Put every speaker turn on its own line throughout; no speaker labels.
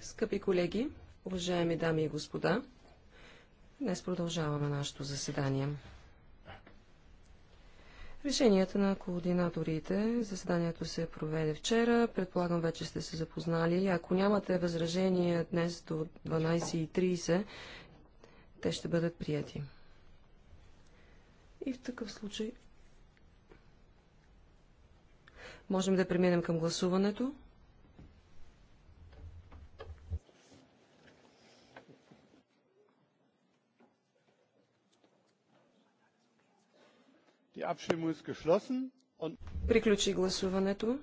Скъпи колеги, уважаеми дами и господа, днес продължаваме нашето заседание. Решенията на координаторите, заседанието се проведе вчера, предполагам вече сте се запознали. Ако нямате възражения днес до 12.30, те ще бъдат прияти. И в такъв случай можем да преминем към гласуването. Приключи гласуването.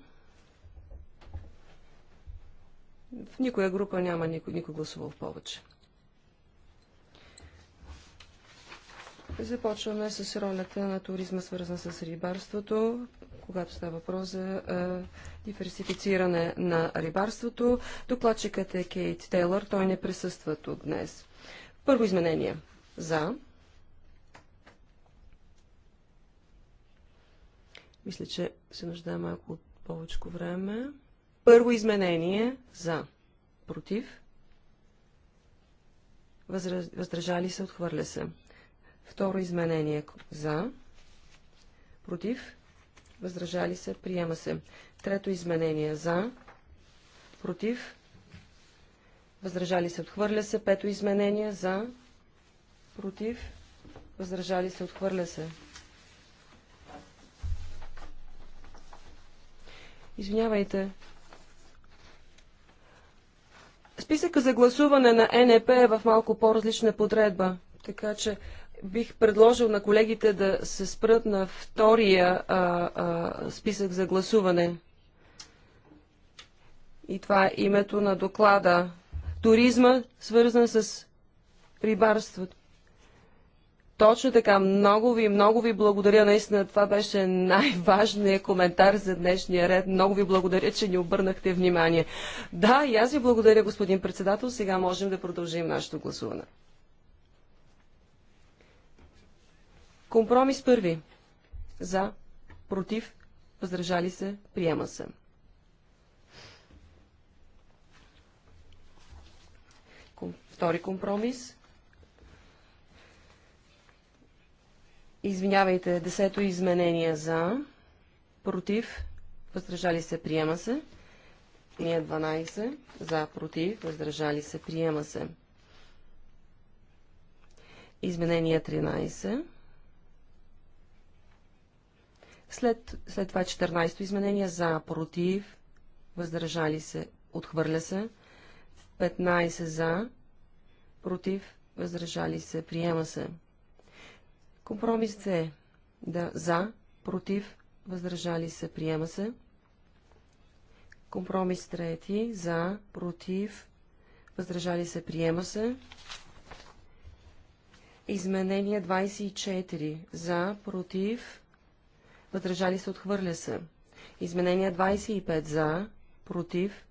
В никоя група няма никой, никой гласувал повече. Започваме с ролята на туризма, свързана с рибарството, когато става въпрос за е, диверсифициране на рибарството. Докладчикът е Кейт Тейлър, той не присъства тук днес. Първо изменение. За. Мисля, че се нуждае малко от повече време. Първо изменение за против. Въздържали се, отхвърля се. Второ изменение за против. Въздържали се, приема се. Трето изменение за против. Въздържали се, отхвърля се. Пето изменение за против. Въздържали се, отхвърля се. Извинявайте. Списъка за гласуване на НЕП е в малко по-различна подредба, така че бих предложил на колегите да се спрат на втория а, а, списък за гласуване. И това е името на доклада. Туризма, свързан с рибарството. Точно така, много ви, много ви благодаря. Наистина това беше най-важният коментар за днешния ред. Много ви благодаря, че ни обърнахте внимание. Да, и аз ви благодаря, господин председател. Сега можем да продължим нашето гласуване. Компромис първи. За, против, въздържали се, приема се. Втори компромис. Извинявайте, десето изменение за, против, въздържали се, приема се. Ние 12, за, против, въздържали се, приема се. Изменение 13. След, след това 14 изменение за, против, въздържали се, отхвърля се. 15 за, против, въздържали се, приема се. Компромис С. Да, за, против, въздържали се, приема се. Компромис трети. За, против, въздържали се, приема се. Изменение 24. За, против, въздържали се, отхвърля се. Изменение 25. За, против,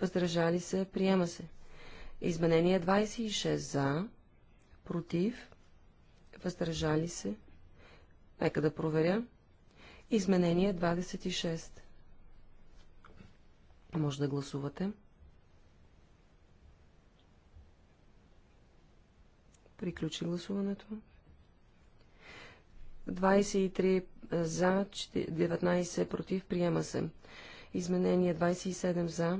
въздържали се, приема се. Изменение 26. За, против, въздържали се. Нека да проверя. Изменение 26. Може да гласувате. Приключи гласуването. 23 е, за, 19 против, приема се. Изменение 27 за,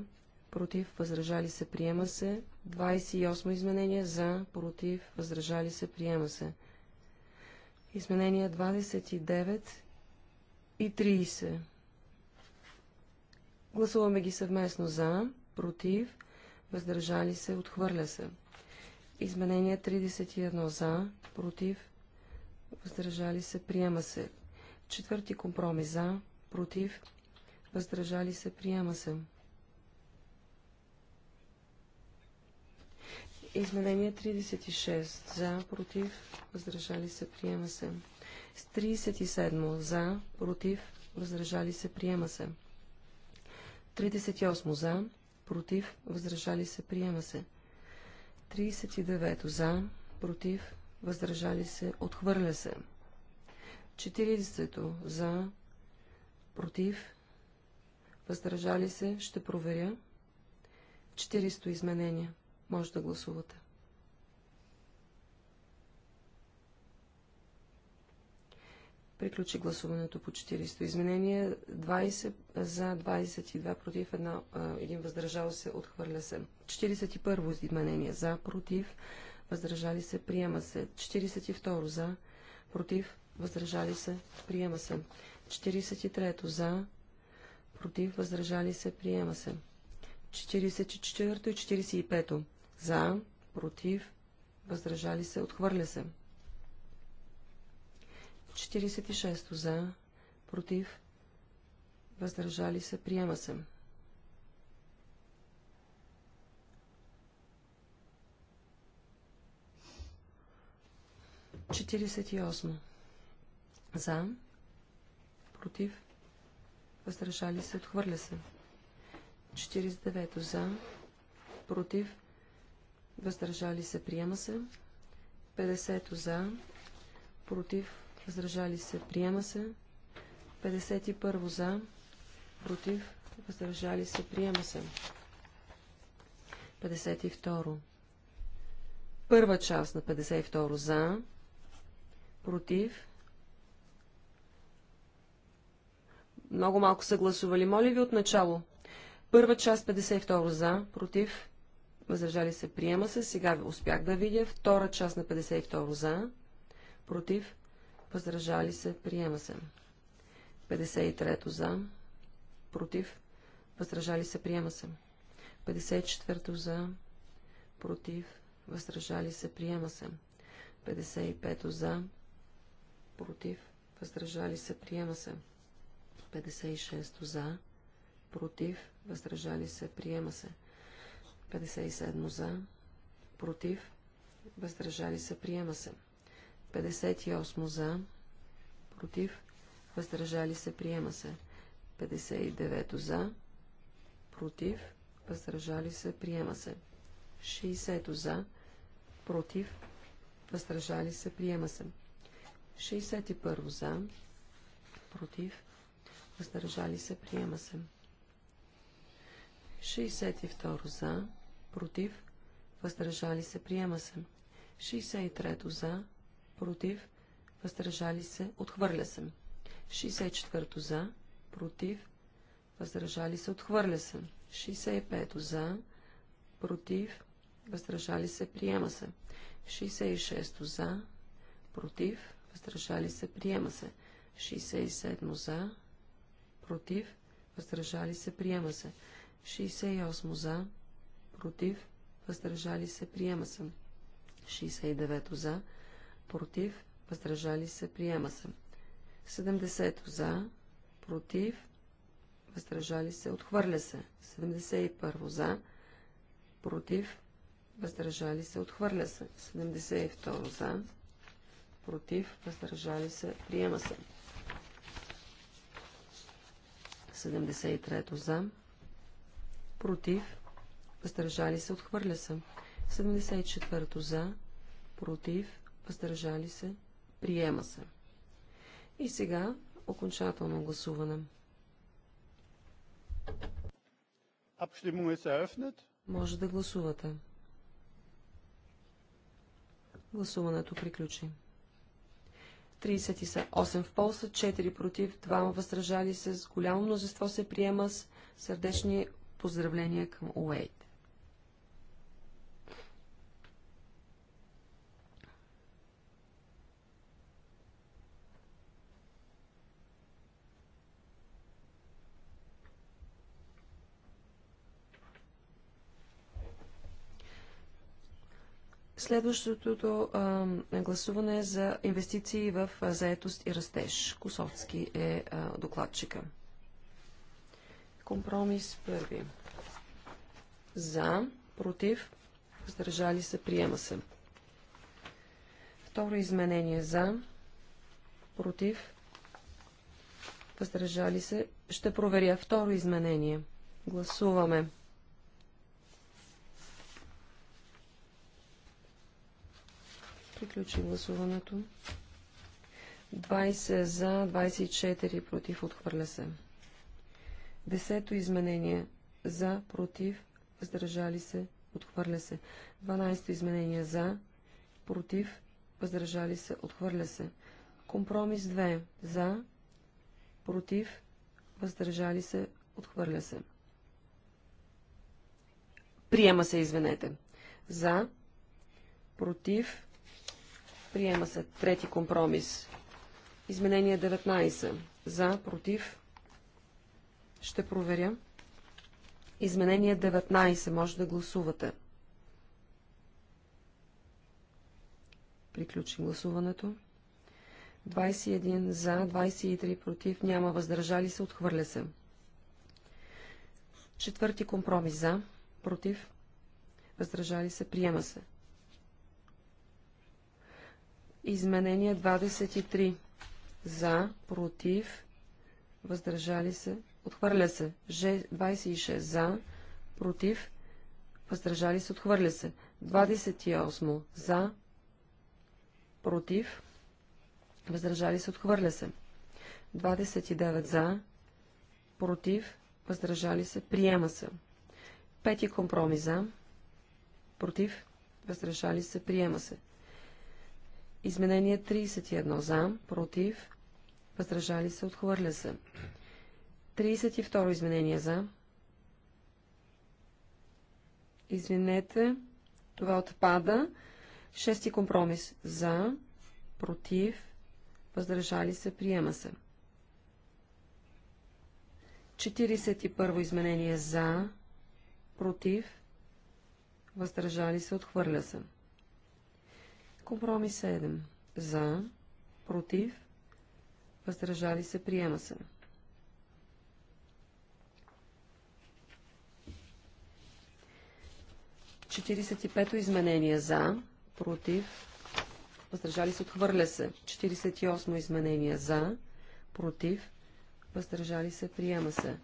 против, възражали се, приема се. 28 изменение за, против, възражали се, приема се. Изменения 29 и 30. Гласуваме ги съвместно за, против, въздържали се, отхвърля се. Изменения 31 за, против, въздържали се, приема се. Четвърти компромис за, против, въздържали се, приема се. Изменение 36. За, против, въздържали се, приема се. С 37. За, против, въздържали се, приема се. 38. За, против, въздържали се, приема се. 39. За, против, въздържали се, отхвърля се. 40. За, против, въздържали се, ще проверя. 40 изменения. Може да гласувате. Приключи гласуването по 400 изменения. 20 за, 22 против, 1, 1 въздържал се, отхвърля се. 41 изменение за, против, въздържали се, приема се. 42 за, против, въздържали се, приема се. 43 за, против, въздържали се, приема се. 44 и 45 за, против, въздържали се, отхвърля се. 46 за, против, въздържали се, приема се. 48 За, против, въздържали се, отхвърля се. 49 за, против, въздържали се, приема се. 50 за, против, въздържали се, приема се. 51 за, против, въздържали се, приема се. 52. Първа част на 52 за, против. Много малко са гласували. Моля ви от начало. Първа част 52 за, против, Въздържали се, приема се. Сега успях да видя. Втора част на 52 за. Против. Въздържали се, приема се. 53 за. Против. Въздържали се, приема се. 54 за. Против. Въздържали се, приема се. 55 за. Против. Въздържали се, приема се. 56 за. Против. Въздържали се, приема се. 57 57 за, против, въздържали се, приема се. 58 за, против, въздържали се, приема се. 59 за, против, въздържали се, приема се. 60 за, против, въздържали се, приема се. 61 за, против, въздържали се, приема се. 62 за, против, въздържали се, приема се. 63 за, против, въздържали се, отхвърля се. 64 за, против, въздържали се, отхвърля се. 65 за, против, въздържали се, приема се. 66 за, против, въздържали се, приема се. 67 за, против, въздържали се, приема се. 68 за, против, въздържали се, приема се. 69 за, против, въздържали се, приема се. 70 за, против, въздържали се, отхвърля се. 71 за, против, въздържали се, отхвърля се. 72 за, против, въздържали се, приема се. 73 за, против, въздържали се, отхвърля се. 74 за, против, въздържали се, приема се. И сега окончателно гласуване.
Е Може
да гласувате. Гласуването приключи. 38 в полза, 4 против, 2 въздържали се. С голямо мнозинство се приема с сърдечни Поздравления към Уейт. Следващото а, гласуване е за инвестиции в заетост и растеж. Косовски е а, докладчика. Компромис първи. За, против, въздържали се, приема се. Второ изменение за, против, въздържали се. Ще проверя второ изменение. Гласуваме. Приключи гласуването. 20 за, 24 против, отхвърля се. Десето изменение за, против, въздържали се, отхвърля се. Дванайсто изменение за, против, въздържали се, отхвърля се. Компромис 2 за, против, въздържали се, отхвърля се. Приема се, извинете. За, против, приема се. Трети компромис. Изменение 19. За, против, ще проверя. Изменение 19. Може да гласувате. Приключи гласуването. 21 за, 23 против, няма въздържали се, отхвърля се. Четвърти компромис за, против, въздържали се, приема се. Изменение 23 за, против, въздържали се, Отхвърля се. Ж 26 за. Против. Въздържали се. Отхвърля се. 28 за. Против. Въздържали се. Отхвърля се. 29 за. Против. Въздържали се. Приема се. Пети компромис за. Против. Въздържали се. Приема се. Изменение 31 за. Против. Въздържали се. Отхвърля се. 32 изменение за. Извинете, това отпада. Шести компромис за, против, въздържали се, приема се. 41 изменение за, против, въздържали се, отхвърля се. Компромис 7 за, против, въздържали се, приема се. 42 45-то изменение за, против, въздържали се, отхвърля се. 48-то изменение за, против, въздържали се, приема се.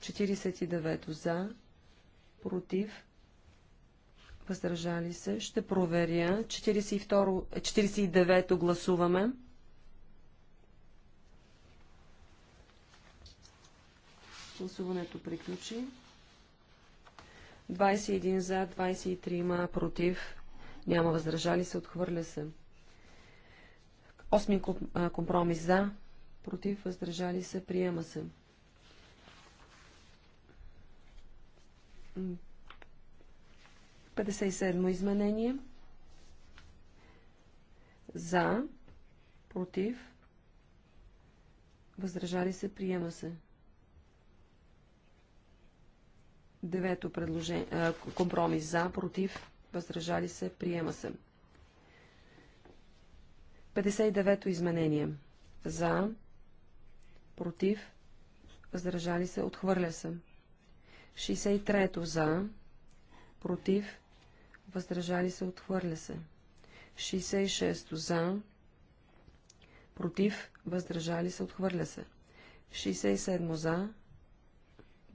49 за, против, въздържали се. Ще проверя. 49 е, гласуваме. Гласуването приключи. 21 за, 23 против, няма въздържали се, отхвърля се. Осми компромис за, против, въздържали се, приема се. Петдесет и седмо изменение. За, против, въздържали се, приема се. Девето предложение, компромис за, против, въздържали се, приема се. 59-то изменение. За, против, въздържали се, отхвърля се. 63-то за, против, въздържали се, отхвърля се. 66-то за, против, въздържали се, отхвърля се. 67-то за,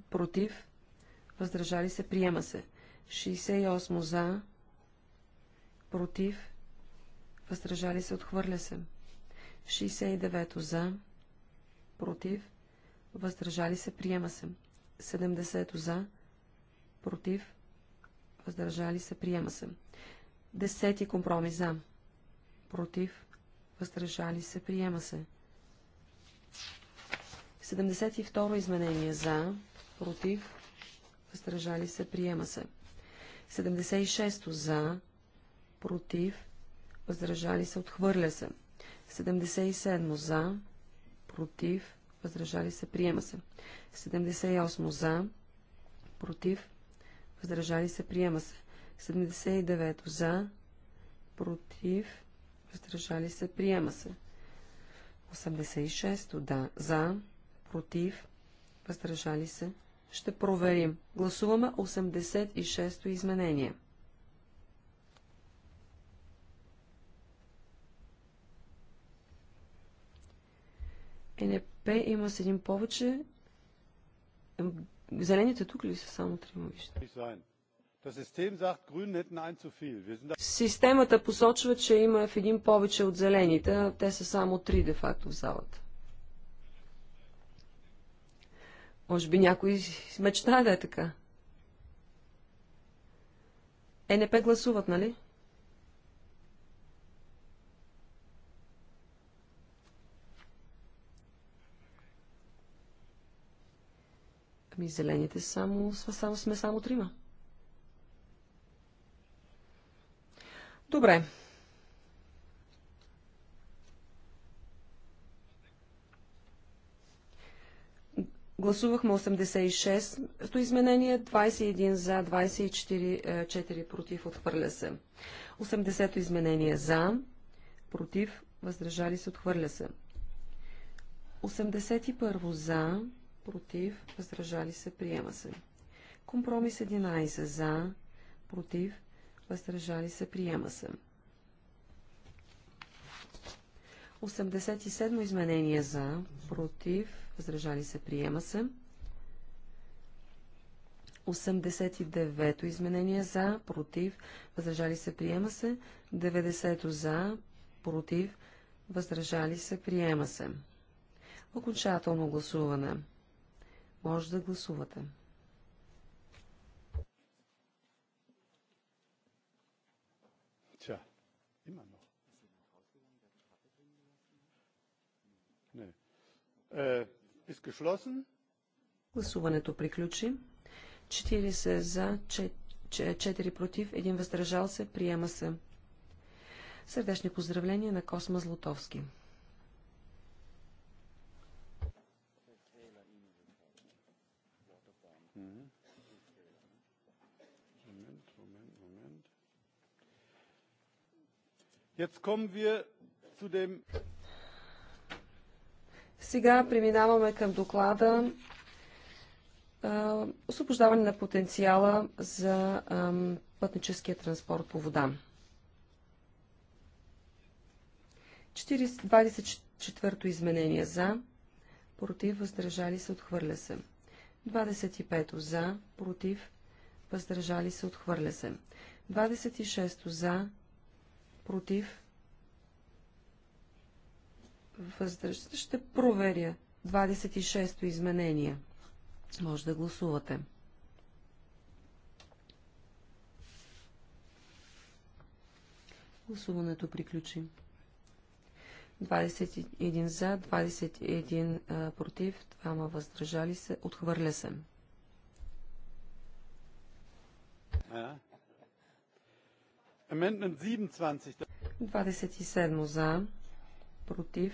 против, въздържали се, приема се. 68 за, против, въздържали се, отхвърля се. 69 за, против, въздържали се, приема се. 70 за, против, въздържали се, приема се. Десети компромис за, против, въздържали се, приема се. 72 изменение за, против, въздържали се, приема се. 76 за, против, въздържали се, отхвърля се. 77 за, против, въздържали се, приема се. 78 за, против, въздържали се, приема се. 79 за, против, въздържали се, приема се. 86 да, за, против, въздържали се, ще проверим. Гласуваме 86-то изменение. НП има с един повече. Зелените тук ли са само три мовища? Системата посочва, че има в един повече от зелените, те са само три де-факто в залата. Може би някой мечтае да е така. Е, НП гласуват, нали? Ами зелените само, само сме само трима. Добре, Гласувахме 86-то изменение, 21 за, 24 е, против, отхвърля се. 80-то изменение за, против, въздържали се, отхвърля се. 81 за, против, въздържали се, приема се. Компромис 11 за, против, въздържали се, приема се. 87 изменение за, против, въздържали се, приема се. 89-то изменение за, против, въздържали се, приема се. 90-то за, против, въздържали се, приема се. Окончателно гласуване. Може да гласувате.
Tja, immer
Гласуването приключи. 40 за, 4 против, 1 въздържал се, приема се. Сърдечни поздравления на Косма Златовски.
Jetzt kommen wir zu dem
сега преминаваме към доклада освобождаване на потенциала за пътническия транспорт по вода. 24-то изменение за, против, въздържали се, отхвърля се. 25-то за, против, въздържали се, отхвърля се. 26-то за, против, Възраст. ще проверя 26-то изменение. Може да гласувате. Гласуването приключи. 21 за, 21 против, 2 въздържали се, отхвърля се.
Amendment
27 за, против,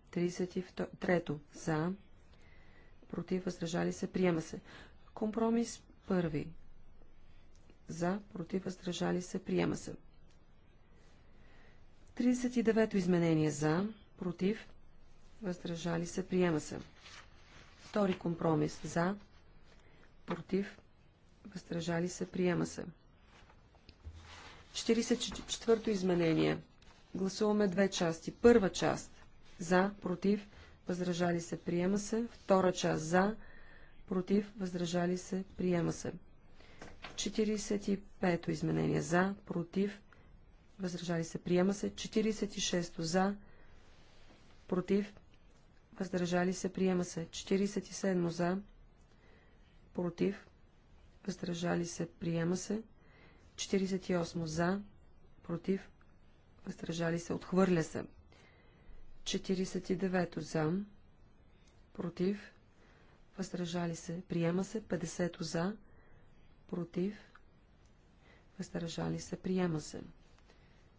33 за, против, въздържали се, приема се. Компромис първи. За, против, въздържали се, приема се. 39-то изменение за, против, въздържали се, приема се. Втори компромис за, против, въздържали се, приема се. 44-то изменение. Гласуваме две части. Първа част за, против, въздържали се, приема се. Втора част за, против, въздържали се, приема се. 45-то изменение за, против, въздържали се, приема се. 46-то за, против, въздържали се, приема се. 47-то за, против, въздържали се, приема се. 48 за, против, въздържали се, отхвърля се. 49 за, против, въздържали се, приема се, 50 за, против, въздържали се, приема се.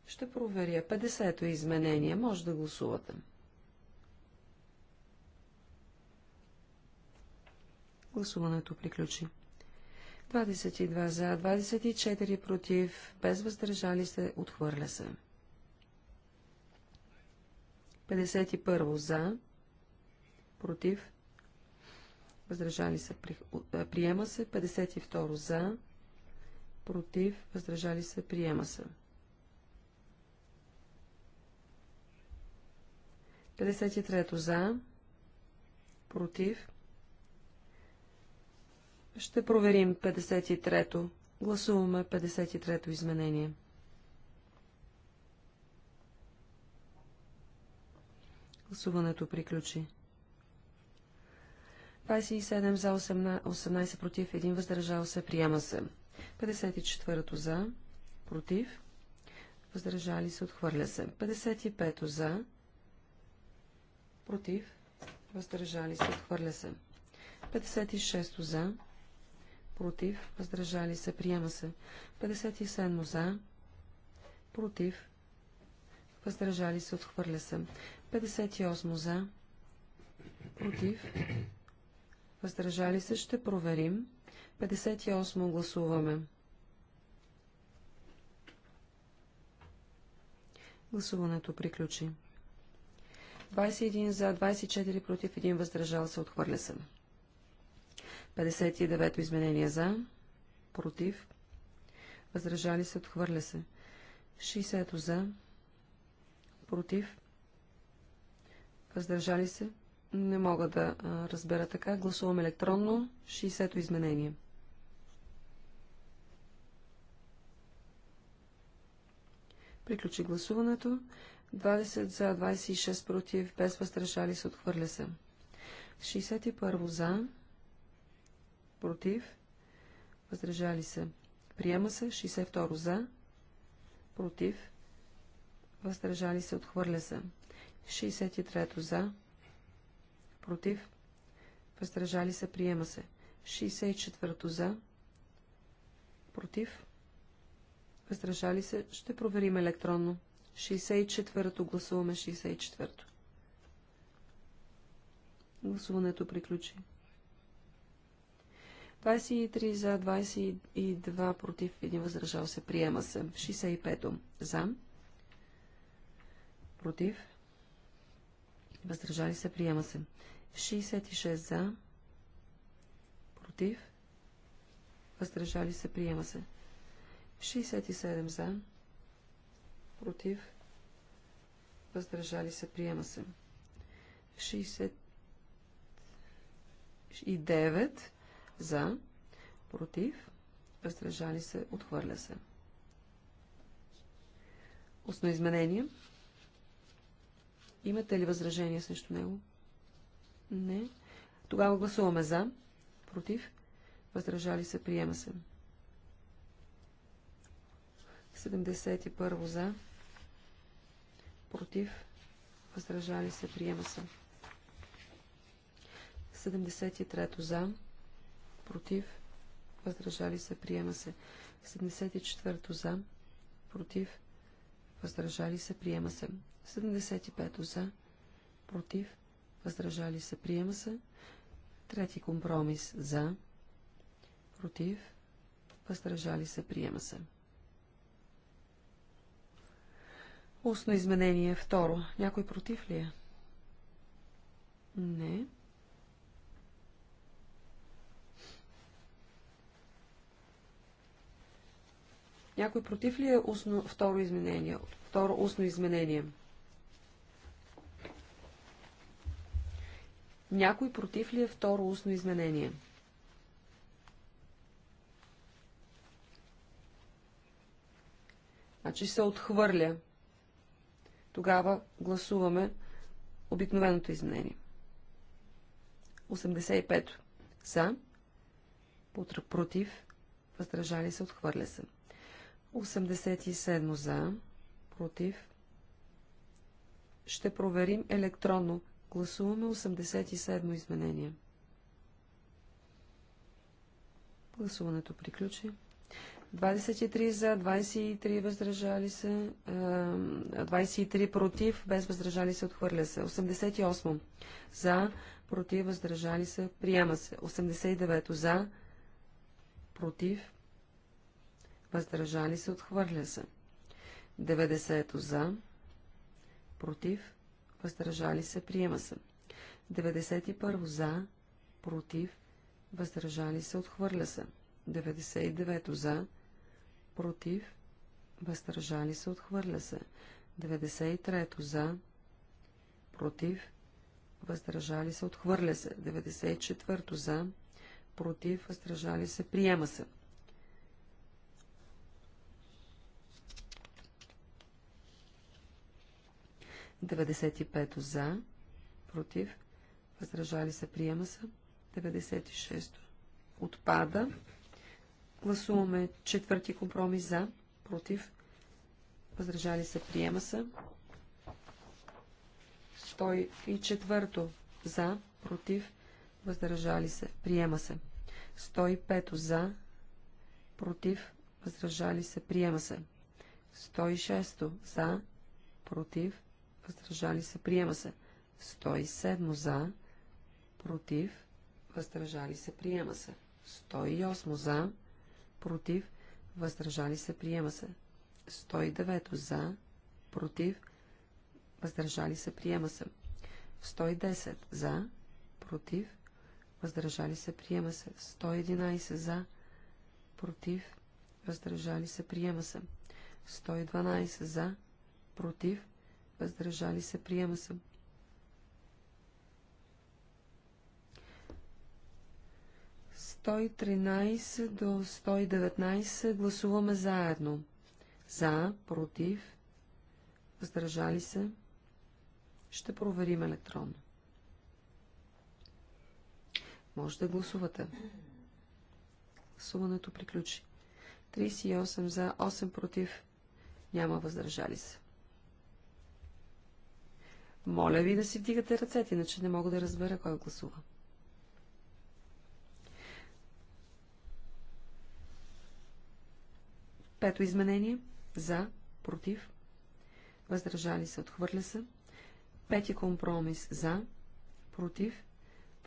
Ще проверя 50-то изменение, може да гласувате. Гласуването приключи. 22 за, 24 против, без въздържали се, отхвърля се. 51 е, за, против, въздържали се, приема се. 52 за, против, въздържали се, приема се. 53 за, против. Ще проверим 53-то. Гласуваме 53-то изменение. 53 Гласуването приключи. 27 за 18, 18 против, 1 въздържал се, приема се. 54 за, против, въздържали се, отхвърля се. 55 за, против, въздържали се, отхвърля се. 56 за, против, въздържали се, приема се. 57 за, против, въздържали се, отхвърля се. 58 за, против, въздържали се, ще проверим. 58 гласуваме. Гласуването приключи. 21 за, 24 против, 1 въздържал се, отхвърля се. 59 изменение за, против, въздържали се, отхвърля се. 60 за, против, Въздържали се? Не мога да а, разбера така. Гласувам електронно. 60-то изменение. Приключи гласуването. 20 за, 26 против, без въздържали се, отхвърля се. 61 за, против, въздържали се. Приема се. 62 за, против, въздържали се, отхвърля се. 63 за, против, въздържали се, приема се. 64 за, против, въздържали се, ще проверим електронно. 64-то гласуваме 64-то. Гласуването приключи. 23 за, 22 против, един въздържал се, приема се. 65 за, против, въздържали се, приема се. 66 за, против, въздържали се, приема се. 67 за, против, въздържали се, приема се. 69 за, против, въздържали се, отхвърля се. Осноизменение. изменение. Имате ли възражение срещу него? Не. Тогава гласуваме за, против, въздържали се, приема се. 71 за, против, въздържали се, приема се. 73 за, против, въздържали се, приема се. 74 за, против, въздържали се, приема се. 75 за, против, въздържали се, приема се. Трети компромис за, против, въздържали се, приема се. Устно изменение второ. Някой против ли е? Не. Някой против ли е устно, второ изменение? Второ устно изменение. Някой против ли е второ устно изменение? Значи се отхвърля. Тогава гласуваме обикновеното изменение. 85. За. Против. Въздържали се. Отхвърля се. 87 за, против. Ще проверим електронно. Гласуваме 87 изменение. Гласуването приключи. 23 за, 23 въздържали се, 23 против, без въздържали се, отхвърля се. 88 за, против, въздържали се, приема се. 89 за, против, въздържали се, отхвърля се. 90 за, против, въздържали се, приема се. 91 за, против, въздържали се, отхвърля се. 99 за, против, въздържали се, отхвърля се. 93 за, против, въздържали се, отхвърля се. 94 за, против, въздържали се, приема се. 95 за, против, въздържали се, приема се. 96 отпада. Гласуваме четвърти компромис за, против, въздържали се, приема се. 104 за, против, въздържали се, приема се. 105 за, против, въздържали се, приема се. 106 за, против, въздържали се, приема се. 107 за, против, въздържали се, приема се. 108 за, против, въздържали се, приема се. 109 за, против, въздържали се, приема се. 110 за, против, въздържали се, приема се. 111 за, против, въздържали се, приема се. 112 за, против, въздържали се, приема се. Сто 13 до 119 гласуваме заедно. За, против, въздържали се. Ще проверим електронно. Може да гласувате. Гласуването приключи. 38 за, 8 против, няма въздържали се. Моля ви да си вдигате ръцете, иначе не мога да разбера кой гласува. Пето изменение. За, против, въздържали се, отхвърля се. Пети компромис. За, против,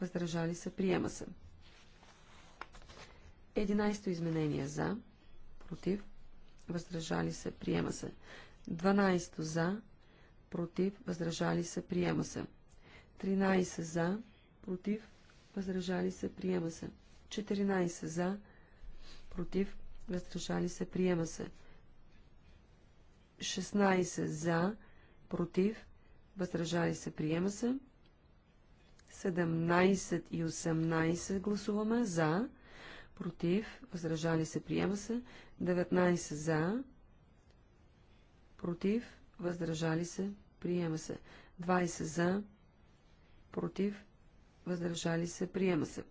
въздържали се, приема се. Единайсто изменение. За, против, въздържали се, приема се. Дванайсто за, против, въздържали се, приема се. 13 за, против, въздържали се, приема се. 14 за, против, въздържали се, приема се. 16 за, против, въздържали се, приема се. 17 и 18 гласуваме за, против, въздържали се, приема се. 19 за, против, въздържали се, приема се. 20 за, против, въздържали се, приема се.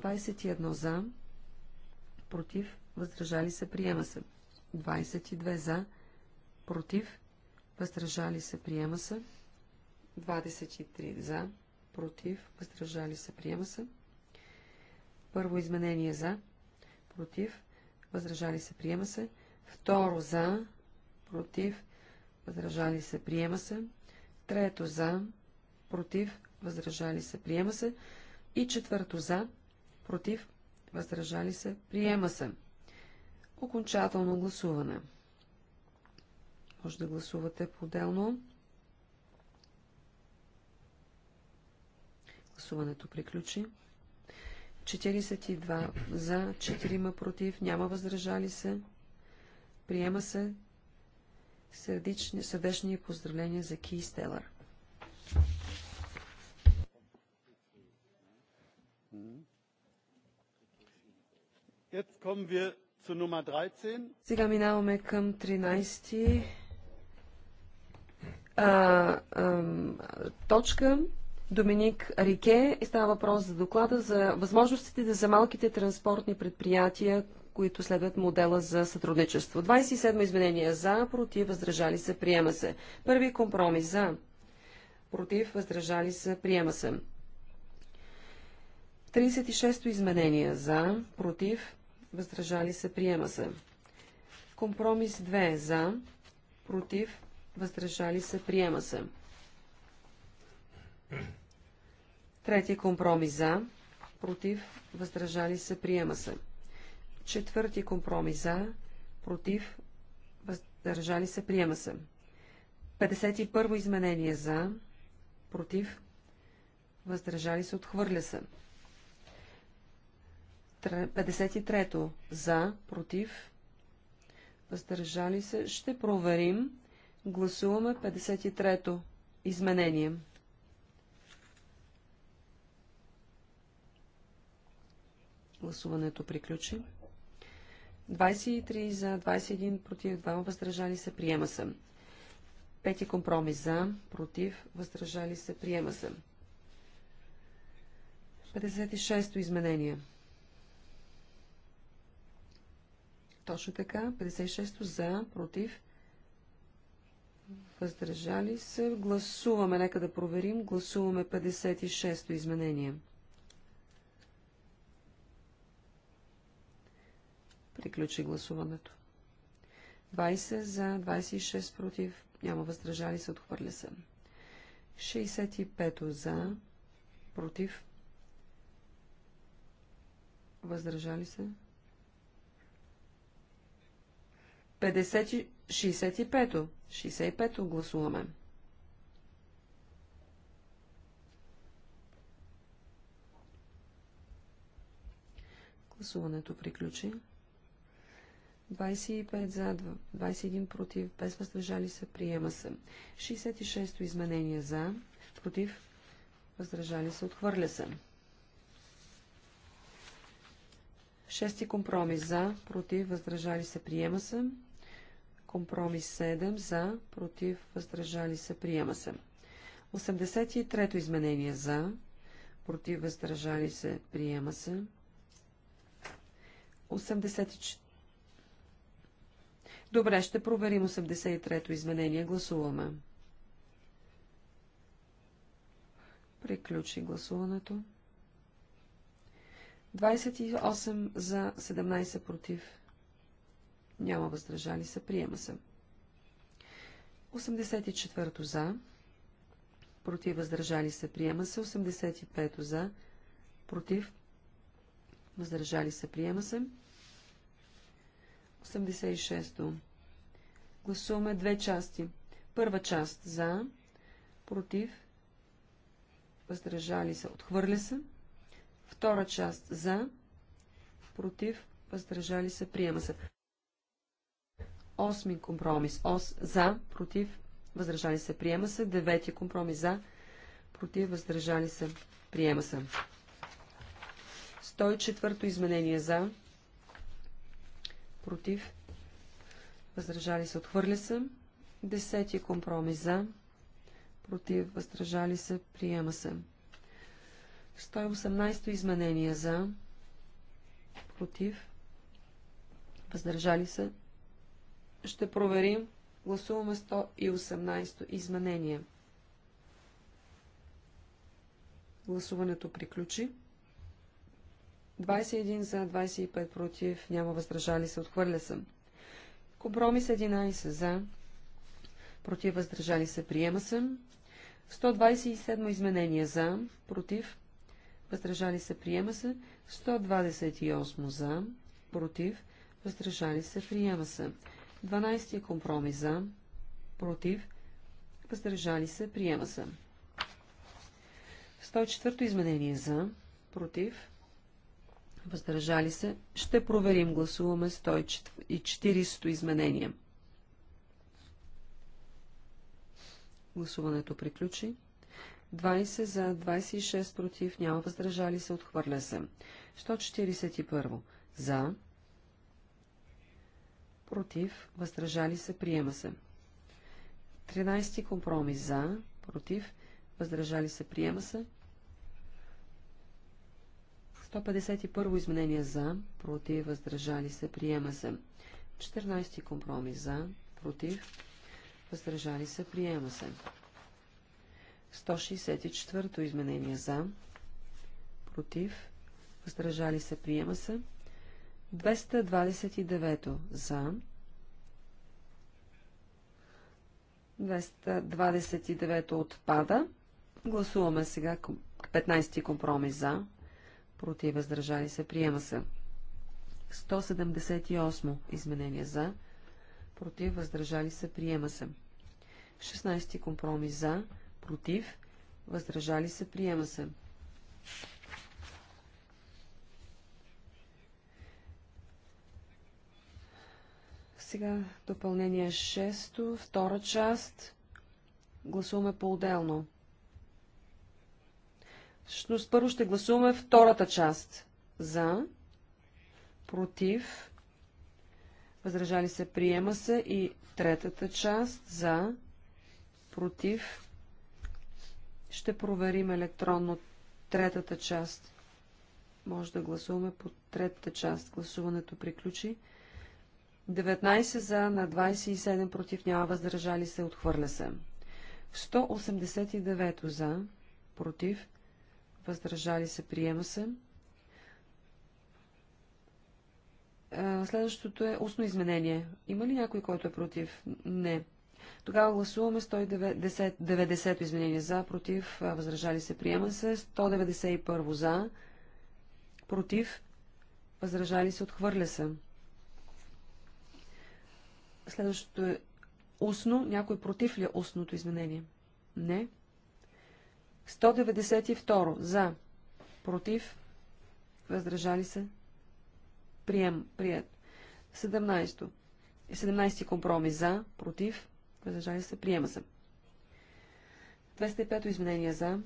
21 за, против, въздържали се, приема се. 22 за, против, въздържали се, приема се. 23 за, против, въздържали се, приема се. Първо изменение за, против, въздържали се, приема се. Второ за, против, въздържали се, приема се. Трето за, против, въздържали се, приема се. И четвърто за, против, въздържали се, приема се. Окончателно гласуване. Може да гласувате по-отделно. Гласуването приключи. 42 за, 4 против, няма въздържали се. Приема се сърдечни, сърдечни поздравления за Ки Стелър. Сега минаваме към 13 а, а, точка. Доминик Рике става въпрос за доклада за възможностите за малките транспортни предприятия които следват модела за сътрудничество. 27 изменения е за, против, въздържали се, приема се. Първи компромис за, против, въздържали се, приема се. 36-то изменение е за, против, въздържали се, приема се. Компромис 2 е за, против, въздържали се, приема се. Трети компромис за, против, въздържали се, приема се. Четвърти компромис за, против, въздържали се, приема се. 51 изменение за, против, въздържали се, отхвърля се. 53 за, против, въздържали се, ще проверим. Гласуваме 53-то изменение. Гласуването приключи. 23 за, 21 против, 2 въздържали се, приема се. Пети компромис за, против, въздържали се, приема се. 56-то изменение. Точно така, 56-то за, против, въздържали се. Гласуваме, нека да проверим, гласуваме 56-то изменение. 56 Приключи гласуването. 20 за, 26 против, няма въздържали се, отхвърля се. 65 за, против, въздържали се. 50, 65 65 гласуваме. Гласуването приключи. 25 за, 21 против, без въздържали се, приема се. 66-то изменение за, против, въздържали се, отхвърля се. Шести компромис за, против, въздържали се, приема се. Компромис 7 за, против, въздържали се, приема се. 83-то изменение за, против, въздържали се, приема се. 84 Добре, ще проверим 83-то изменение. Гласуваме. Приключи гласуването. 28 за 17 против. Няма въздържали се. Приема се. 84 за. Против въздържали се. Приема се. 85 за. Против. Въздържали се. Приема се. 86-то. Гласуваме две части. Първа част за, против, въздържали се, отхвърля се. Втора част за, против, въздържали се, приема се. Осми компромис. Ос, за, против, въздържали се, приема се. Девети компромис за, против, въздържали се, приема се. 104-то изменение за, против, въздържали се, отхвърля се. Десети компромис за, против, въздържали се, приема се. 118 изменение за, против, въздържали се. Ще проверим. Гласуваме 118 изменение. Гласуването приключи. 21 за, 25 против, няма въздържали се, отхвърля се. Компромис 11 за, против, въздържали се, приема се. 127 изменение за, против, въздържали се, приема се. 128 за, против, въздържали се, приема се. 12 компромис за, против, въздържали се, приема се. 104 изменение за, против, въздържали се, ще проверим. Гласуваме 140 изменения. Гласуването приключи. 20 за, 26 против, няма въздържали се, отхвърля се. 141 за, против, въздържали се, приема се. 13 компромис за, против, въздържали се, приема се. 151 изменение за, против, въздържали се, приема се. 14 компромис за, против, въздържали се, приема се. 164 изменение за, против, въздържали се, приема се. 229 за, 229 отпада. Гласуваме сега 15 компромис за, против, въздържали се, приема се. 178 изменение за, против, въздържали се, приема се. 16 компромис за, против, въздържали се, приема се. Сега допълнение 6, втора част. Гласуваме по-отделно. Всъщност първо ще гласуваме втората част. За, против, възражали се, приема се и третата част. За, против, ще проверим електронно третата част. Може да гласуваме по третата част. Гласуването приключи. 19 за на 27 против няма въздържали се, отхвърля се. 189 за, против, въздържали се, приема се. Следващото е устно изменение. Има ли някой, който е против? Не. Тогава гласуваме 190, изменения изменение за, против, възражали се, приема се, 191 за, против, възражали се, отхвърля се. Следващото е устно. Някой против ли е устното изменение? Не. 192. За. Против. Въздържали се. Прием. Прият. 17. 17 компромис. За. Против. Въздържали се. Приема се. 205 изменение. За.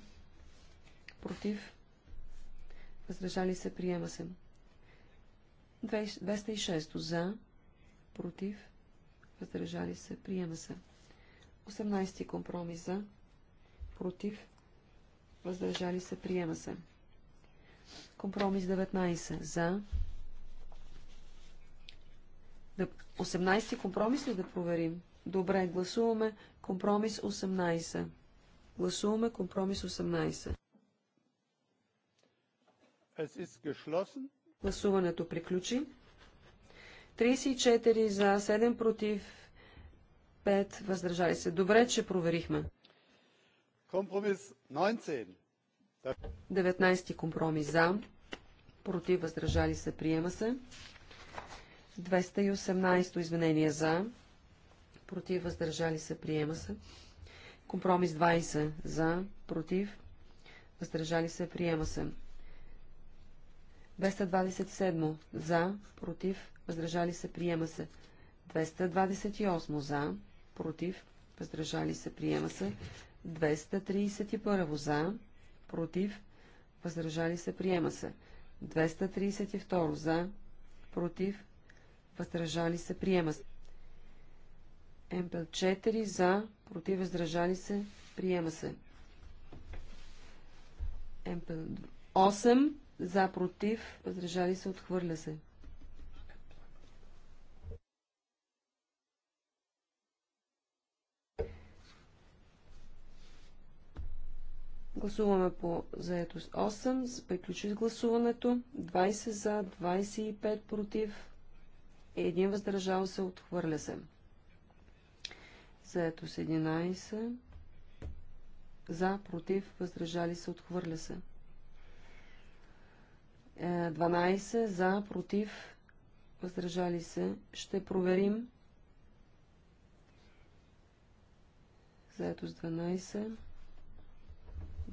Против. Въздържали се. Приема се. 206. За. Против. Въздържали се. Приема се. 18 компромис. За. Против въздържали се, приема се. Компромис 19 за. 18 компромис ли да проверим? Добре, гласуваме компромис 18. Гласуваме компромис 18. Гласуването приключи. 34 за, 7 против, 5 въздържали се. Добре, че проверихме.
Компромис 19.
19 компромис за, против, въздържали се, приема се. 218 изменение за, против, въздържали се, приема се. Компромис 20 за, против, въздържали се, приема се. 227 за, против, въздържали се, приема се. 228 за, против, въздържали се, приема се. 231 за, против, въздържали се, приема се. 232 за, против, въздържали се, приема се. МПЛ 4 за, против, въздържали се, приема се. МПЛ 8 за, против, въздържали се, отхвърля се. Гласуваме по заедост 8. Приключи с гласуването. 20 за, 25 против. Един въздържал се, отхвърля се. Заедост 11. За, против, въздържали се, отхвърля се. 12 е, за, против, въздържали се. Ще проверим. Заетост 12.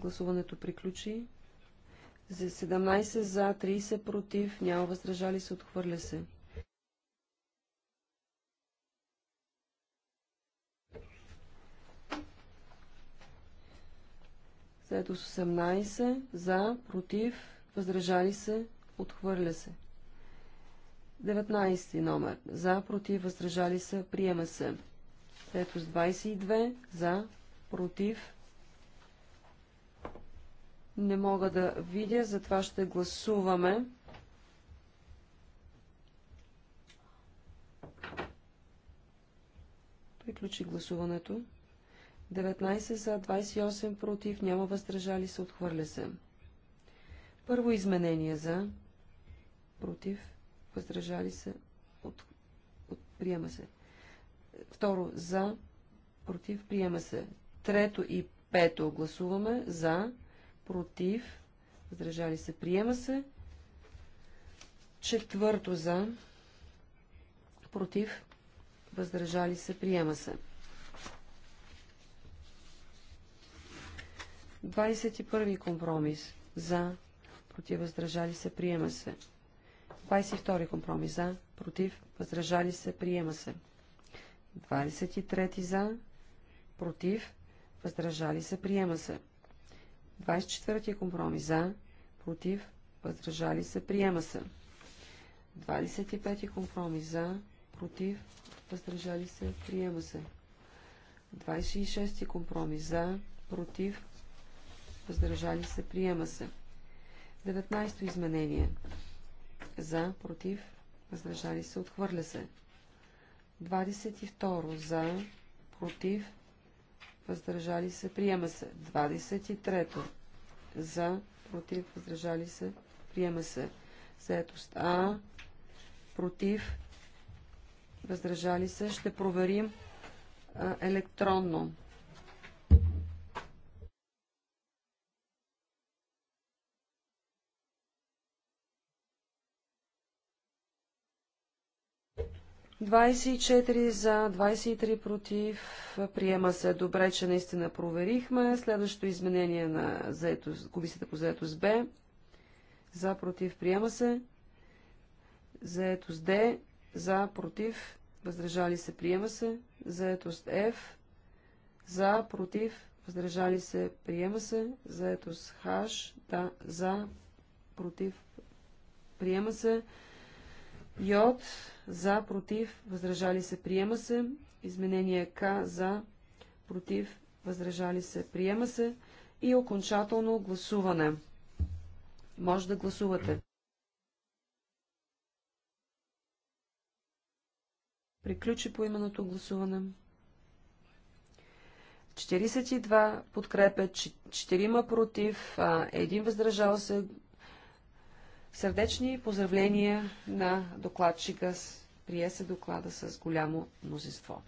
Гласуването приключи. За 17 за, 30 против, няма въздържали се, отхвърля се. След 18 за, против, въздържали се, отхвърля се. 19 номер. За, против, въздържали се, приема се. След 22 за, против, не мога да видя, затова ще гласуваме. Приключи гласуването. 19 за, 28 против, няма въздържали се, отхвърля се. Първо изменение за, против, въздържали се, от, от, приема се. Второ за, против, приема се. Трето и пето гласуваме за, против, въздържали се, приема се. Четвърто за, против, въздържали се, приема се. 21 компромис за, против, въздържали се, приема се. 22 компромис за, против, въздържали се, приема се. 23 за, против, въздържали се, приема се. 24 компромис за, против, въздържали се, приема се. 25 компромис за, против, въздържали се, приема се. 26 компромис за, против, въздържали се, приема се. 19 изменение за, против, въздържали се, отхвърля се. 22 за, против, въздържали се, приема се. 23-то за, против, въздържали се, приема се. Заетост А, против, въздържали се, ще проверим а,
електронно.
24 за, 23 против. Приема се добре, че наистина проверихме. Следващото изменение на заетост, комисията по заетост Б. За, против, приема се. Заетост Д. За, против, въздържали се, приема се. Заетост Ф. За, против, въздържали се, приема се. Заетост Х. Да, за, против, приема се. Йод за, против, въздържали се, приема се. Изменение К за, против, въздържали се, приема се. И окончателно гласуване. Може да гласувате. Приключи по именото гласуване. 42 подкрепят, 4 против, 1 въздържал се. Сърдечни поздравления на докладчика. Прие се доклада с голямо мнозинство.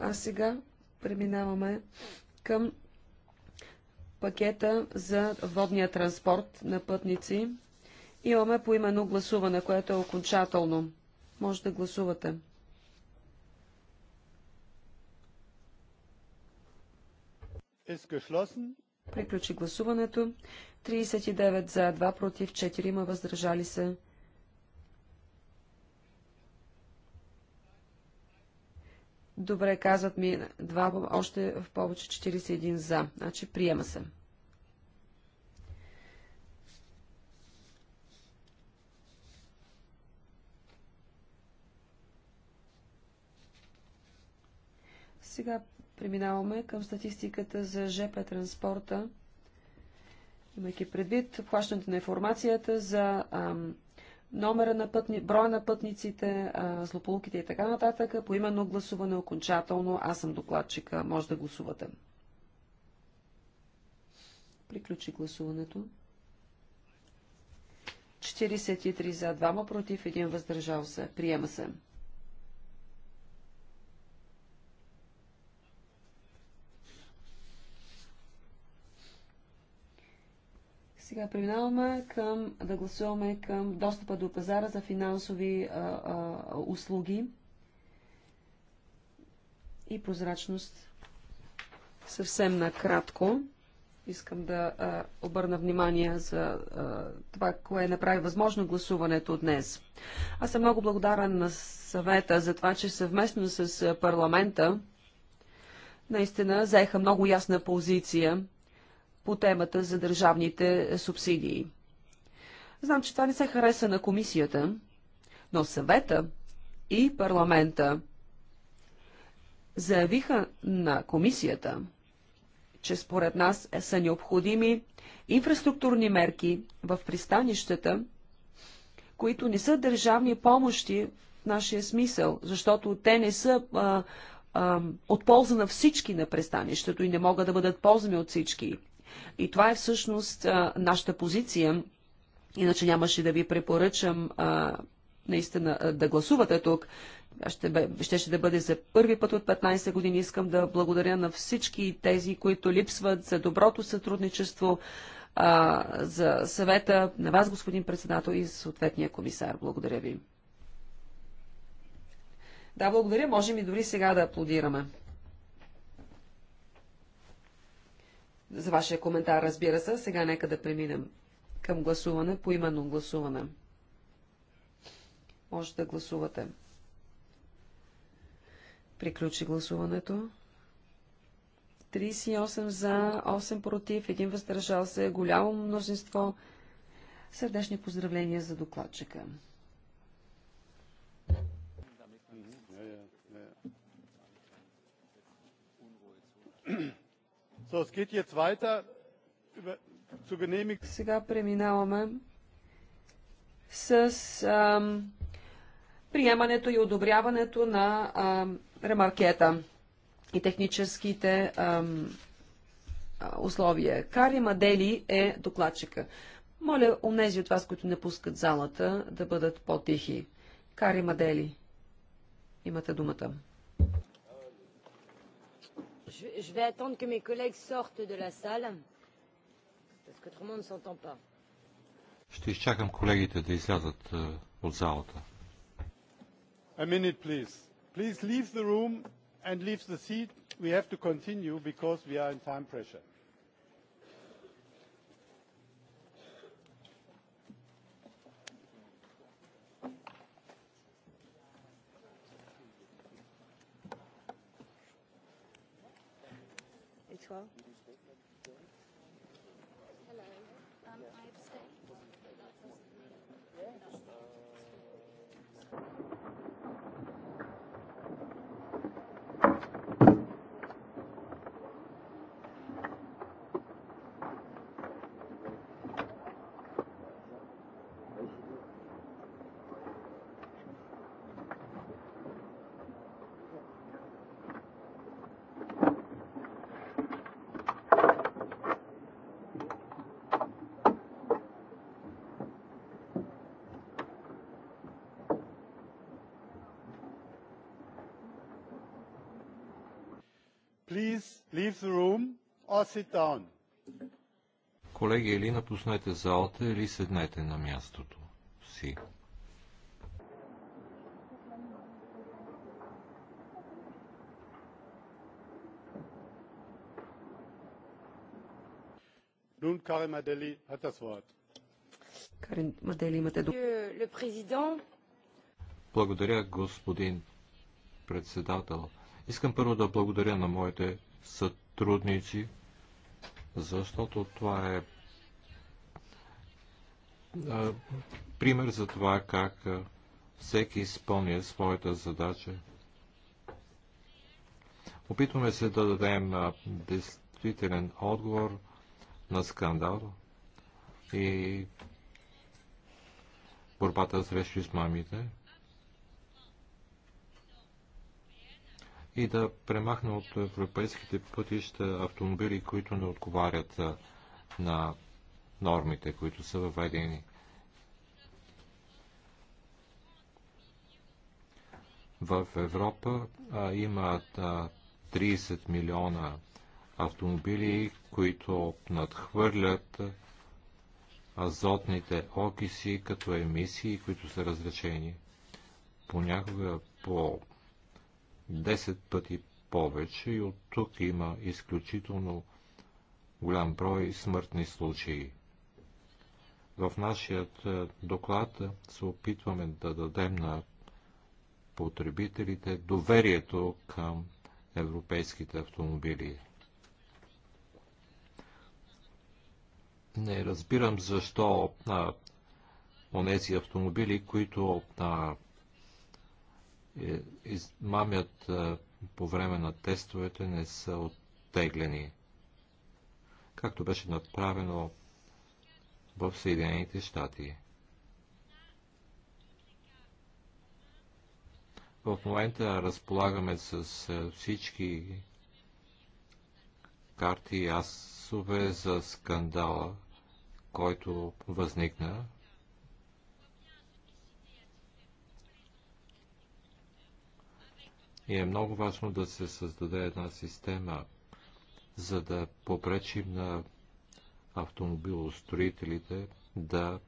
А сега преминаваме към пакета за водния транспорт на пътници. Имаме именно гласуване, което е окончателно. Може да гласувате. Е Приключи гласуването. 39 за, 2 против, 4 въздържали се. Добре, казват ми два, още в повече 41 за. Значи приема се. Сега преминаваме към статистиката за ЖП транспорта, имайки предвид обхващането на информацията за ам, номера на пътни, броя на пътниците, злополуките и така нататък. По именно гласуване окончателно. Аз съм докладчика. Може да гласувате. Приключи гласуването. 43 за, 2 против, 1 въздържал се. Приема се. Сега преминаваме към да гласуваме към достъпа до пазара за финансови а, а, услуги и прозрачност. Съвсем накратко искам да а, обърна внимание за а, това, кое направи възможно гласуването днес. Аз съм много благодарен на съвета за това, че съвместно с парламента наистина заеха много ясна позиция по темата за държавните субсидии. Знам, че това не се хареса на комисията, но съвета и парламента заявиха на комисията, че според нас са необходими инфраструктурни мерки в пристанищата, които не са държавни помощи в нашия смисъл, защото те не са а, а, от полза на всички на пристанището и не могат да бъдат ползвани от всички. И това е всъщност а, нашата позиция. Иначе нямаше да ви препоръчам а, наистина да гласувате тук. Ще, бе, ще, ще да бъде за първи път от 15 години. Искам да благодаря на всички тези, които липсват за доброто сътрудничество, а, за съвета на вас, господин председател и съответния комисар. Благодаря ви. Да, благодаря. Можем и дори сега да аплодираме. за вашия коментар, разбира се. Сега нека да преминем към гласуване, по именно гласуване. Може да гласувате. Приключи гласуването. 38 за, 8 против, 1 въздържал се, голямо мнозинство. Сърдечни поздравления за докладчика.
Mm-hmm. Сега преминаваме с ам,
приемането и одобряването на ам, ремаркета и техническите ам, условия. Кари Мадели е докладчика. Моля, онези от вас, които не пускат залата, да бъдат по-тихи. Кари Мадели, имате думата
je vais attendre que mes collègues sortent de la salle, parce qu'autrement monde ne s'entend
pas.
Ще изчакам колегите да излязат от залата.
A minute, please. Please leave the room and leave the seat. We have to continue because we are in time pressure. Państwo! Leave the room or sit down.
Колеги, или напуснете залата, или седнете на мястото си.
Nun Karim Adeli hat das Wort.
Карин Мадели, имате
думата.
Благодаря, господин председател. Искам първо да благодаря на моите сътрудници, защото това е пример за това как всеки изпълня своята задача. Опитваме се да дадем действителен отговор на скандал и борбата срещу измамите. и да премахне от европейските пътища автомобили, които не отговарят на нормите, които са въведени. В Европа а, има а, 30 милиона автомобили, които надхвърлят азотните окиси като емисии, които са разрешени. Понякога по 10 пъти повече и от тук има изключително голям брой смъртни случаи. В нашият е, доклад се опитваме да дадем на потребителите доверието към европейските автомобили. Не разбирам защо а, онези автомобили, които а, е, измамят е, по време на тестовете, не са оттеглени. Както беше направено в Съединените щати. В момента разполагаме с е, всички карти и асове за скандала, който възникна И е много важно да се създаде една система, за да попречим на автомобилостроителите да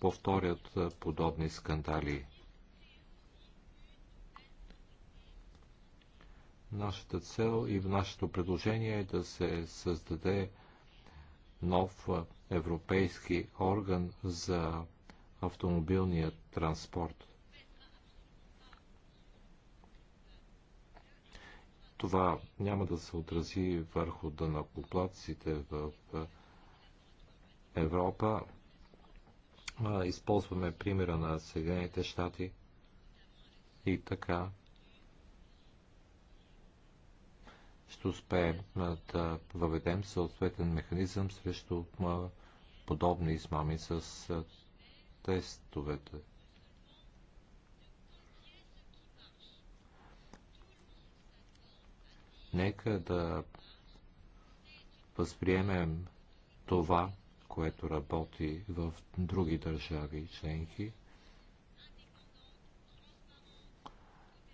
повторят подобни скандали. Нашата цел и в нашето предложение е да се създаде нов европейски орган за автомобилния транспорт. това няма да се отрази върху данакоплаците в Европа. Използваме примера на Съединените щати и така ще успеем да въведем съответен механизъм срещу подобни измами с тестовете. Нека да възприемем това, което работи в други държави и членки.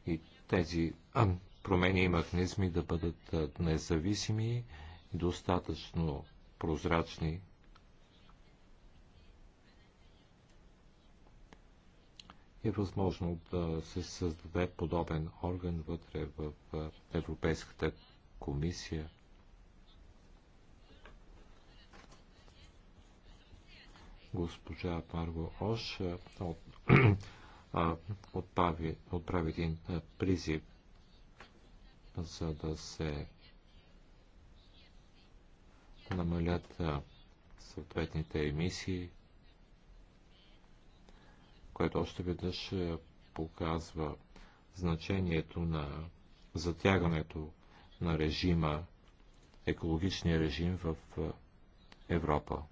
И тези а, промени и механизми да бъдат независими и достатъчно прозрачни е възможно да се създаде подобен орган вътре в Европейската комисия. Госпожа Марго Ош от, отправи, отправи един призив за да се намалят съответните емисии което още веднъж е, показва значението на затягането на режима, екологичния режим в е, Европа.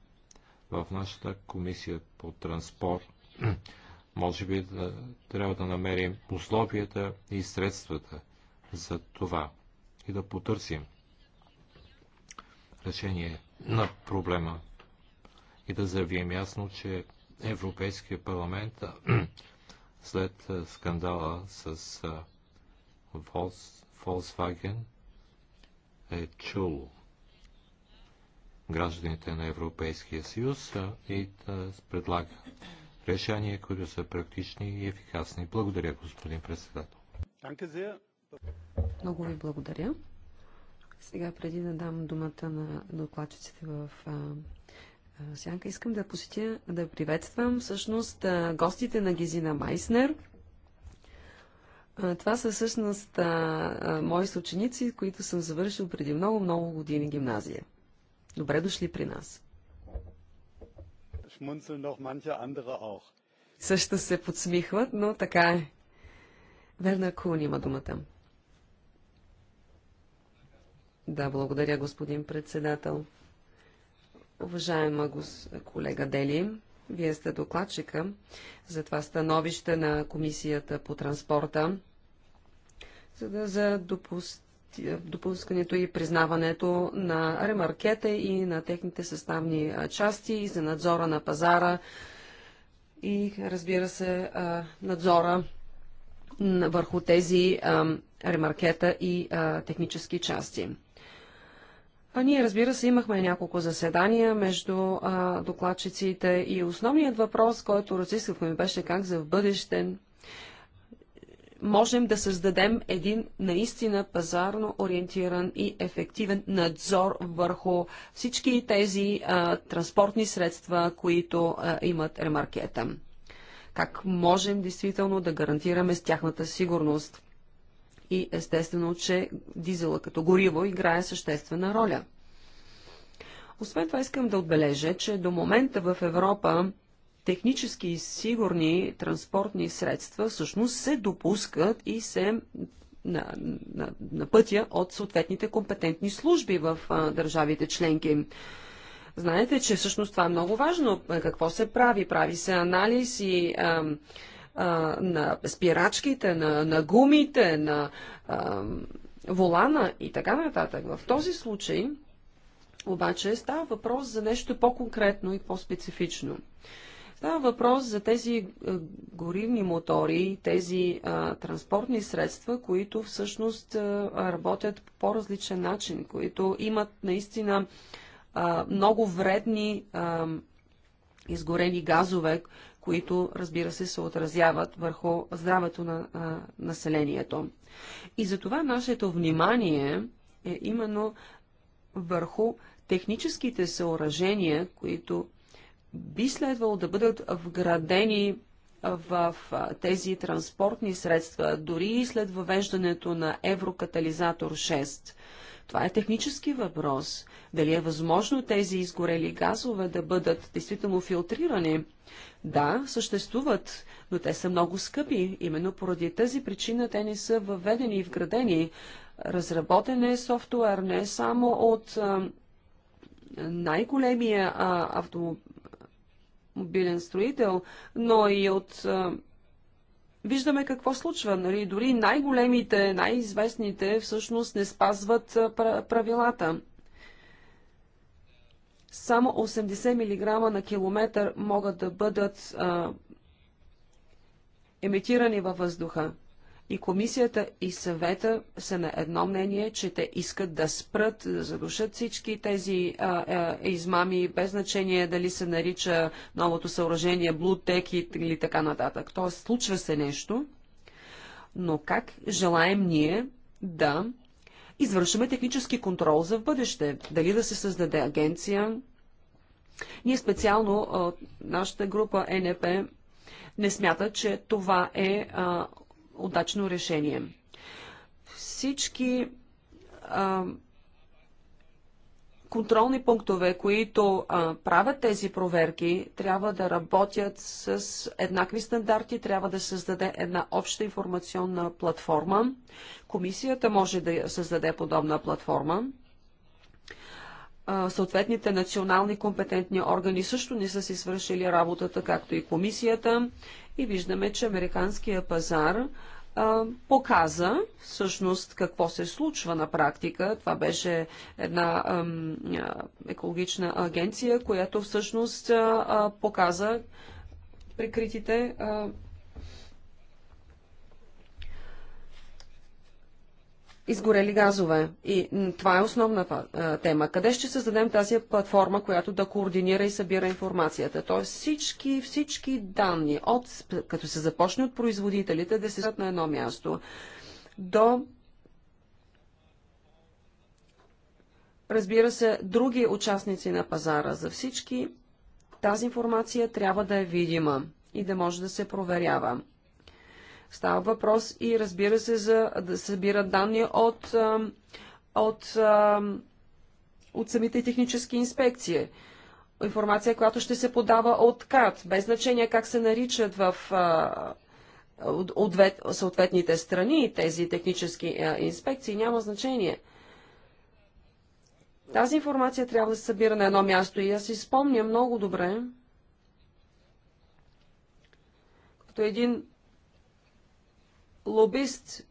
В нашата комисия по транспорт може би да, трябва да намерим условията и средствата за това и да потърсим решение на проблема и да заявим ясно, че Европейския парламент след скандала с Volkswagen е чул гражданите на Европейския съюз и да предлага решения, които са практични и ефикасни. Благодаря, господин председател.
Много ви благодаря.
Сега, преди да дам думата на докладчиците в сянка искам да посетя, да приветствам всъщност гостите на Гизина Майснер. Това са всъщност мои съученици, които съм завършил преди много-много години гимназия. Добре дошли при нас. Също се подсмихват, но така е. Верна Кун има думата. Да, благодаря, господин председател. Уважаема гос... колега Дели, вие сте докладчика за това становище на Комисията по транспорта, за, да, за допуст... допускането и признаването на ремаркета и на техните съставни части и за надзора на пазара и разбира се надзора върху тези ремаркета и технически части. А ние, разбира се, имахме няколко заседания между а, докладчиците и основният въпрос, който разисквахме, беше как за в бъдеще можем да създадем един наистина пазарно ориентиран и ефективен надзор върху всички тези а, транспортни средства, които а, имат ремаркета. Как можем действително да гарантираме с тяхната сигурност? и естествено, че дизела като гориво играе съществена роля. Освен това искам да отбележа, че до момента в Европа технически сигурни транспортни средства всъщност се допускат и се на, на, на пътя от съответните компетентни служби в а, държавите членки. Знаете, че всъщност това е много важно. Какво се прави? Прави се анализ и а, а, на спирачките, на, на гумите, на а, волана и така нататък. В този случай обаче става въпрос за нещо по-конкретно и по-специфично. Става въпрос за тези горивни мотори, тези а, транспортни средства, които всъщност а, работят по по-различен начин, които имат наистина а, много вредни а, изгорени газове, които, разбира се, се отразяват върху здравето на а, населението. И затова нашето внимание е именно върху техническите съоръжения, които би следвало да бъдат вградени в тези транспортни средства, дори и след въвеждането на Еврокатализатор 6. Това е технически въпрос. Дали е възможно тези изгорели газове да бъдат действително филтрирани? Да, съществуват, но те са много скъпи. Именно поради тази причина те не са въведени и вградени. Разработен е софтуер не само от най-големия автомобилен строител, но и от... А, виждаме какво случва. Нали? Дори най-големите, най-известните всъщност не спазват правилата. Само 80 мг на километър могат да бъдат а, емитирани във въздуха. И комисията и съвета са на едно мнение, че те искат да спрат, да задушат всички тези а, а, измами, без значение дали се нарича новото съоръжение Блутек или така нататък. Тоест, случва се нещо, но как желаем ние да извършваме технически контрол за в бъдеще. Дали да се създаде агенция. Ние специално, нашата група е НП не смята, че това е а, удачно решение. Всички а, контролни пунктове, които а, правят тези проверки, трябва да работят с еднакви стандарти, трябва да създаде една обща информационна платформа. Комисията може да създаде подобна платформа. А, съответните национални компетентни органи също не са си свършили работата, както и комисията. И виждаме, че американския пазар показа всъщност какво се случва на практика. Това беше една екологична агенция, която всъщност показа прикритите изгорели газове. И това е основната тема. Къде ще създадем тази платформа, която да координира и събира информацията? Тоест всички, всички данни, от, като се започне от производителите, да се създадат на едно място, до разбира се, други участници на пазара. За всички тази информация трябва да е видима и да може да се проверява. Става въпрос и разбира се за да събира данни от, от, от самите технически инспекции. Информация, която ще се подава от КАТ, без значение как се наричат в съответните страни тези технически инспекции, няма значение. Тази информация трябва да се събира на едно място и аз си спомня много добре, като един лобист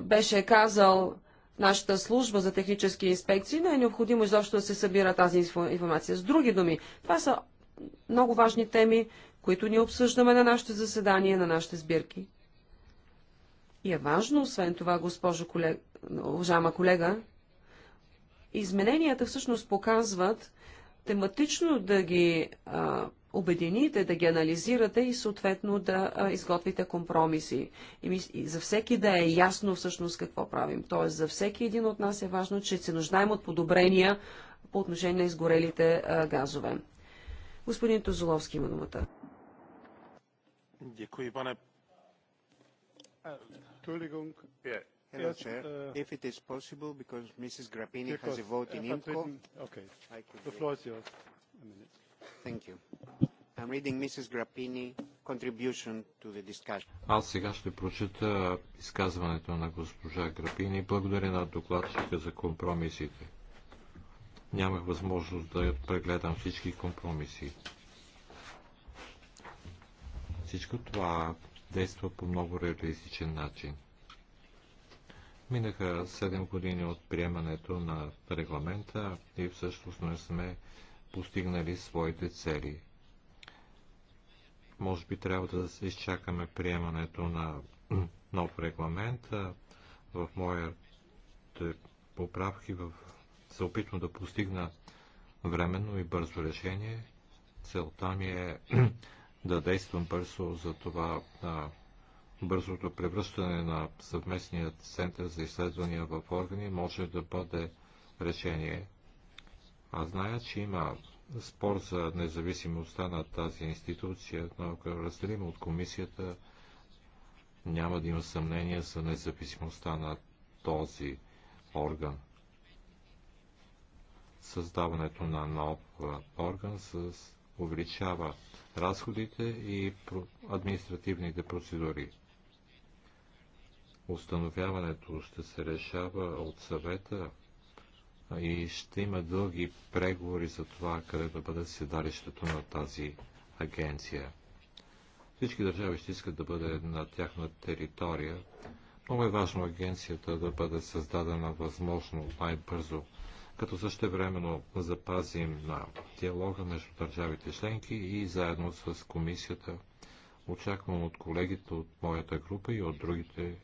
беше казал нашата служба за технически инспекции, не е необходимо изобщо да се събира тази информация. С други думи, това са много важни теми, които ние обсъждаме на нашите заседания, на нашите сбирки. И е важно, освен това, госпожо колег... уважаема колега, измененията всъщност показват тематично да ги а, обедините, да ги анализирате и съответно да изготвите компромиси. И за всеки да е ясно всъщност какво правим. Тоест за всеки един от нас е важно, че се нуждаем от подобрения по отношение на изгорелите газове. Господин Тозоловски има думата.
Děkuji, pane. Entschuldigung. Hello, uh, If it is possible, because Mrs. Grappini has a vote in IMCO. Okay. The floor is yours. A minute.
Аз сега ще прочета изказването на госпожа Грапини. Благодаря на докладчика за компромисите. Нямах възможност да прегледам всички компромиси. Всичко това действа по много реалистичен начин. Минаха 7 години от приемането на регламента и всъщност не сме постигнали своите цели. Може би трябва да се изчакаме приемането на нов регламент. В моите поправки в... се опитвам да постигна временно и бързо решение. Целта ми е да действам бързо за това а, бързото превръщане на съвместния център за изследвания в органи може да бъде решение а зная, че има спор за независимостта на тази институция, но ако разделим от комисията, няма да има съмнение за независимостта на този орган. Създаването на нов орган с увеличава разходите и административните процедури. Установяването ще се решава от съвета и ще има дълги преговори за това, къде да бъде седалището на тази агенция. Всички държави ще искат да бъде на тяхна територия. Много е важно агенцията да бъде създадена възможно най-бързо, като времено запазим на диалога между държавите членки и заедно с комисията. Очаквам от колегите от моята група и от другите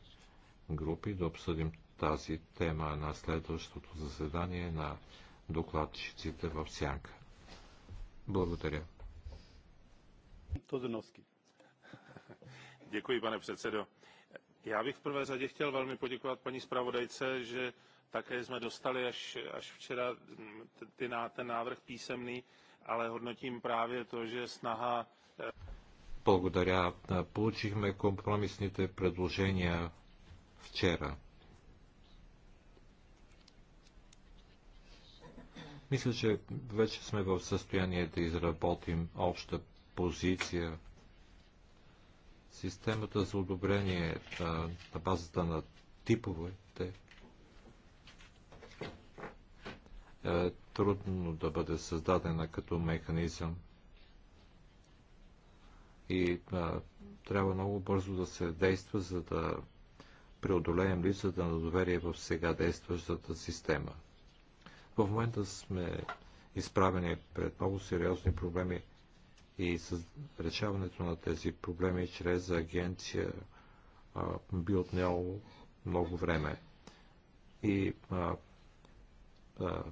групи да обсъдим тази тема на следващото заседание на докладчиците в Сянка.
Благодаря. Тодоновски. Děkuji, pane
předsedo. Já bych v prvé řadě chtěl velmi poděkovat paní zpravodajce, že také jsme dostali až, až včera ty, ten návrh písemný, ale hodnotím
právě to, že snaha...
Благодаря. Получихме компромисните предложения вчера. Мисля, че вече сме в състояние да изработим обща позиция. Системата за одобрение на базата на типовете е трудно да бъде създадена като механизъм и а, трябва много бързо да се действа, за да преодолеем лицата на доверие в сега действащата система. В момента сме изправени пред много сериозни проблеми и с решаването на тези проблеми чрез агенция а, би отняло много време. И а, а,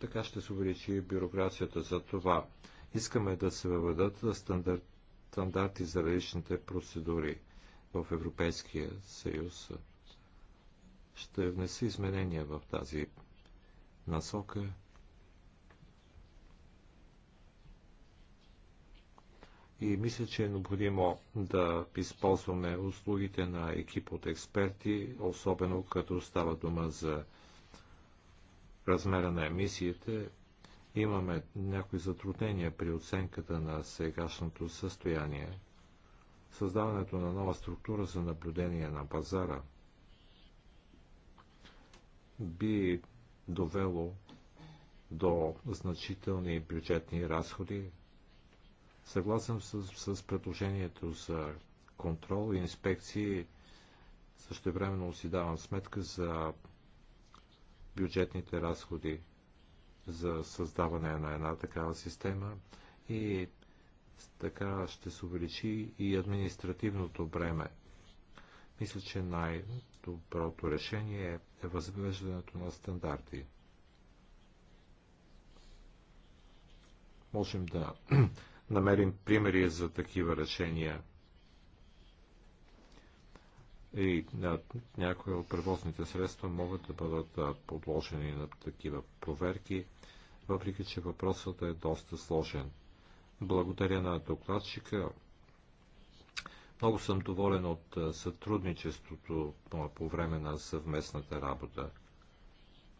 така ще се увеличи бюрокрацията за това. Искаме да се въведат стандарт, стандарти за различните процедури в Европейския съюз ще внесе изменения в тази насока. И мисля, че е необходимо да използваме услугите на екип от експерти, особено като става дума за размера на емисиите. Имаме някои затруднения при оценката на сегашното състояние. Създаването на нова структура за наблюдение на пазара – би довело до значителни бюджетни разходи. Съгласен с, с предложението за контрол и инспекции. Същевременно си давам сметка за бюджетните разходи за създаване на една такава система и така ще се увеличи и административното бреме. Мисля, че най-доброто решение е е възвеждането на стандарти. Можем да намерим примери за такива решения. И някои от превозните средства могат да бъдат подложени на такива проверки, въпреки че въпросът е доста сложен. Благодаря на докладчика много съм доволен от сътрудничеството по време на съвместната работа.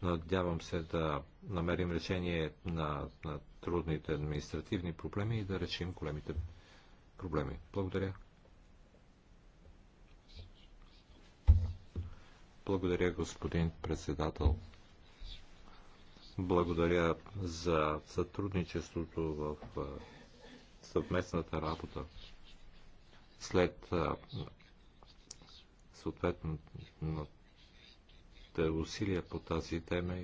Надявам се да намерим решение на, на трудните административни проблеми и да решим големите проблеми. Благодаря. Благодаря, господин председател. Благодаря за сътрудничеството в съвместната работа след съответните усилия по тази тема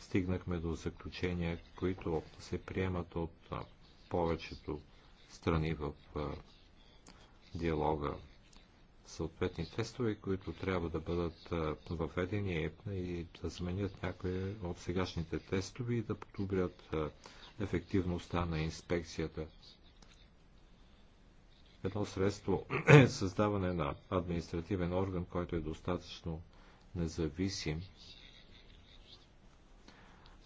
стигнахме до заключения, които се приемат от повечето страни в диалога. Съответни тестове, които трябва да бъдат въведени и да заменят някои от сегашните тестове и да подобрят ефективността на инспекцията – Едно средство е създаване на административен орган, който е достатъчно независим.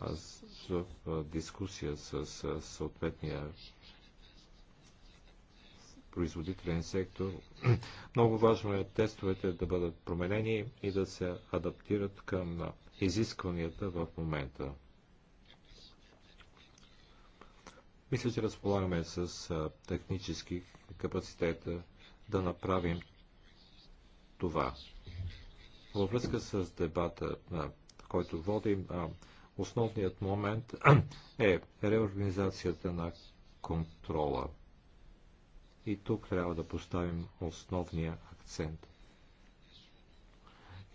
Аз в дискусия с съответния производителен сектор. Много важно е тестовете да бъдат променени и да се адаптират към изискванията в момента. Мисля, че разполагаме с технически капацитета да направим това. Във връзка с дебата, който водим, основният момент е реорганизацията на контрола. И тук трябва да поставим основния акцент.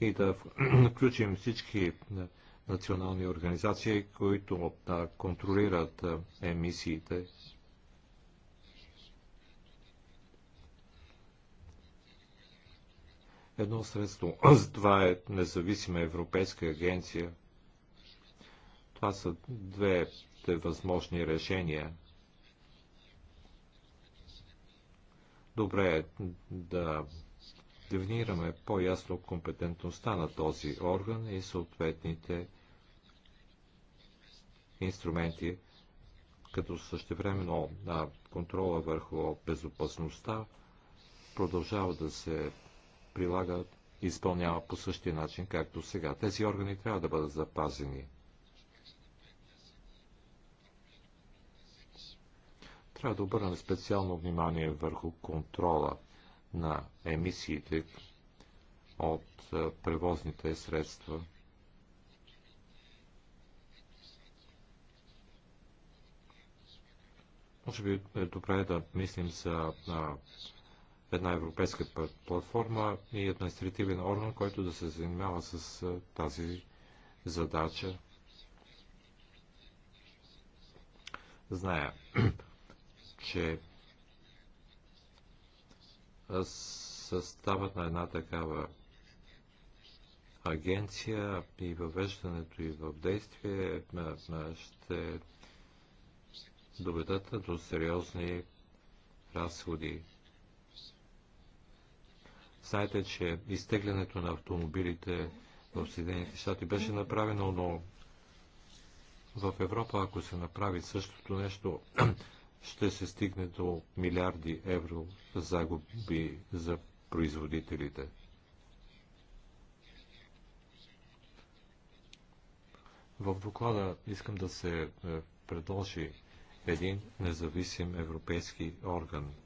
И да включим всички национални организации, които контролират емисиите едно средство. Това е независима европейска агенция. Това са две възможни решения. Добре е да дефинираме по-ясно компетентността на този орган и съответните инструменти, като същевременно на контрола върху безопасността продължава да се прилага и изпълнява по същия начин, както сега. Тези органи трябва да бъдат запазени. Трябва да обърнем специално внимание върху контрола на емисиите от е, превозните средства. Може би е добре да мислим за една европейска платформа и административен орган, който да се занимава с тази задача. Зная, че съставът на една такава агенция и въвеждането и в действие ще доведат до сериозни разходи Знаете, че изтеглянето на автомобилите в Съединените щати беше направено, но в Европа, ако се направи същото нещо, ще се стигне до милиарди евро загуби за производителите. В доклада искам да се е, предложи един независим европейски орган –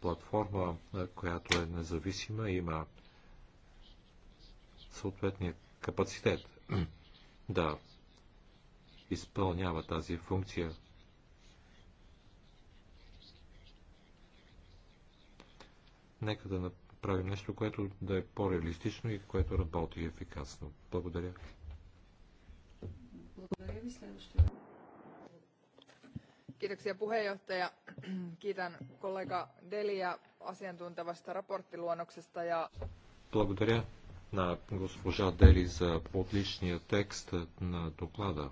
платформа, която е независима, има съответния капацитет да изпълнява тази функция. Нека да направим нещо, което да е по-реалистично и което работи ефикасно. Благодаря.
Благодаря ви следващия. Kiitoksia puheenjohtaja. Kiitän kollega Delia asiantuntevasta raporttiluonnoksesta. Ja...
Благодаря на госпожа Дели за отличния текст на доклада.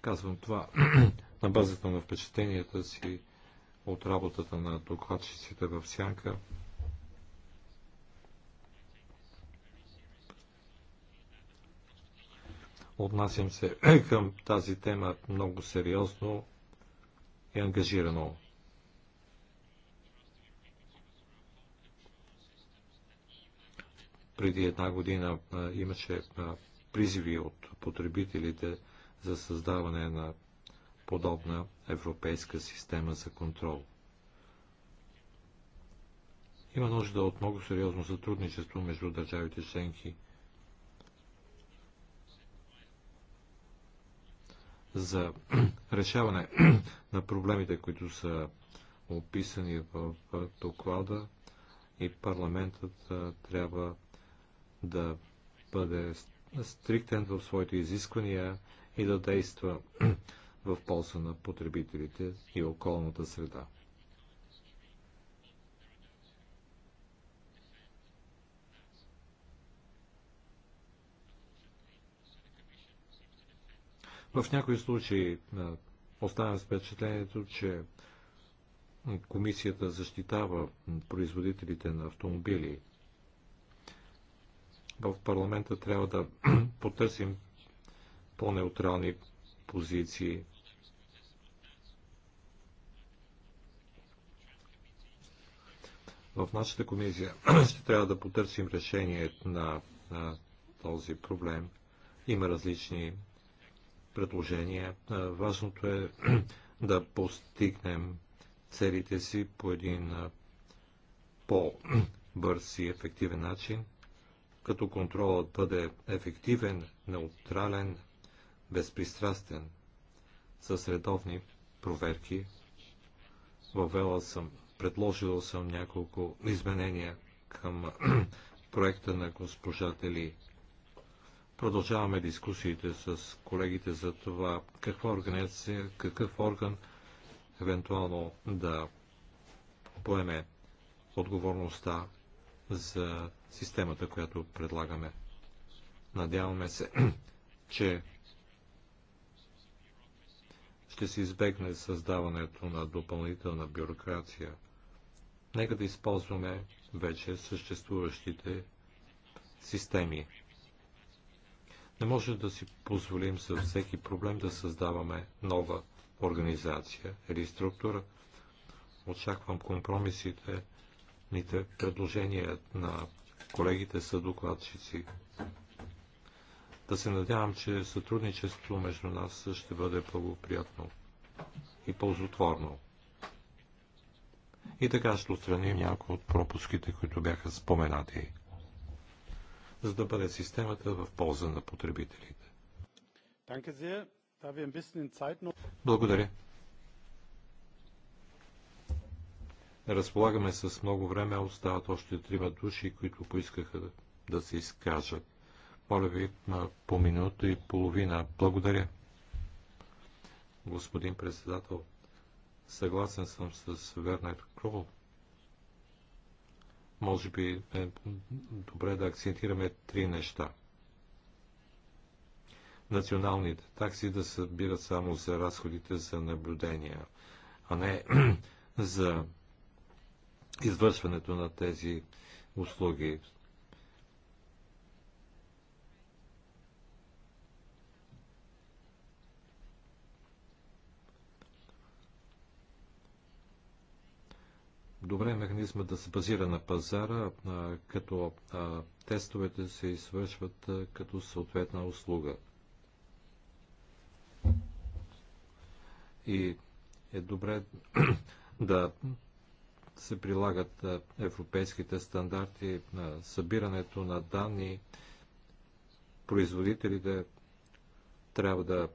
Казвам това на базата на впечатленията си от работата на докладчиците в Сянка. Отнасям се към тази тема много сериозно и ангажирано. Преди една година имаше призиви от потребителите за създаване на подобна европейска система за контрол. Има нужда от много сериозно сътрудничество между държавите членки – за решаване на проблемите, които са описани в доклада и парламентът трябва да бъде стриктен в своите изисквания и да действа в полза на потребителите и околната среда. В някои случаи оставям с впечатлението, че комисията защитава производителите на автомобили. В парламента трябва да потърсим по-неутрални позиции. В нашата комисия ще трябва да потърсим решение на, на този проблем. Има различни предложения. Важното е да постигнем целите си по един по-бърз и ефективен начин, като контролът бъде ефективен, неутрален, безпристрастен, с редовни проверки. Въвела съм, предложила съм няколко изменения към проекта на госпожа Продължаваме дискусиите с колегите за това каква организация, какъв орган евентуално да поеме отговорността за системата, която предлагаме. Надяваме се, че ще се избегне създаването на допълнителна бюрокрация. Нека да използваме вече съществуващите системи не може да си позволим за всеки проблем да създаваме нова организация или структура. Очаквам компромисите, ните предложения на колегите са докладчици. Да се надявам, че сътрудничеството между нас ще бъде благоприятно и ползотворно. И така ще отстраним някои от пропуските, които бяха споменати за да бъде системата в полза на потребителите. Благодаря. Разполагаме с много време, остават още трима души, които поискаха да, се изкажат. Моля ви, по минута и половина. Благодаря. Господин председател, съгласен съм с Вернер Крол. Може би е добре да акцентираме три неща. Националните такси да събират само за разходите за наблюдения, а не за извършването на тези услуги. добре механизма да се базира на пазара, като тестовете се извършват като съответна услуга. И е добре да се прилагат европейските стандарти на събирането на данни. Производителите трябва да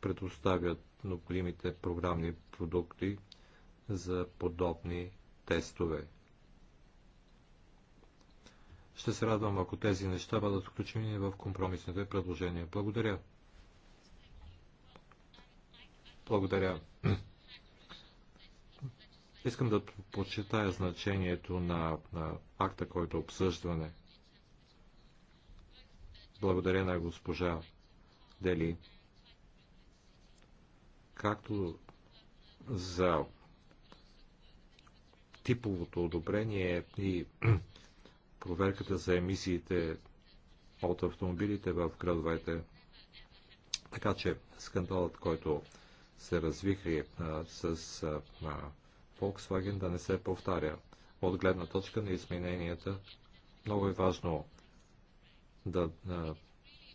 предоставят необходимите програмни продукти за подобни тестове. Ще се радвам, ако тези неща бъдат включени в компромисните предложения. Благодаря. Благодаря. Искам да почитая значението на, на акта, който е обсъждане. Благодаря на госпожа Дели. Както за типовото одобрение и проверката за емисиите от автомобилите в градовете. Така че скандалът, който се развихри а, с а, Volkswagen, да не се повтаря. От гледна точка на измененията, много е важно да а,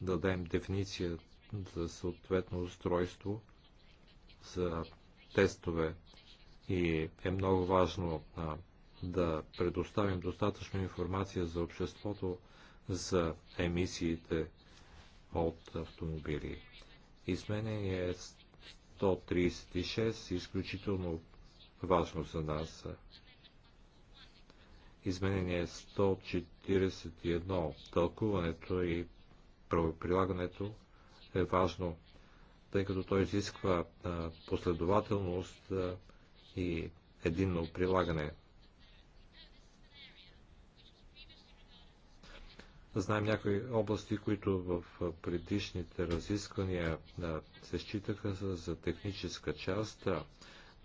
дадем дефиниция за съответно устройство за тестове и е много важно а, да предоставим достатъчно информация за обществото за емисиите от автомобили. Изменение 136 е изключително важно за нас. Изменение 141 тълкуването и правоприлагането е важно, тъй като той изисква последователност и единно прилагане. Знаем някои области, които в предишните разисквания се считаха за техническа част,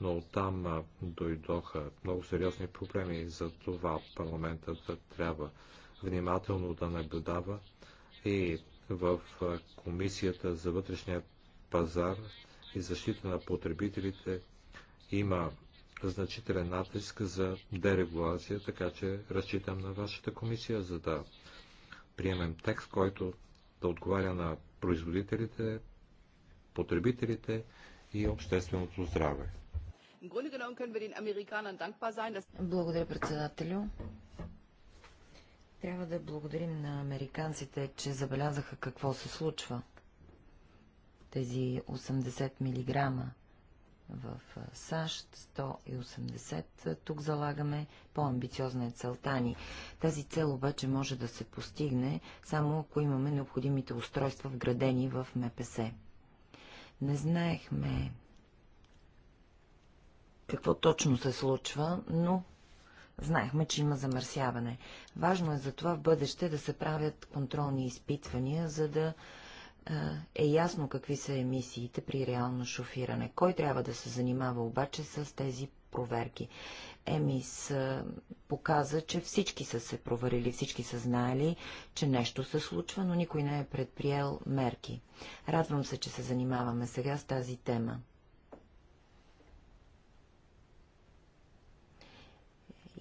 но там дойдоха много сериозни проблеми. За това парламентът трябва внимателно да наблюдава и в Комисията за вътрешния пазар и защита на потребителите има значителен натиск за дерегулация, така че разчитам на вашата комисия, за да приемем текст, който да отговаря на производителите, потребителите и общественото здраве.
Благодаря, председателю. Трябва да благодарим на американците, че забелязаха какво се случва. Тези 80 милиграма в САЩ 180. Тук залагаме по-амбициозна е целта ни. Тази цел обаче може да се постигне само ако имаме необходимите устройства вградени в МПС. Не знаехме какво точно се случва, но знаехме, че има замърсяване. Важно е за това в бъдеще да се правят контролни изпитвания, за да е ясно какви са емисиите при реално шофиране. Кой трябва да се занимава обаче с тези проверки? Емис показа, че всички са се проверили, всички са знаели, че нещо се случва, но никой не е предприел мерки. Радвам се, че се занимаваме сега с тази тема.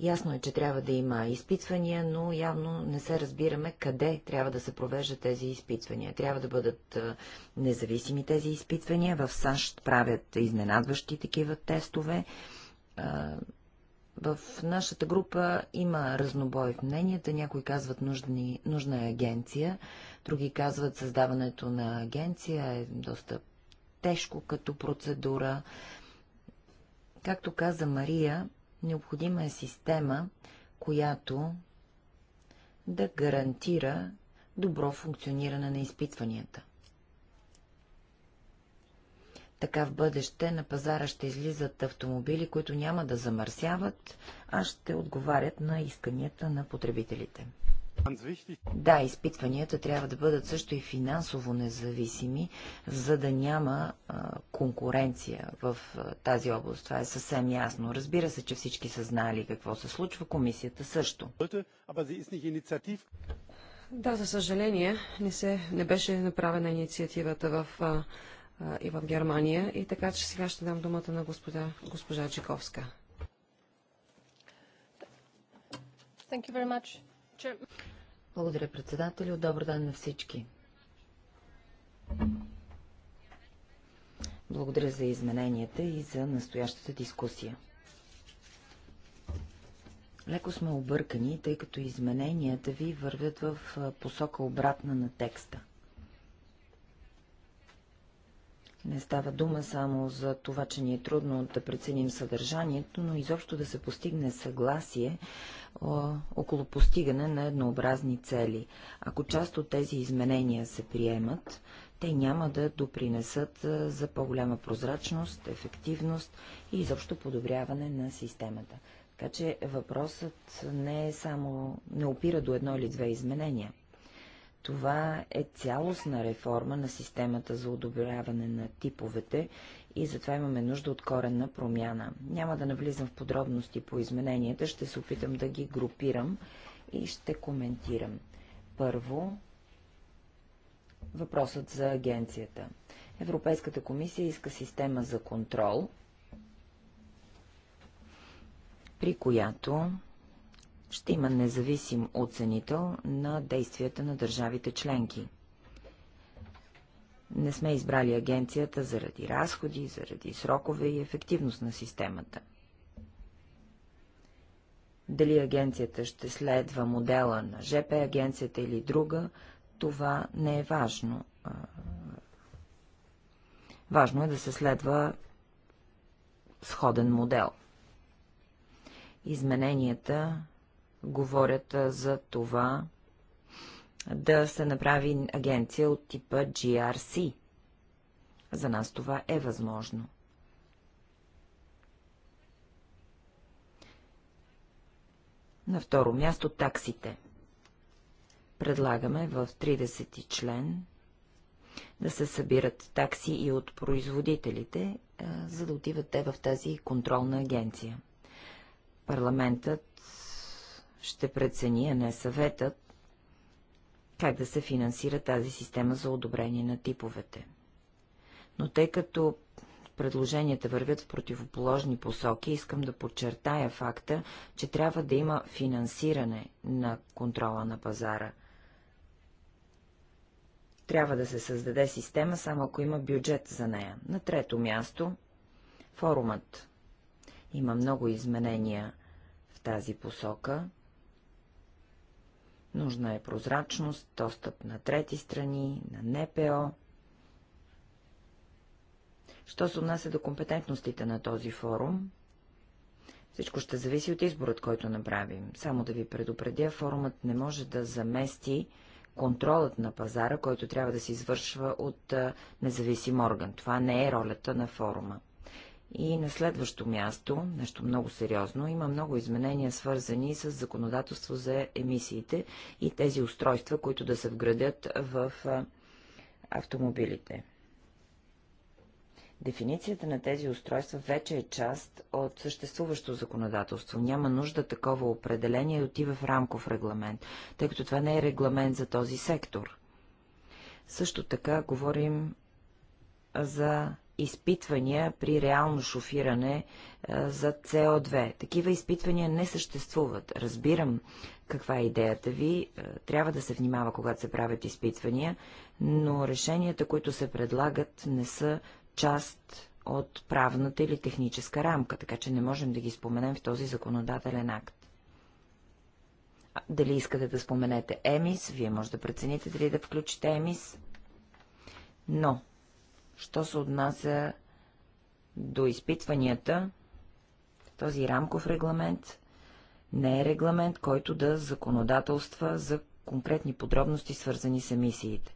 Ясно е, че трябва да има изпитвания, но явно не се разбираме къде трябва да се провеждат тези изпитвания. Трябва да бъдат независими тези изпитвания. В САЩ правят изненадващи такива тестове. В нашата група има разнобой в мненията. Някои казват нужни, нужна е агенция, други казват създаването на агенция е доста тежко като процедура. Както каза Мария, Необходима е система, която да гарантира добро функциониране на изпитванията. Така в бъдеще на пазара ще излизат автомобили, които няма да замърсяват, а ще отговарят на исканията на потребителите. Да, изпитванията трябва да бъдат също и финансово независими, за да няма а, конкуренция в а, тази област. Това е съвсем ясно. Разбира се, че всички са знали
какво се случва, комисията също. Да, за
съжаление, не, се, не беше направена инициативата в, а, и в Германия, и така че сега ще дам думата на господа, госпожа Чиковска.
Thank you very much.
Благодаря, председателю. Добър ден на всички. Благодаря за измененията и за настоящата дискусия. Леко сме объркани, тъй като измененията ви вървят в посока обратна на текста. Не става дума само за това, че ни е трудно да преценим съдържанието, но изобщо да се постигне съгласие о, около постигане на еднообразни цели. Ако част от тези изменения се приемат, те няма да допринесат за по-голяма прозрачност, ефективност и изобщо подобряване на системата. Така че въпросът не е само, не опира до едно или две изменения. Това е цялостна реформа на системата за одобряване на типовете и затова имаме нужда от коренна промяна. Няма да навлизам в подробности по измененията, ще се опитам да ги групирам и ще коментирам. Първо, въпросът за агенцията. Европейската комисия иска система за контрол, при която ще има независим оценител на действията на държавите членки. Не сме избрали агенцията заради разходи, заради срокове и ефективност на системата. Дали агенцията ще следва модела на ЖП агенцията или друга, това не е важно. Важно е да се следва сходен модел. Измененията говорят за това да се направи агенция от типа GRC. За нас това е възможно. На второ място таксите. Предлагаме в 30 член да се събират такси и от производителите, за да отиват те в тази контролна агенция. Парламентът ще прецени, а не съветът, как да се финансира тази система за одобрение на типовете. Но тъй като предложенията вървят в противоположни посоки, искам да подчертая факта, че трябва да има финансиране на контрола на пазара. Трябва да се създаде система, само ако има бюджет за нея. На трето място – форумът. Има много изменения в тази посока Нужна е прозрачност, достъп на трети страни, на НПО. Що се отнася до компетентностите на този форум? Всичко ще зависи от изборът, който направим. Само да ви предупредя, форумът не може да замести контролът на пазара, който трябва да се извършва от независим орган. Това не е ролята на форума. И на следващо място, нещо много сериозно, има много изменения свързани с законодателство за емисиите и тези устройства, които да се вградят в автомобилите. Дефиницията на тези устройства вече е част от съществуващо законодателство. Няма нужда такова определение и отива в рамков регламент, тъй като това не е регламент за този сектор. Също така говорим за изпитвания при реално шофиране за CO2. Такива изпитвания не съществуват. Разбирам каква е идеята ви. Трябва да се внимава, когато се правят изпитвания, но решенията, които се предлагат, не са част от правната или техническа рамка, така че не можем да ги споменем в този законодателен акт. дали искате да споменете ЕМИС, вие може да прецените дали да включите ЕМИС, но Що се отнася до изпитванията, този рамков регламент не е регламент, който да законодателства за конкретни подробности, свързани с емисиите.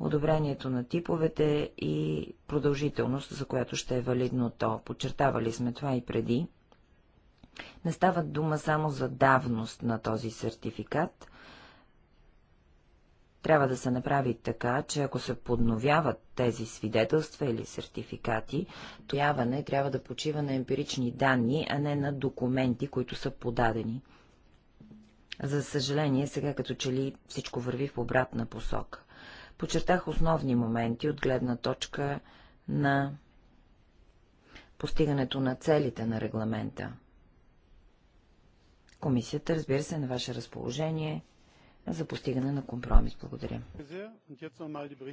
Одобрението на типовете и продължителност, за която ще е валидно то. Подчертавали сме това и преди. Не става дума само за давност на този сертификат, трябва да се направи така, че ако се подновяват тези свидетелства или сертификати, тояване трябва да почива на емпирични данни, а не на документи, които са подадени. За съжаление, сега като че ли всичко върви в обратна посока. Почертах основни моменти от гледна точка на постигането на целите на регламента. Комисията, разбира се, е на ваше разположение за постигане на компромис. Благодаря.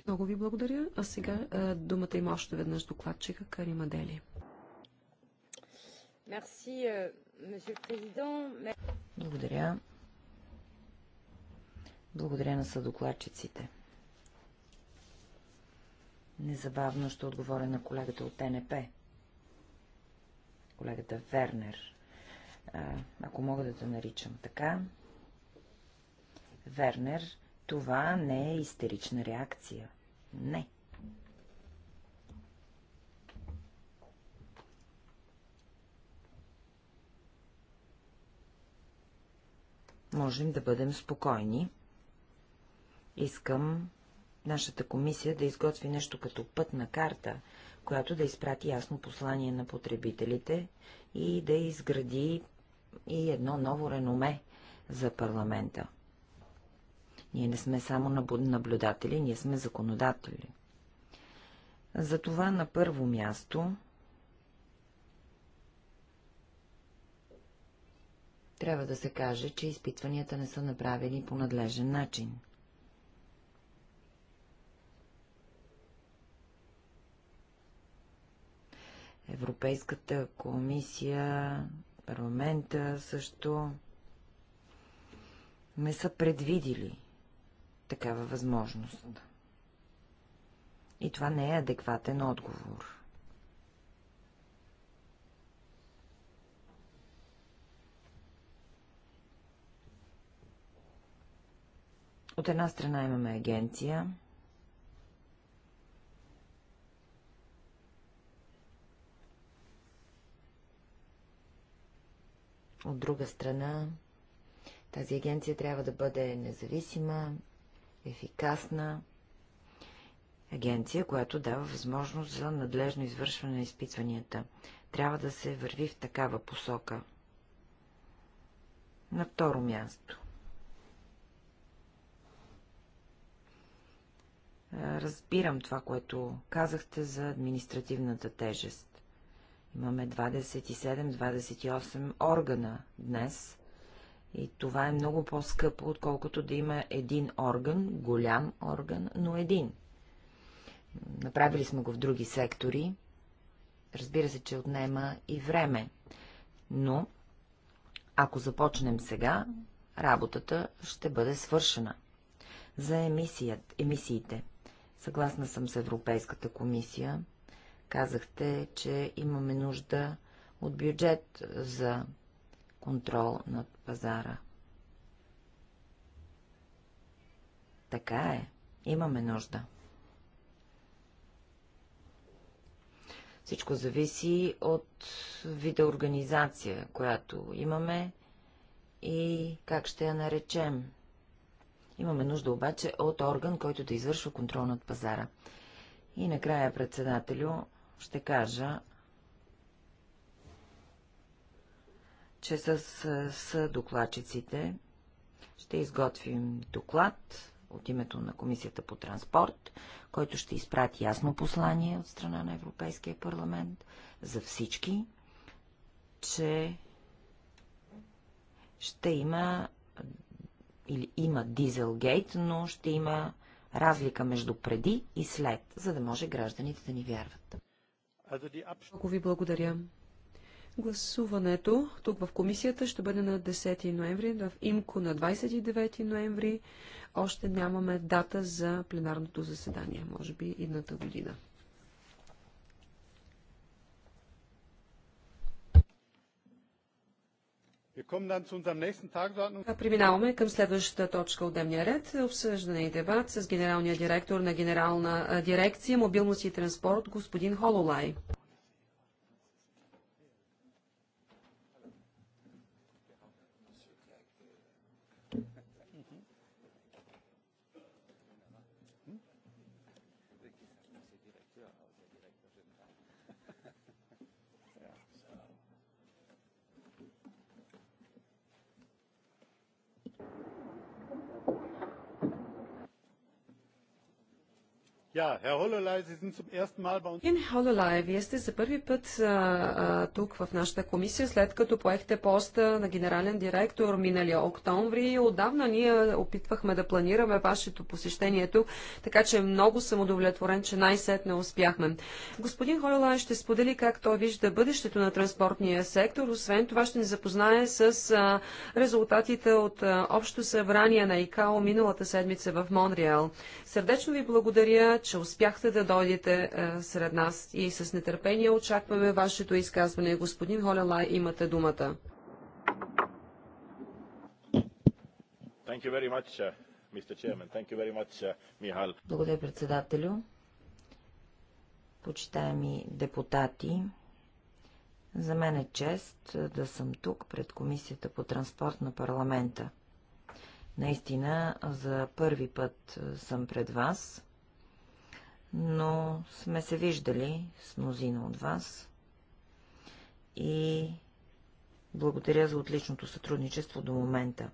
Много ви благодаря. А сега думата има още веднъж докладчика Карима Дели. Благодаря. Благодаря на съдокладчиците. Незабавно ще отговоря на колегата от ТНП. Колегата Вернер. Ако мога да те наричам така, Вернер, това не е истерична реакция. Не. Можем да бъдем спокойни. Искам нашата комисия да изготви нещо като пътна карта, която да изпрати ясно послание на потребителите и да изгради и едно ново реноме за парламента. Ние не сме само наблюдатели, ние сме законодатели. Затова на първо място трябва да се каже, че изпитванията не са направени по надлежен начин. Европейската комисия, парламента също не са предвидили такава възможност. И това не е адекватен отговор. От една страна имаме агенция, от друга страна тази агенция трябва да бъде независима, ефикасна агенция, която дава възможност за надлежно извършване на изпитванията. Трябва да се върви в такава посока. На второ място. Разбирам това, което казахте за административната тежест. Имаме 27-28 органа днес, и това е много по-скъпо, отколкото да има един орган, голям орган, но един. Направили сме го в други сектори. Разбира се, че отнема и време. Но, ако започнем сега, работата ще бъде свършена. За емисият, емисиите. Съгласна съм с Европейската комисия. Казахте, че имаме нужда от бюджет за контрол над пазара. Така е. Имаме нужда. Всичко зависи от вида организация, която имаме и как ще я наречем. Имаме нужда обаче от орган, който да извършва контрол над пазара. И накрая, председателю, ще кажа, че с, с докладчиците ще изготвим доклад от името на Комисията по транспорт, който ще изпрати ясно послание от страна на Европейския парламент за всички, че ще има или има дизелгейт, но ще има разлика между преди и след, за да може гражданите да ни вярват. Много ви благодаря. Гласуването тук в комисията ще бъде
на 10 ноември, в ИМКО на 29 ноември. Още нямаме дата за пленарното заседание, може би едната година. Преминаваме към следващата точка от дневния ред. Обсъждане и дебат с генералния директор на Генерална дирекция мобилност и транспорт господин Хололай.
Herr Хололай, вие
сте за първи път а, а, тук в нашата комисия, след като поехте поста на генерален директор миналия октомври. Отдавна ние опитвахме да планираме вашето посещение тук, така че много съм удовлетворен, че най-сетне успяхме. Господин Хололай ще сподели как той вижда бъдещето на транспортния сектор. Освен това ще ни запознае с а, резултатите от а, общо събрание на ИКАО миналата седмица в Монреал. Сърдечно ви благодаря, че успяхте да дойдете е, сред нас и с нетърпение очакваме вашето изказване. Господин Холелай, имате думата. Much, uh, much,
uh,
Благодаря, председателю. Почитаеми депутати, за мен е чест е, да съм тук пред Комисията по транспорт на парламента. Наистина, за първи път е, съм пред вас но сме се виждали с мнозина от вас и благодаря за отличното сътрудничество до момента.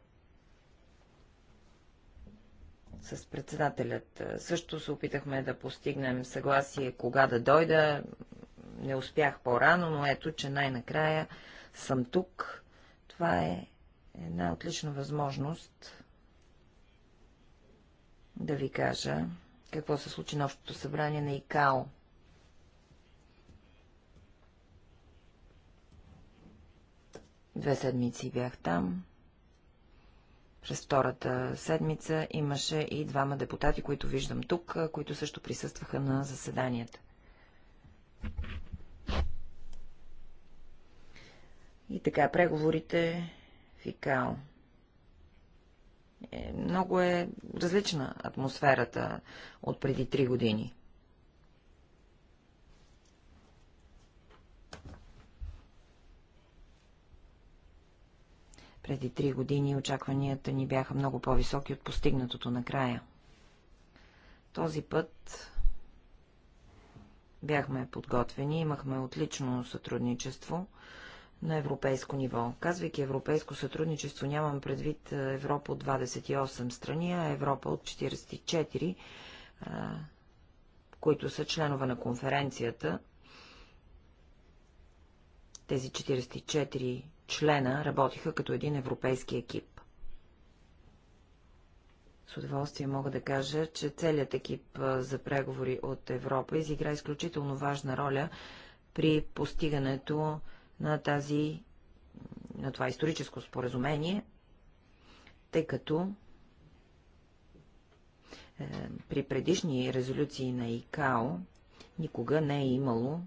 С председателят също се опитахме да постигнем съгласие кога да дойда. Не успях по-рано, но ето, че най-накрая съм тук. Това е една отлична възможност да ви кажа какво се случи на общото събрание на ИКАО. Две седмици бях там. През втората седмица имаше и двама депутати, които виждам тук, които също присъстваха на заседанията. И така, преговорите в ИКАО. Е, много е различна атмосферата от преди три години. Преди три години очакванията ни бяха много по-високи от постигнатото накрая. Този път бяхме подготвени, имахме отлично сътрудничество – на европейско ниво. Казвайки европейско сътрудничество, нямам предвид Европа от 28 страни, а Европа от 44, които са членове на конференцията. Тези 44 члена работиха като един европейски екип. С удоволствие мога да кажа, че целият екип за преговори от Европа изигра изключително важна роля при постигането на, тази, на това историческо споразумение, тъй като е, при предишни резолюции на ИКАО никога не е имало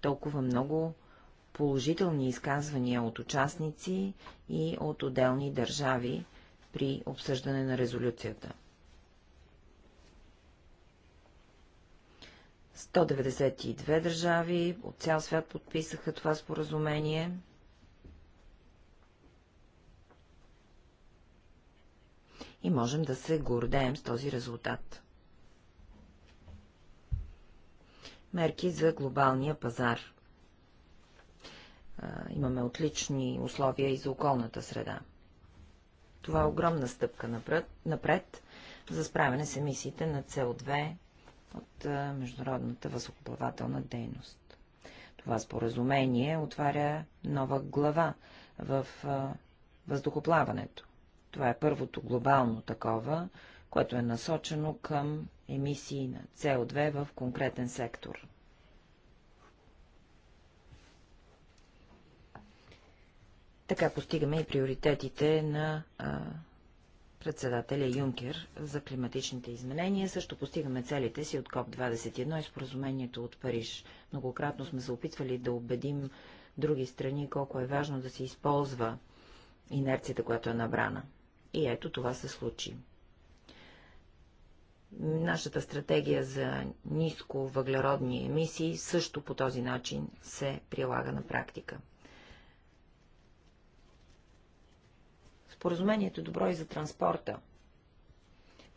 толкова много положителни изказвания от участници и от отделни държави при обсъждане на резолюцията. 192 държави от цял свят подписаха това споразумение. И можем да се гордеем с този резултат. Мерки за глобалния пазар. Имаме отлични условия и за околната среда. Това е огромна стъпка напред, напред за справяне с емисиите на CO2 от международната въздухоплавателна дейност. Това споразумение отваря нова глава в въздухоплаването. Това е първото глобално такова, което е насочено към емисии на CO2 в конкретен сектор. Така постигаме и приоритетите на председателя Юнкер за климатичните изменения. Също постигаме целите си от КОП-21 и споразумението от Париж. Многократно сме се опитвали да убедим други страни колко е важно да се използва инерцията, която е набрана. И ето това се случи. Нашата стратегия за ниско въглеродни емисии също по този начин се прилага на практика. Споразумението е добро и за транспорта.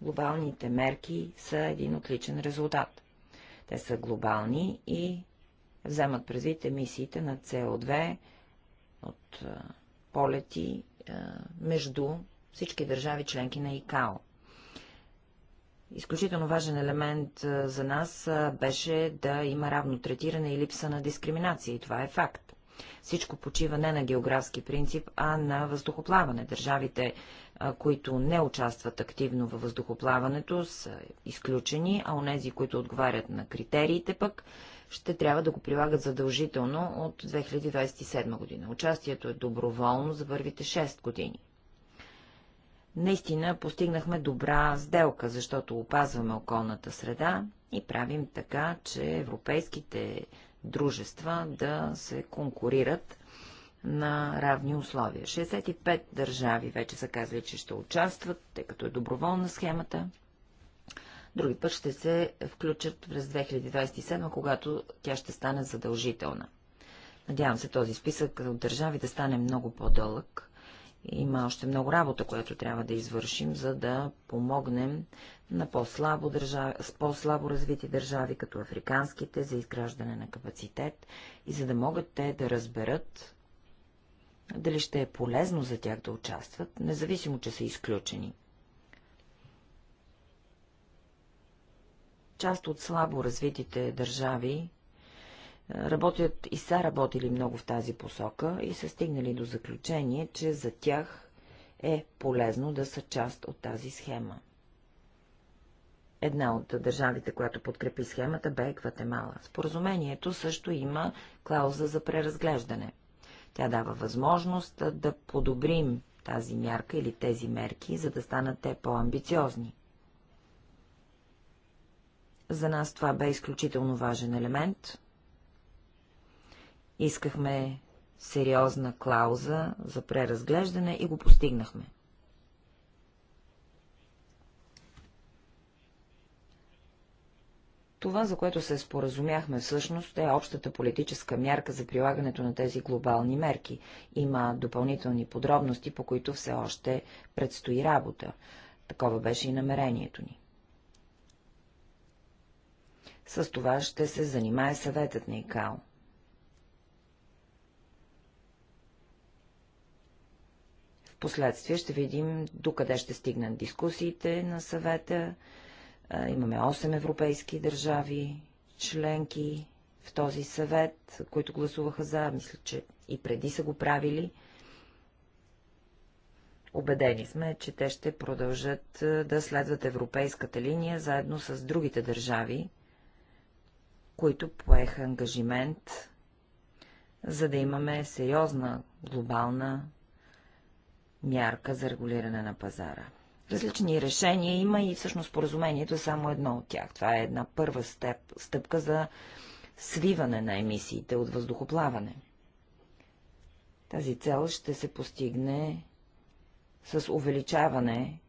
Глобалните мерки са един отличен резултат. Те са глобални и вземат предвид емисиите на СО2 от полети между всички държави членки на ИКАО. Изключително важен елемент за нас беше да има равно третиране и липса на дискриминация. И това е факт. Всичко почива не на географски принцип, а на въздухоплаване. Държавите, които не участват активно във въздухоплаването, са изключени, а онези, които отговарят на критериите пък, ще трябва да го прилагат задължително от 2027 година. Участието е доброволно за първите 6 години. Наистина постигнахме добра сделка, защото опазваме околната среда и правим така, че европейските дружества да се конкурират на равни условия. 65 държави вече са казали, че ще участват, тъй като е доброволна схемата. Други път ще се включат през 2027, когато тя ще стане задължителна. Надявам се този списък от държави да стане много по-дълъг, има още много работа, която трябва да извършим, за да помогнем на по-слабо, държави, по-слабо развити държави, като африканските, за изграждане на капацитет и за да могат те да разберат дали ще е полезно за тях да участват, независимо, че са изключени. Част от слабо развитите държави работят и са работили много в тази посока и са стигнали до заключение, че за тях е полезно да са част от тази схема. Една от държавите, която подкрепи схемата, бе Гватемала. Споразумението също има клауза за преразглеждане. Тя дава възможност да подобрим тази мярка или тези мерки, за да станат те по-амбициозни. За нас това бе изключително важен елемент, Искахме сериозна клауза за преразглеждане и го постигнахме. Това, за което се споразумяхме всъщност, е общата политическа мярка за прилагането на тези глобални мерки. Има допълнителни подробности, по които все още предстои работа. Такова беше и намерението ни. С това ще се занимае съветът на ИКАО. последствие ще видим докъде ще стигнат дискусиите на съвета. Имаме 8 европейски държави, членки в този съвет, които гласуваха за, мисля, че и преди са го правили. Обедени сме, че те ще продължат да следват европейската линия заедно с другите държави, които поеха ангажимент, за да имаме сериозна глобална мярка за регулиране на пазара. Различни решения има и всъщност поразумението е само едно от тях. Това е една първа степ, стъпка за свиване на емисиите от въздухоплаване. Тази цел ще се постигне с увеличаване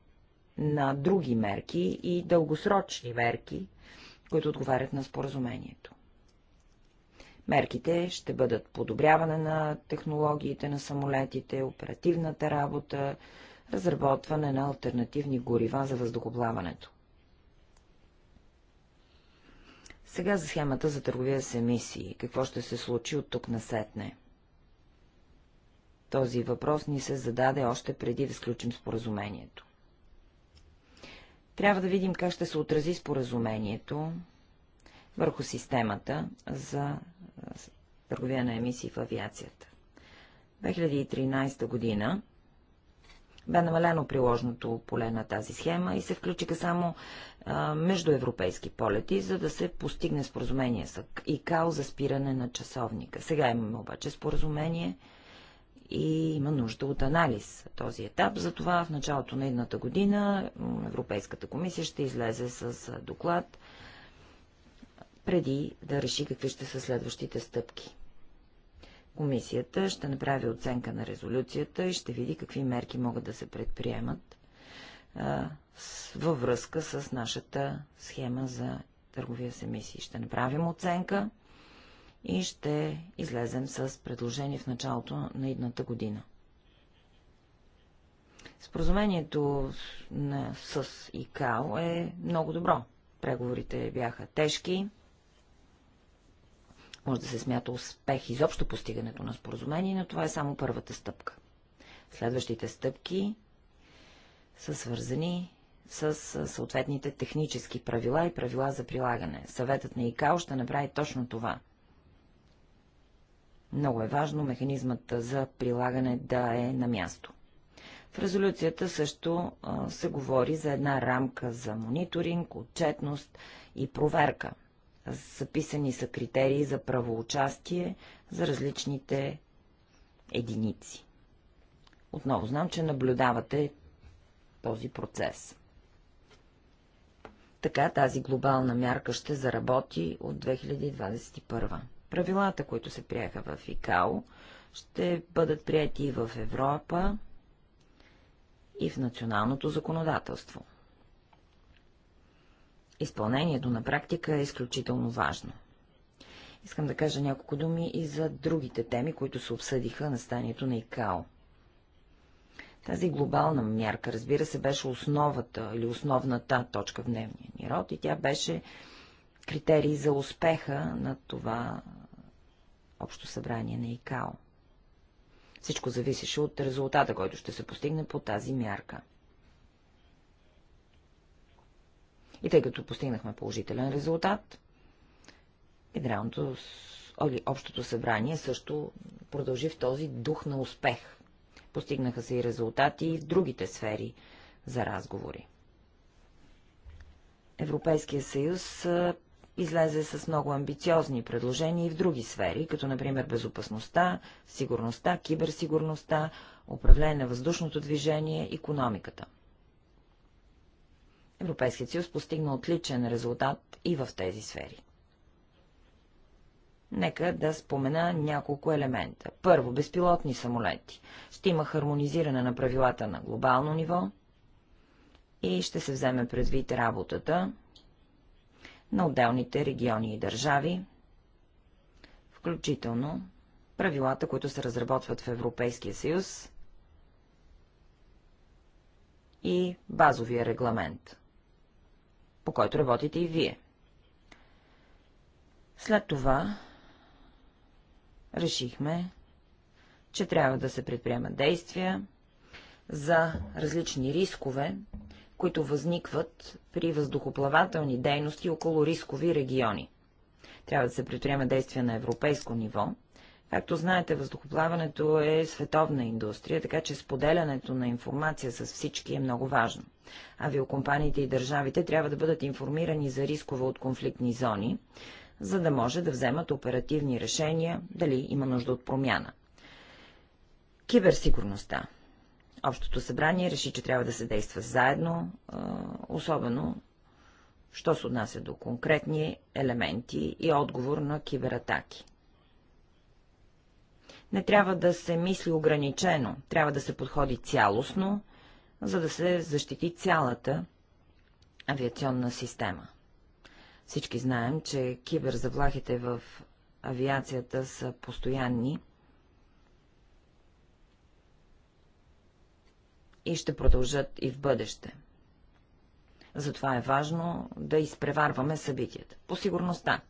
на други мерки и дългосрочни мерки, които отговарят на споразумението. Мерките ще бъдат подобряване на технологиите на самолетите, оперативната работа, разработване на альтернативни горива за въздухоплаването. Сега за схемата за търговия с емисии. Какво ще се случи от тук на сетне? Този въпрос ни се зададе още преди да сключим споразумението. Трябва да видим как ще се отрази споразумението върху системата за търговия на емисии в авиацията. 2013 година бе намалено приложното поле на тази схема и се включиха само а, междуевропейски полети, за да се постигне споразумение с ИКАО за спиране на часовника. Сега имаме обаче споразумение и има нужда от анализ този етап. Затова в началото на едната година Европейската комисия ще излезе с доклад преди да реши какви ще са следващите стъпки. Комисията ще направи оценка на резолюцията и ще види какви мерки могат да се предприемат а, с, във връзка с нашата схема за търговия с емисии. Ще направим оценка и ще излезем с предложение в началото на идната година. Споразумението на, с ИКАО е много добро. Преговорите бяха тежки, може да се смята успех изобщо постигането на споразумение, но това е само първата стъпка. Следващите стъпки са свързани с съответните технически правила и правила за прилагане. Съветът на ИКАО ще направи точно това. Много е важно механизмата за прилагане да е на място. В резолюцията също се говори за една рамка за мониторинг, отчетност и проверка записани са критерии за правоучастие за различните единици. Отново знам, че наблюдавате този процес. Така тази глобална мярка ще заработи от 2021. Правилата, които се приеха в ИКАО, ще бъдат прияти и в Европа, и в националното законодателство изпълнението на практика е изключително важно. Искам да кажа няколко думи и за другите теми, които се обсъдиха на станието на ИКАО. Тази глобална мярка, разбира се, беше основата или основната точка в дневния ни род и тя беше критерий за успеха на това общо събрание на ИКАО. Всичко зависеше от резултата, който ще се постигне по тази мярка. И тъй като постигнахме положителен резултат, Генералното общото събрание също продължи в този дух на успех. Постигнаха се и резултати и в другите сфери за разговори. Европейския съюз излезе с много амбициозни предложения и в други сфери, като например безопасността, сигурността, киберсигурността, управление на въздушното движение, економиката – Европейският съюз постигна отличен резултат и в тези сфери. Нека да спомена няколко елемента. Първо, безпилотни самолети. Ще има хармонизиране на правилата на глобално ниво и ще се вземе предвид работата на отделните региони и държави, включително правилата, които се разработват в Европейския съюз и базовия регламент по който работите и вие. След това решихме, че трябва да се предприемат действия за различни рискове, които възникват при въздухоплавателни дейности около рискови региони. Трябва да се предприема действия на европейско ниво, Както знаете, въздухоплаването е световна индустрия, така че споделянето на информация с всички е много важно. Авиокомпаниите и държавите трябва да бъдат информирани за рискове от конфликтни зони, за да може да вземат оперативни решения, дали има нужда от промяна. Киберсигурността. Общото събрание реши, че трябва да се действа заедно, особено, що се отнася до конкретни елементи и отговор на кибератаки. Не трябва да се мисли ограничено, трябва да се подходи цялостно, за да се защити цялата авиационна система. Всички знаем, че киберзаплахите в авиацията са постоянни и ще продължат и в бъдеще. Затова е важно да изпреварваме събитията. По сигурността.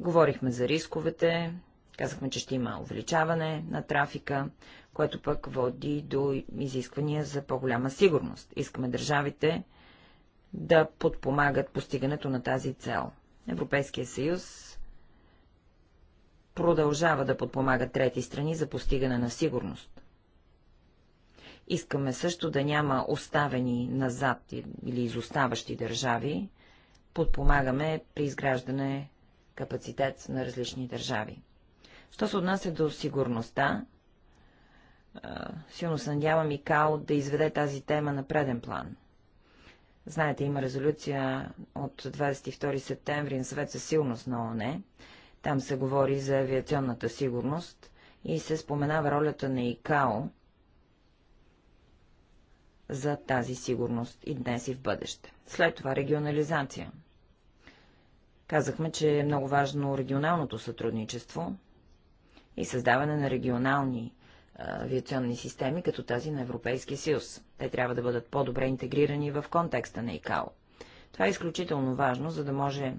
Говорихме за рисковете, казахме, че ще има увеличаване на трафика, което пък води до изисквания за по-голяма сигурност. Искаме държавите да подпомагат постигането на тази цел. Европейския съюз продължава да подпомага трети страни за постигане на сигурност. Искаме също да няма оставени назад или изоставащи държави. Подпомагаме при изграждане капацитет на различни държави. Що се отнася до сигурността, силно се надявам и КАО да изведе тази тема на преден план. Знаете, има резолюция от 22 септември на съвет за силност на ОНЕ. Там се говори за авиационната сигурност и се споменава ролята на ИКАО за тази сигурност и днес и в бъдеще. След това регионализация – Казахме, че е много важно регионалното сътрудничество и създаване на регионални авиационни системи, като тази на Европейския съюз. Те трябва да бъдат по-добре интегрирани в контекста на ИКАО. Това е изключително важно, за да може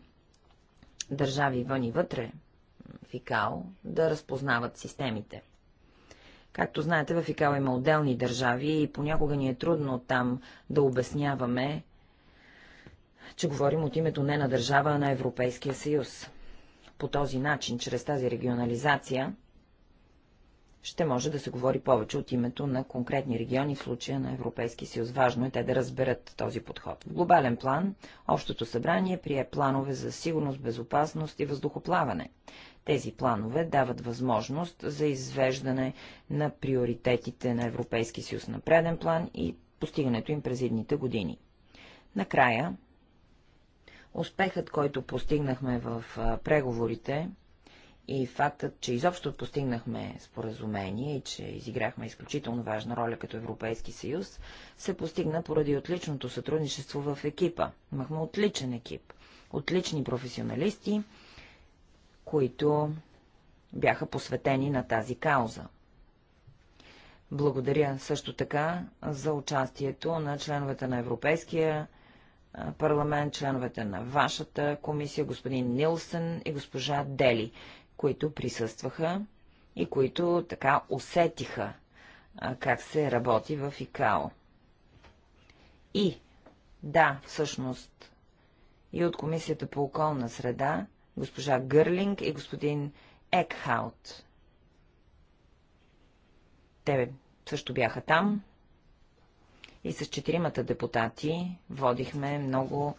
държави вън и вътре в ИКАО да разпознават системите. Както знаете, в ИКАО има отделни държави и понякога ни е трудно там да обясняваме че говорим от името не на държава, а на Европейския съюз. По този начин, чрез тази регионализация, ще може да се говори повече от името на конкретни региони, в случая на Европейски съюз. Важно е те да разберат този подход. В глобален план, Общото събрание прие планове за сигурност, безопасност и въздухоплаване. Тези планове дават възможност за извеждане на приоритетите на Европейски съюз на преден план и постигането им през едните години. Накрая, Успехът, който постигнахме в преговорите и фактът, че изобщо постигнахме споразумение и че изиграхме изключително важна роля като Европейски съюз, се постигна поради отличното сътрудничество в екипа. Имахме отличен екип, отлични професионалисти, които бяха посветени на тази кауза. Благодаря също така за участието на членовете на Европейския парламент, членовете на вашата комисия, господин Нилсън и госпожа Дели, които присъстваха и които така усетиха как се работи в ИКАО. И, да, всъщност, и от Комисията по околна среда, госпожа Гърлинг и господин Екхаут. Те също бяха там, и с четиримата депутати водихме много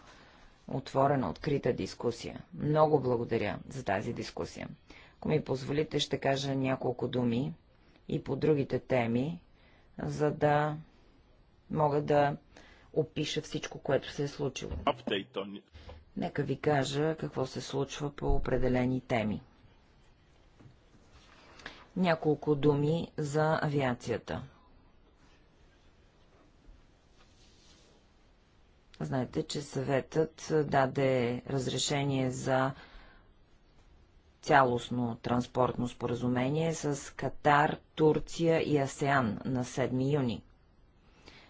отворена, открита дискусия. Много благодаря за тази дискусия. Ако ми позволите, ще кажа няколко думи и по другите теми, за да мога да опиша всичко, което се е случило. Нека ви кажа какво се случва по определени теми. Няколко думи за авиацията. Знаете, че съветът даде разрешение за цялостно транспортно споразумение с Катар, Турция и АСЕАН на 7 юни.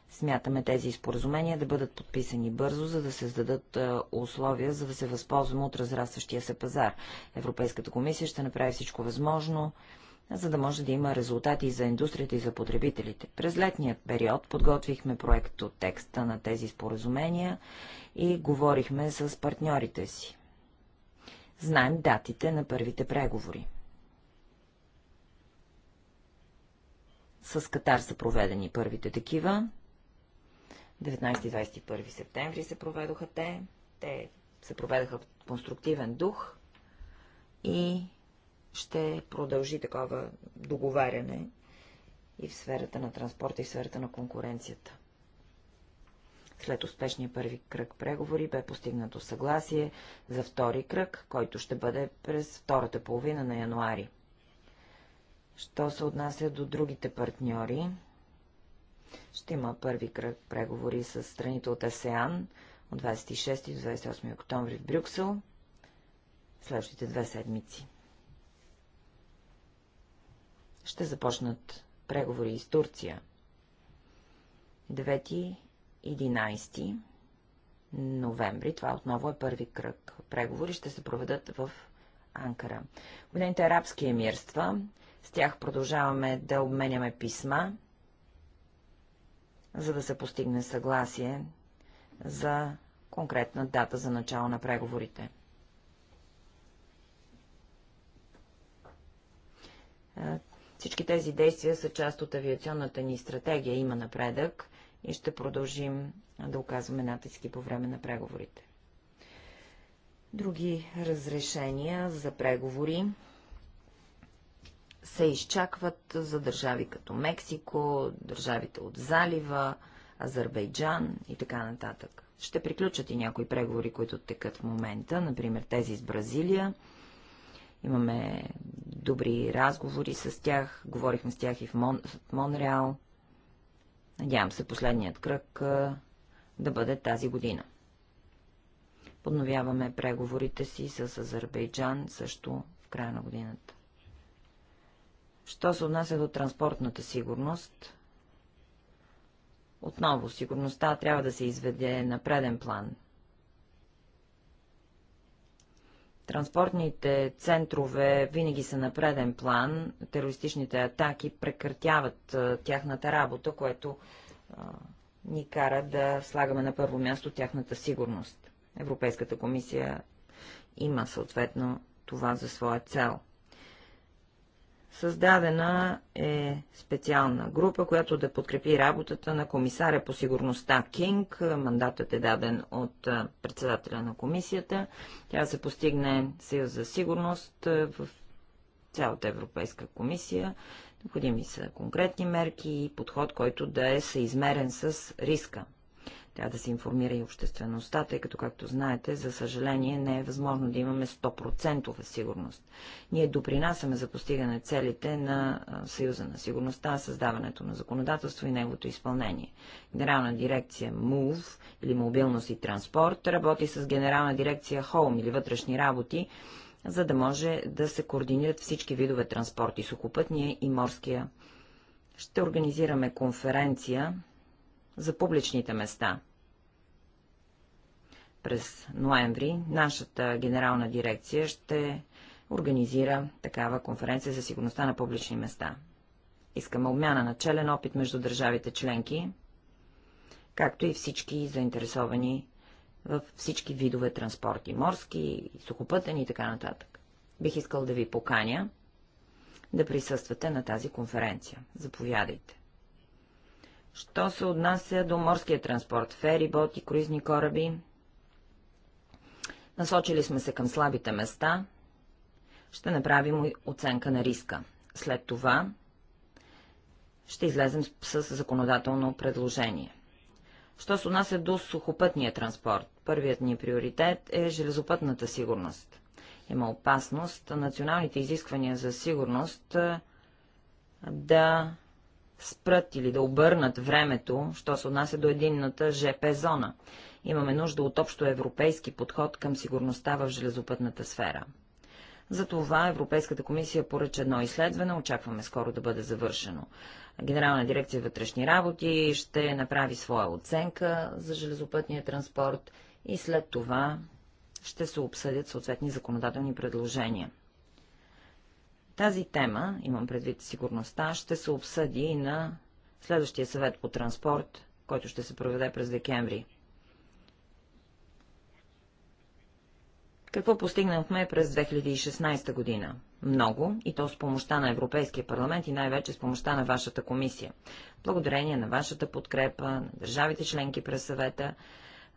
Смятаме тези споразумения да бъдат подписани бързо, за да се създадат условия, за да се възползваме от разрастващия се пазар. Европейската комисия ще направи всичко възможно за да може да има резултати за индустрията и за потребителите. През летният период подготвихме проект от текста на тези споразумения и говорихме с партньорите си. Знаем датите на първите преговори. С Катар са проведени първите такива. 19-21 септември се проведоха те. Те се проведаха в конструктивен дух и ще продължи такова договаряне и в сферата на транспорта, и в сферата на конкуренцията. След успешния първи кръг преговори бе постигнато съгласие за втори кръг, който ще бъде през втората половина на януари. Що се отнася до другите партньори, ще има първи кръг преговори с страните от АСЕАН от 26 до 28 октомври в Брюксел, следващите две седмици ще започнат преговори с Турция. 9-11 ноември, това отново е първи кръг преговори, ще се проведат в Анкара. Обединените арабски емирства, с тях продължаваме да обменяме писма, за да се постигне съгласие за конкретна дата за начало на преговорите. Всички тези действия са част от авиационната ни стратегия. Има напредък и ще продължим да оказваме натиски по време на преговорите. Други разрешения за преговори се изчакват за държави като Мексико, държавите от залива, Азербайджан и така нататък. Ще приключат и някои преговори, които текат в момента, например тези с Бразилия. Имаме добри разговори с тях, говорихме с тях и в, Мон, в Монреал. Надявам се последният кръг да бъде тази година. Подновяваме преговорите си с Азербайджан също в края на годината. Що се отнася до транспортната сигурност? Отново, сигурността трябва да се изведе на преден план. Транспортните центрове винаги са на преден план. Терористичните атаки прекратяват тяхната работа, което а, ни кара да слагаме на първо място тяхната сигурност. Европейската комисия има съответно това за своя цел. Създадена е специална група, която да подкрепи работата на комисаря по сигурността Кинг. Мандатът е даден от председателя на комисията. Тя се постигне съюз за сигурност в цялата Европейска комисия. Необходими са конкретни мерки и подход, който да е съизмерен с риска. Трябва да се информира и обществеността, тъй като, както знаете, за съжаление не е възможно да имаме 100% сигурност. Ние допринасяме за постигане целите на Съюза на сигурността, създаването на законодателство и неговото изпълнение. Генерална дирекция MOVE или мобилност и транспорт работи с генерална дирекция HOME или вътрешни работи, за да може да се координират всички видове транспорти, сухопътния и морския. Ще организираме конференция за публичните места. През ноември нашата генерална дирекция ще организира такава конференция за сигурността на публични места. Искаме обмяна на челен опит между държавите членки, както и всички заинтересовани във всички видове транспорти – морски, сухопътен и така нататък. Бих искал да ви поканя да присъствате на тази конференция. Заповядайте. Що се отнася до морския транспорт, фери, боти, круизни кораби, насочили сме се към слабите места, ще направим оценка на риска. След това ще излезем с законодателно предложение. Що се отнася до сухопътния транспорт, първият ни приоритет е железопътната сигурност. Има опасност националните изисквания за сигурност да спрат или да обърнат времето, що се отнася до единната ЖП зона. Имаме нужда от общо европейски подход към сигурността в железопътната сфера. Затова Европейската комисия поръча едно изследване, очакваме скоро да бъде завършено. Генерална дирекция вътрешни работи ще направи своя оценка за железопътния транспорт и след това ще се обсъдят съответни законодателни предложения. Тази тема, имам предвид сигурността, ще се обсъди и на следващия съвет по транспорт, който ще се проведе през декември. Какво постигнахме през 2016 година? Много, и то с помощта на Европейския парламент и най-вече с помощта на вашата комисия. Благодарение на вашата подкрепа, на държавите членки през съвета,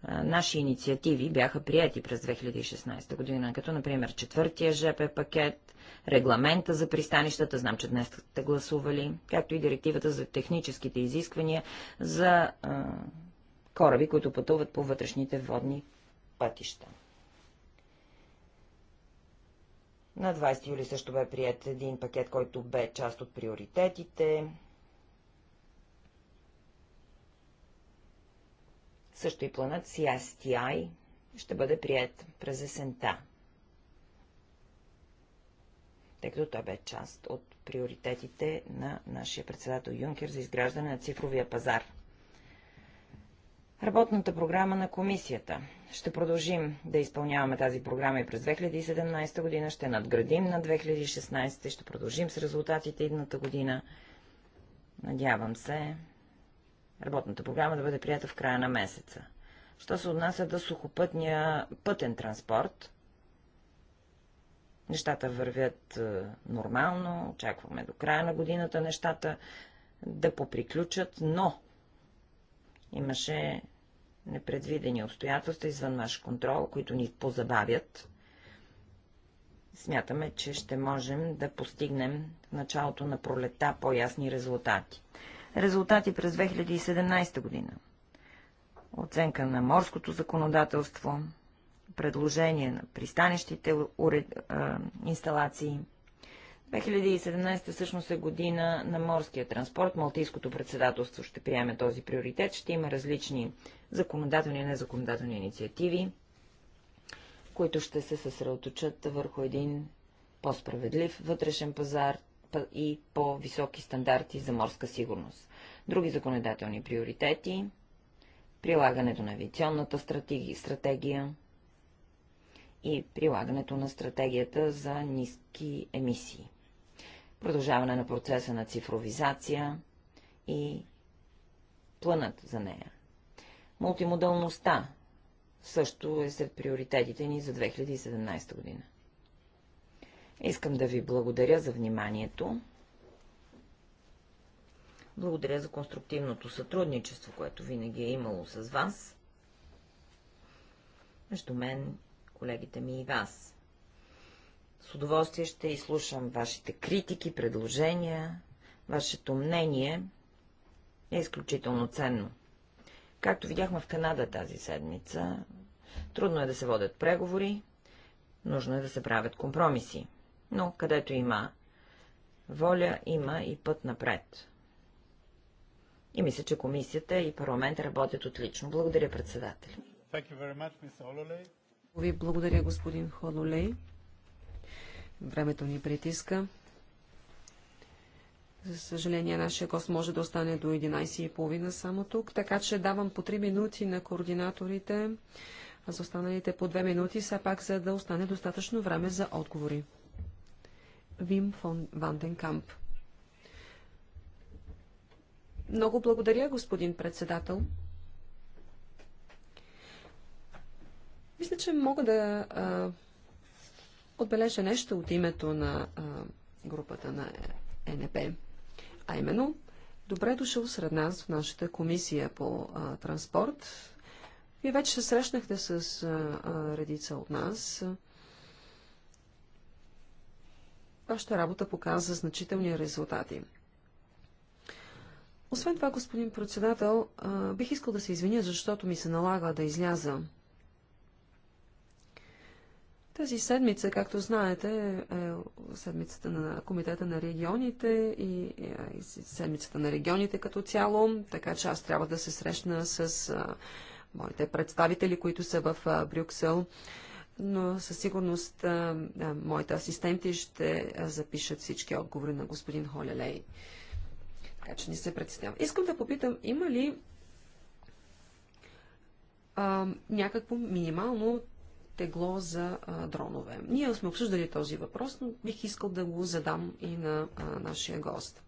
наши инициативи бяха прияти през 2016 година, като например четвъртия ЖП пакет, регламента за пристанищата, знам, че днес сте гласували, както и директивата за техническите изисквания за а, кораби, които пътуват по вътрешните водни пътища. На 20 юли също бе прият един пакет, който бе част от приоритетите Също и планът CSTI ще бъде прият през есента, тъй като той бе част от приоритетите на нашия председател Юнкер за изграждане на цифровия пазар. Работната програма на комисията. Ще продължим да изпълняваме тази програма и през 2017 година, ще надградим на 2016 и ще продължим с резултатите идната година. Надявам се Работната програма да бъде прията в края на месеца. Що се отнася до сухопътния пътен транспорт, нещата вървят е, нормално, очакваме до края на годината нещата да поприключат, но имаше непредвидени обстоятелства извън наш контрол, които ни позабавят. Смятаме, че ще можем да постигнем в началото на пролета по-ясни резултати. Резултати през 2017 година. Оценка на морското законодателство, предложение на пристанищите уред, а, инсталации. 2017 всъщност е година на морския транспорт. Малтийското председателство ще приеме този приоритет. Ще има различни законодателни и незаконодателни инициативи, които ще се съсредоточат върху един по-справедлив вътрешен пазар, и по-високи стандарти за морска сигурност. Други законодателни приоритети прилагането на авиационната стратегия, и прилагането на стратегията за ниски емисии. Продължаване на процеса на цифровизация и планът за нея. Мултимодалността също е сред приоритетите ни за 2017 година. Искам да ви благодаря за вниманието. Благодаря за конструктивното сътрудничество, което винаги е имало с вас. Между мен, колегите ми и вас. С удоволствие ще изслушам вашите критики, предложения, вашето мнение е изключително ценно. Както видяхме в Канада тази седмица, трудно е да се водят преговори, нужно е да се правят компромиси но където има воля, има и път напред. И мисля, че комисията и парламент работят отлично. Благодаря,
председател.
Ви благодаря, господин Хололей.
Времето ни притиска. За съжаление, нашия гост може да остане до 11.30 само тук, така че давам по 3 минути на координаторите, а за останалите по 2 минути, все пак, за да остане достатъчно време за отговори. Вим фон Ванденкамп. Много благодаря, господин председател. Мисля, че мога да а, отбележа нещо от името на а, групата на ЕНП. А именно, добре е дошъл сред нас в нашата комисия по а, транспорт. Вие вече се срещнахте с а, а, редица от нас вашата работа показа значителни резултати. Освен това, господин председател, бих искал да се извиня, защото ми се налага да изляза. Тази седмица, както знаете, е седмицата на Комитета на регионите и, е, седмицата на регионите като цяло, така че аз трябва да се срещна с моите представители, които са в Брюксел но със сигурност а, а, моите асистенти ще а, запишат всички отговори на господин Холелей. Така че не се представям. Искам да попитам, има ли а, някакво минимално тегло за а, дронове? Ние сме обсъждали този въпрос, но бих искал да го задам и на а, нашия гост.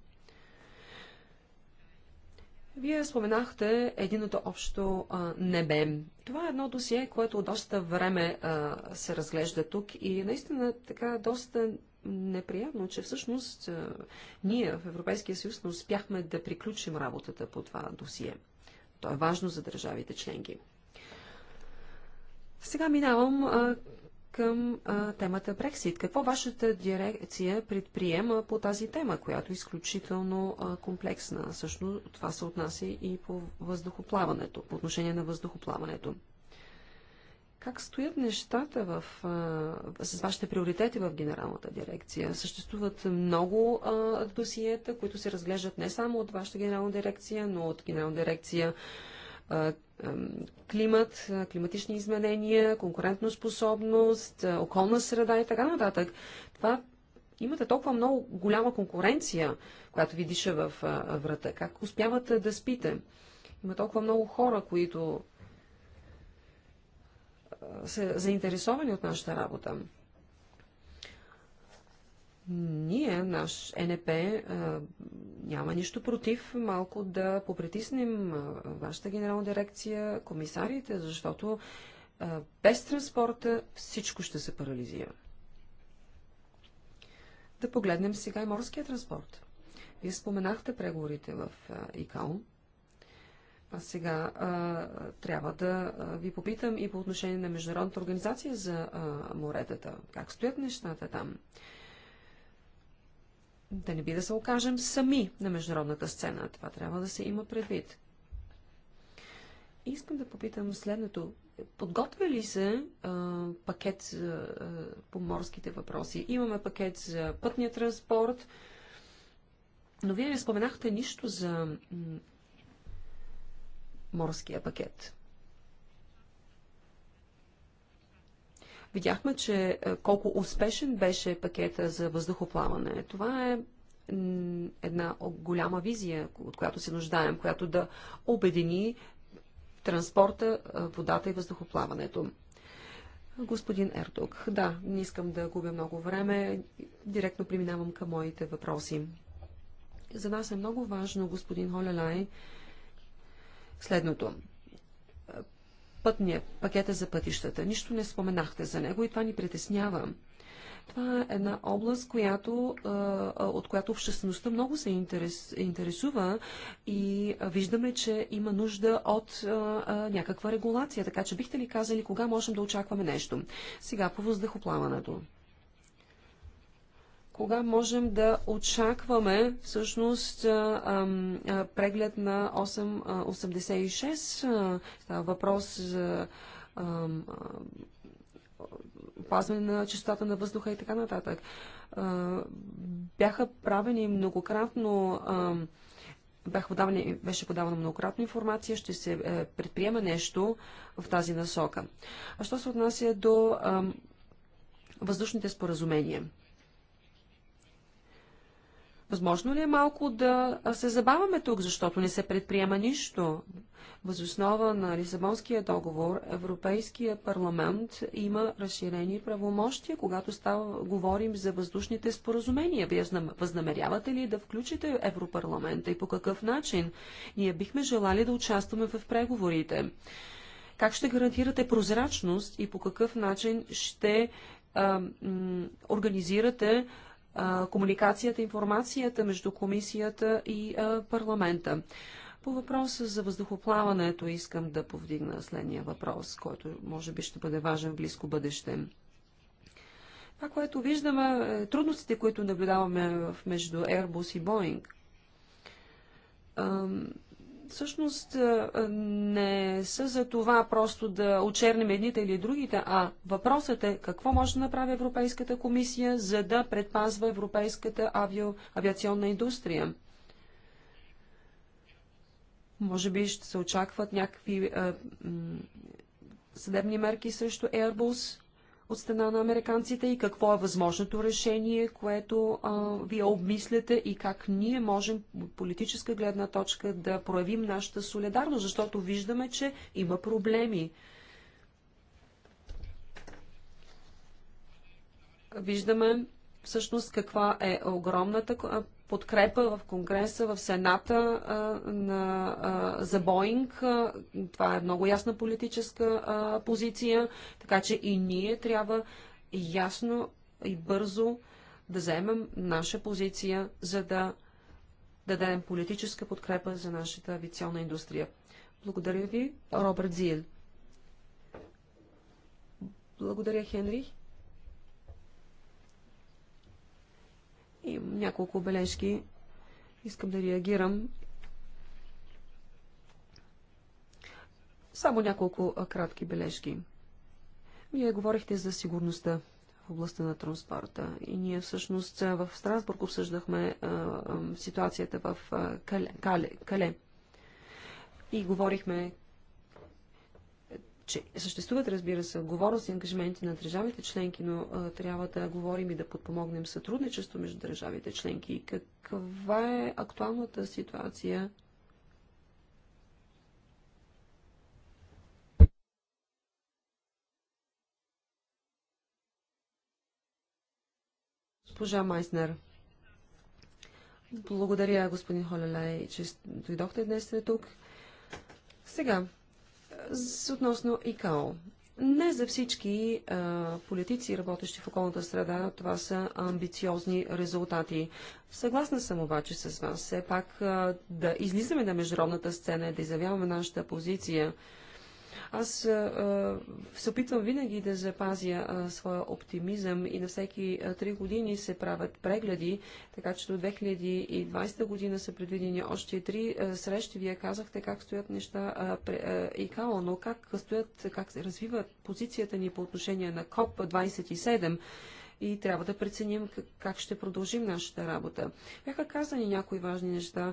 Вие споменахте единото общо а, небе. Това е едно досие, което доста време а, се разглежда тук и наистина така доста неприятно, че всъщност а, ние в Европейския съюз не успяхме да приключим работата по това досие. То е важно за държавите членки. Сега минавам а, към а, темата Брексит. Какво вашата дирекция предприема по тази тема, която е изключително а, комплексна? Също това се отнася и по въздухоплаването, по отношение на въздухоплаването. Как стоят нещата в, а, с вашите приоритети в генералната дирекция? Съществуват много а, досиета, които се разглеждат не само от вашата генерална дирекция, но от генерална дирекция климат, климатични изменения, конкурентоспособност, околна среда и така нататък. Това имате толкова много голяма конкуренция, която ви диша в врата. Как успявате да спите? Има толкова много хора, които са заинтересовани от нашата работа. Ние, наш НП, няма нищо против малко да попритиснем вашата генерална дирекция, комисарите, защото без транспорта всичко ще се парализира. Да погледнем сега и морския транспорт. Вие споменахте преговорите в ИКАО. А сега трябва да ви попитам и по отношение на Международната организация за моретата. Как стоят нещата там? да не би да се окажем сами на международната сцена. Това трябва да се има предвид. Искам да попитам следното. Подготвя ли се а, пакет за а, по морските въпроси? Имаме пакет за пътния транспорт, но вие не споменахте нищо за морския пакет. Видяхме, че е, колко успешен беше пакета за въздухоплаване. Това е една голяма визия, от която се нуждаем, която да обедини транспорта, е, водата и въздухоплаването. Господин Ертук, да, не искам да губя много време. Директно преминавам към моите въпроси. За нас е много важно, господин Холелай, следното пътния, пакета за пътищата. Нищо не споменахте за него и това ни притеснява. Това е една област, която, от която обществеността много се интересува и виждаме, че има нужда от някаква регулация. Така че бихте ли казали кога можем да очакваме нещо? Сега по въздухоплаването кога можем да очакваме всъщност преглед на 886? Въпрос за опазване на чистотата на въздуха и така нататък. Бяха правени многократно подавани, беше подавана многократно информация, ще се е, предприема нещо в тази насока. А що се отнася до е, въздушните споразумения? Възможно ли е малко да се забаваме тук, защото не се предприема нищо? Възоснова на Лисабонския договор Европейския парламент има разширени правомощия, когато става, говорим за въздушните споразумения. Вие възнамерявате ли да включите Европарламента и по какъв начин? Ние бихме желали да участваме в преговорите. Как ще гарантирате прозрачност и по какъв начин ще а, организирате комуникацията, информацията между комисията и парламента. По въпроса за въздухоплаването искам да повдигна следния въпрос, който може би ще бъде важен в близко бъдеще. Това, което виждаме, е трудностите, които наблюдаваме между Airbus и Boeing – всъщност не са за това просто да очерним едните или другите, а въпросът е какво може да направи Европейската комисия, за да предпазва европейската авио, авиационна индустрия. Може би ще се очакват някакви а, съдебни мерки срещу Airbus от страна на американците и какво е възможното решение, което а, вие обмисляте и как ние можем от политическа гледна точка да проявим нашата солидарност, защото виждаме, че има проблеми. Виждаме всъщност каква е огромната подкрепа в Конгреса, в Сената а, на, а, за Боинг. А, това е много ясна политическа а, позиция, така че и ние трябва ясно и бързо да заемем наша позиция, за да дадем политическа подкрепа за нашата авиационна индустрия. Благодаря ви, Робърт Зиел. Благодаря, Хенри. И няколко бележки. Искам да реагирам. Само няколко кратки бележки. Вие говорихте за сигурността в областта на транспорта. И ние всъщност в Страсбург обсъждахме а, а, ситуацията в а, Кале, Кале. И говорихме че съществуват, разбира се, отговорност и ангажименти на държавите членки, но а, трябва да говорим и да подпомогнем сътрудничество между държавите членки. Каква е актуалната ситуация? Госпожа Майснер. Благодаря, господин Холелай, че дойдохте днес тук. Сега, относно ИКАО. Не за всички а, политици, работещи в околната среда, това са амбициозни резултати. Съгласна съм обаче с вас. Все пак а, да излизаме на международната сцена и да изявяваме нашата позиция, аз се опитвам винаги да запазя своя оптимизъм и на всеки три години се правят прегледи, така че до 2020 година са предвидени още три срещи. Вие казахте как стоят неща пре, и КАО, но как стоят, как се развиват позицията ни по отношение на КОП 27 и трябва да преценим как ще продължим нашата работа. Бяха казани някои важни неща.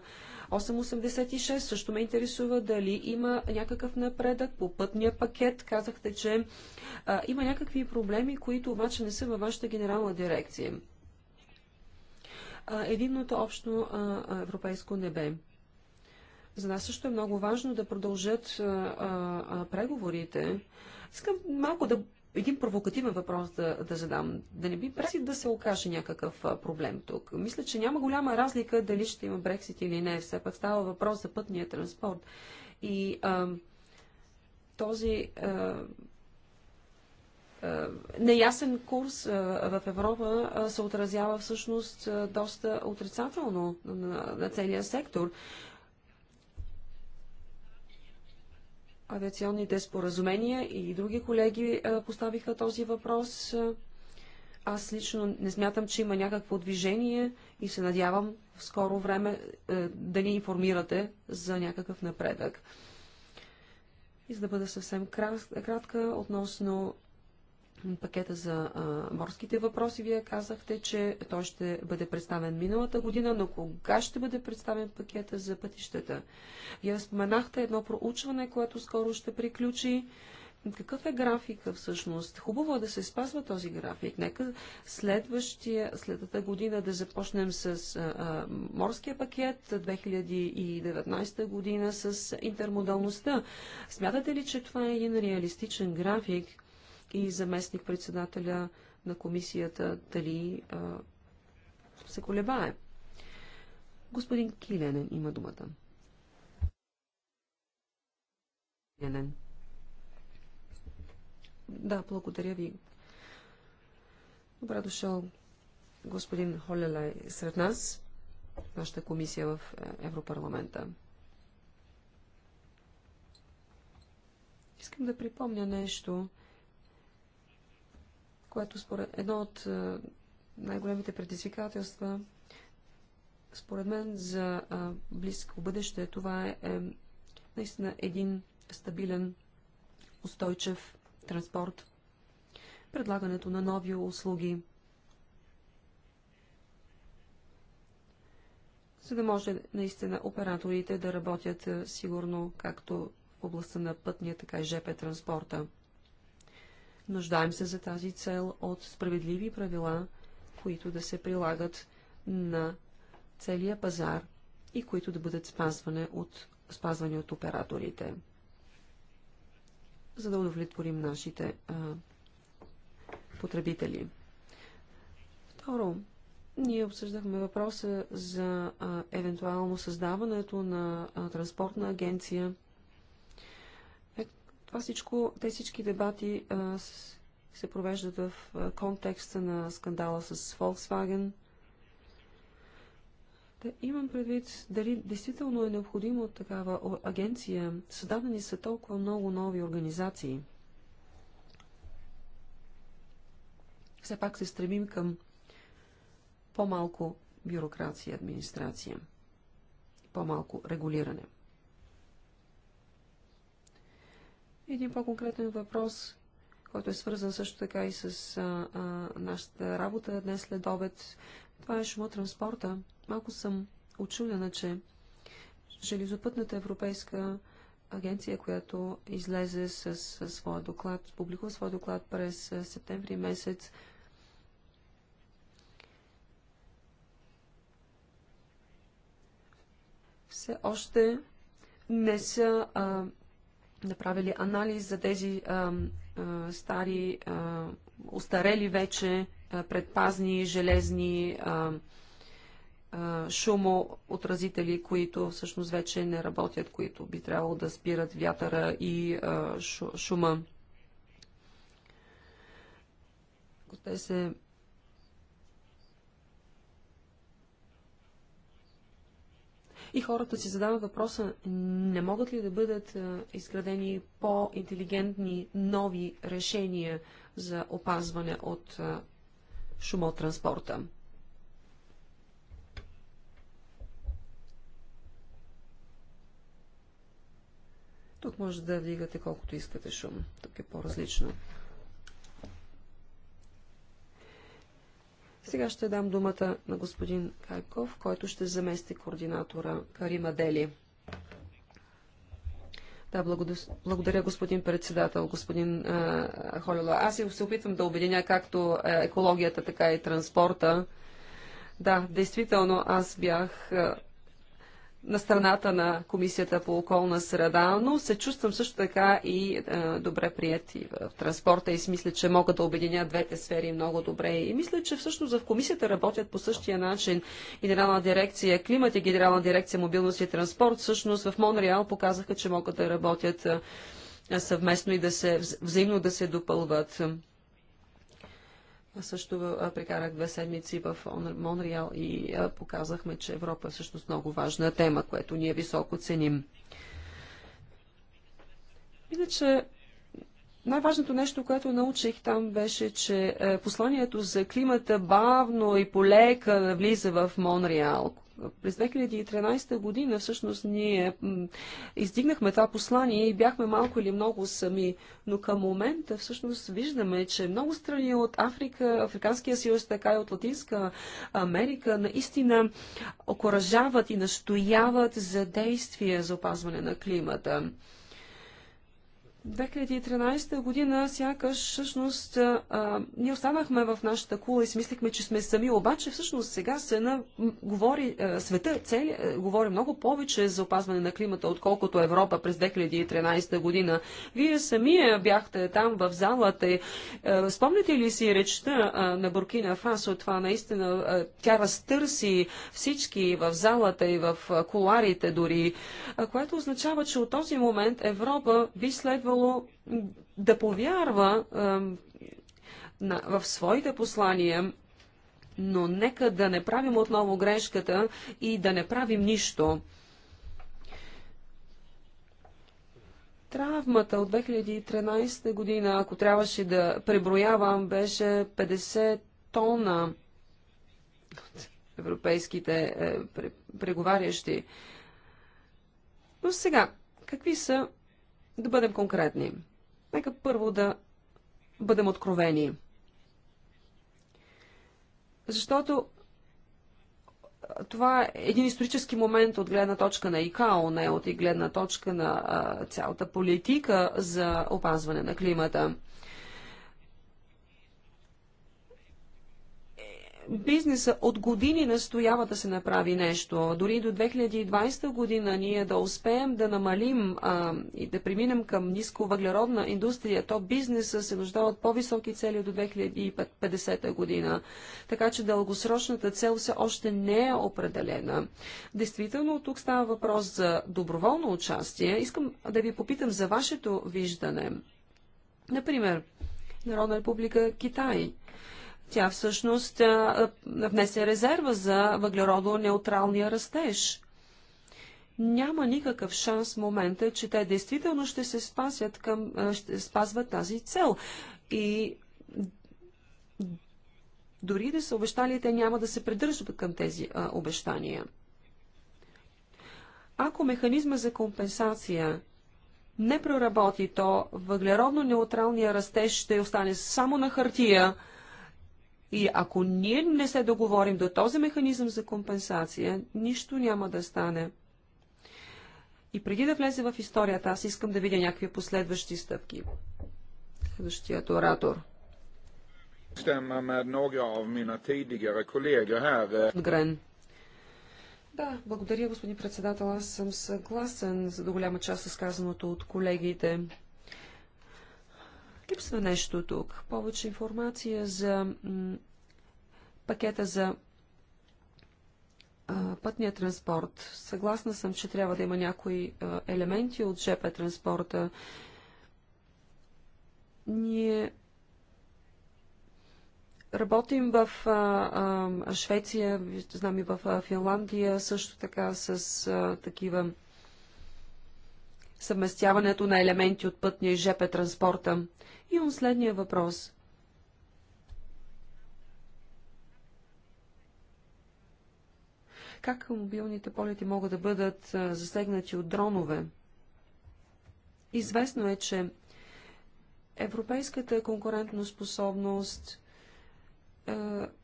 886 също ме интересува дали има някакъв напредък по пътния пакет. Казахте, че а, има някакви проблеми, които обаче не са във вашата генерална дирекция. А, единното общо а, европейско небе. За нас също е много важно да продължат а, а, преговорите. Искам малко да един провокативен въпрос да, да задам. Да не би Брексит да се окаже някакъв проблем тук? Мисля, че няма голяма разлика дали ще има Брексит или не. Все пак става въпрос за пътния транспорт. И а, този а, а, неясен курс а, в Европа а, се отразява всъщност а, доста отрицателно на, на целия сектор. авиационните споразумения и други колеги поставиха този въпрос. Аз лично не смятам, че има някакво движение и се надявам в скоро време да ни информирате за някакъв напредък. И за да бъда съвсем кратка относно пакета за морските въпроси. Вие казахте, че той ще бъде представен миналата година, но кога ще бъде представен пакета за пътищата? Вие споменахте едно проучване, което скоро ще приключи. Какъв е графика всъщност? Хубаво е да се спазва този график. Нека следващия, следата година да започнем с а, а, морския пакет, 2019 година с интермодалността. Смятате ли, че това е един реалистичен график, и заместник-председателя на комисията дали а, се колебае. Господин Киленен има думата. Киленен. Да, благодаря ви. Добре дошъл господин Холелай сред нас, нашата комисия в е, Европарламента. Искам да припомня нещо което според едно от е, най-големите предизвикателства, според мен, за е, близко бъдеще, това е, е наистина един стабилен, устойчив транспорт, предлагането на нови услуги, за да може наистина операторите да работят е, сигурно както в областта на пътния, така и ЖП транспорта. Нуждаем се за тази цел от справедливи правила, които да се прилагат на целия пазар и които да бъдат спазване от, спазвани от операторите, за да удовлетворим нашите а, потребители. Второ, ние обсъждахме въпроса за а, евентуално създаването на а, транспортна агенция – това всичко, те всички дебати а, се провеждат в а, контекста на скандала с Volkswagen. Да, имам предвид дали действително е необходимо такава агенция. Създадени са толкова много нови организации. Все пак се стремим към по-малко бюрокрация и администрация. По-малко регулиране. Един по-конкретен въпрос, който е свързан също така и с а, а, нашата работа днес след обед. Това е шума транспорта. Малко съм очудена, че Железопътната европейска агенция, която излезе с, с своя доклад, публикува своя доклад през септември месец, все още не са а, направили анализ за тези а, а, стари, а, устарели вече а, предпазни железни а, а, шумоотразители, които всъщност вече не работят, които би трябвало да спират вятъра и а, шу, шума. Те се и хората си задават въпроса, не могат ли да бъдат изградени по-интелигентни нови решения за опазване от шумотранспорта. Тук може да вдигате колкото искате шум. Тук е по-различно. Сега ще дам думата на господин Кайков, който ще замести координатора Карима Дели. Да, благодаря, господин председател, господин е, Холила. Аз се опитвам да обединя както екологията, така и транспорта. Да, действително аз бях на страната на Комисията по околна среда, но се чувствам също така и е, добре прияти в транспорта и си мисля, че мога да обединя двете сфери много добре. И мисля, че всъщност в Комисията работят по същия начин Генерална дирекция климат и Генерална дирекция мобилност и транспорт. Всъщност в Монреал показаха, че могат да работят е, съвместно и да се взаимно да се допълват. Също прекарах две седмици в Монреал и показахме, че Европа е всъщност много важна тема, което ние високо ценим. Иначе, най-важното нещо, което научих там беше, че е, посланието за климата бавно и полека влиза в Монреал. През 2013 година всъщност ние издигнахме това послание и бяхме малко или много сами, но към момента всъщност виждаме, че много страни от Африка, Африканския съюз, така и от Латинска Америка наистина окоръжават и настояват за действия за опазване на климата. 2013 година сякаш всъщност а, ние останахме в нашата кула и смислихме, че сме сами, обаче всъщност сега сена говори, а, света цели, говори много повече за опазване на климата, отколкото Европа през 2013 година. Вие самия бяхте там в залата. спомните ли си речта а, на Буркина Фасо? Това наистина а, тя разтърси всички в залата и в куларите дори, а, което означава, че от този момент Европа би следвало трябвало да повярва на, в своите послания, но нека да не правим отново грешката и да не правим нищо. Травмата от 2013 година, ако трябваше да преброявам, беше 50 тона от европейските е, преговарящи. Но сега, какви са да бъдем конкретни. Нека първо да бъдем откровени. Защото това е един исторически момент от гледна точка на ИКАО, не от и гледна точка на а, цялата политика за опазване на климата. Бизнеса от години настоява да се направи нещо. Дори до 2020 година ние да успеем да намалим а, и да преминем към ниско въглеродна индустрия, то бизнеса се нуждава от по-високи цели до 2050 година. Така че дългосрочната цел все още не е определена. Действително, тук става въпрос за доброволно участие. Искам да ви попитам за вашето виждане. Например, Народна република Китай – тя всъщност внесе резерва за въглеродно-неутралния растеж. Няма никакъв шанс в момента, че те действително ще се спасят към, ще спазват тази цел. И дори да са обещали, те няма да се придържат към тези а, обещания. Ако механизма за компенсация не проработи, то въглеродно-неутралния растеж ще остане само на хартия, и ако ние не се договорим до този механизъм за компенсация, нищо няма да стане. И преди да влезе в историята, аз искам да видя някакви последващи стъпки. Следващият оратор. Грен. Да, благодаря, господин председател. Аз съм съгласен за до голяма част с казаното от колегите. Липсва нещо тук. Повече информация за пакета за пътния транспорт. Съгласна съм, че трябва да има някои елементи от ЖП транспорта. Ние Работим в Швеция, знам и в Финландия, също така с такива съвместяването на елементи от пътния и ЖП транспорта. Имам следния въпрос. Как мобилните полети могат да бъдат засегнати от дронове? Известно е, че европейската конкурентноспособност е,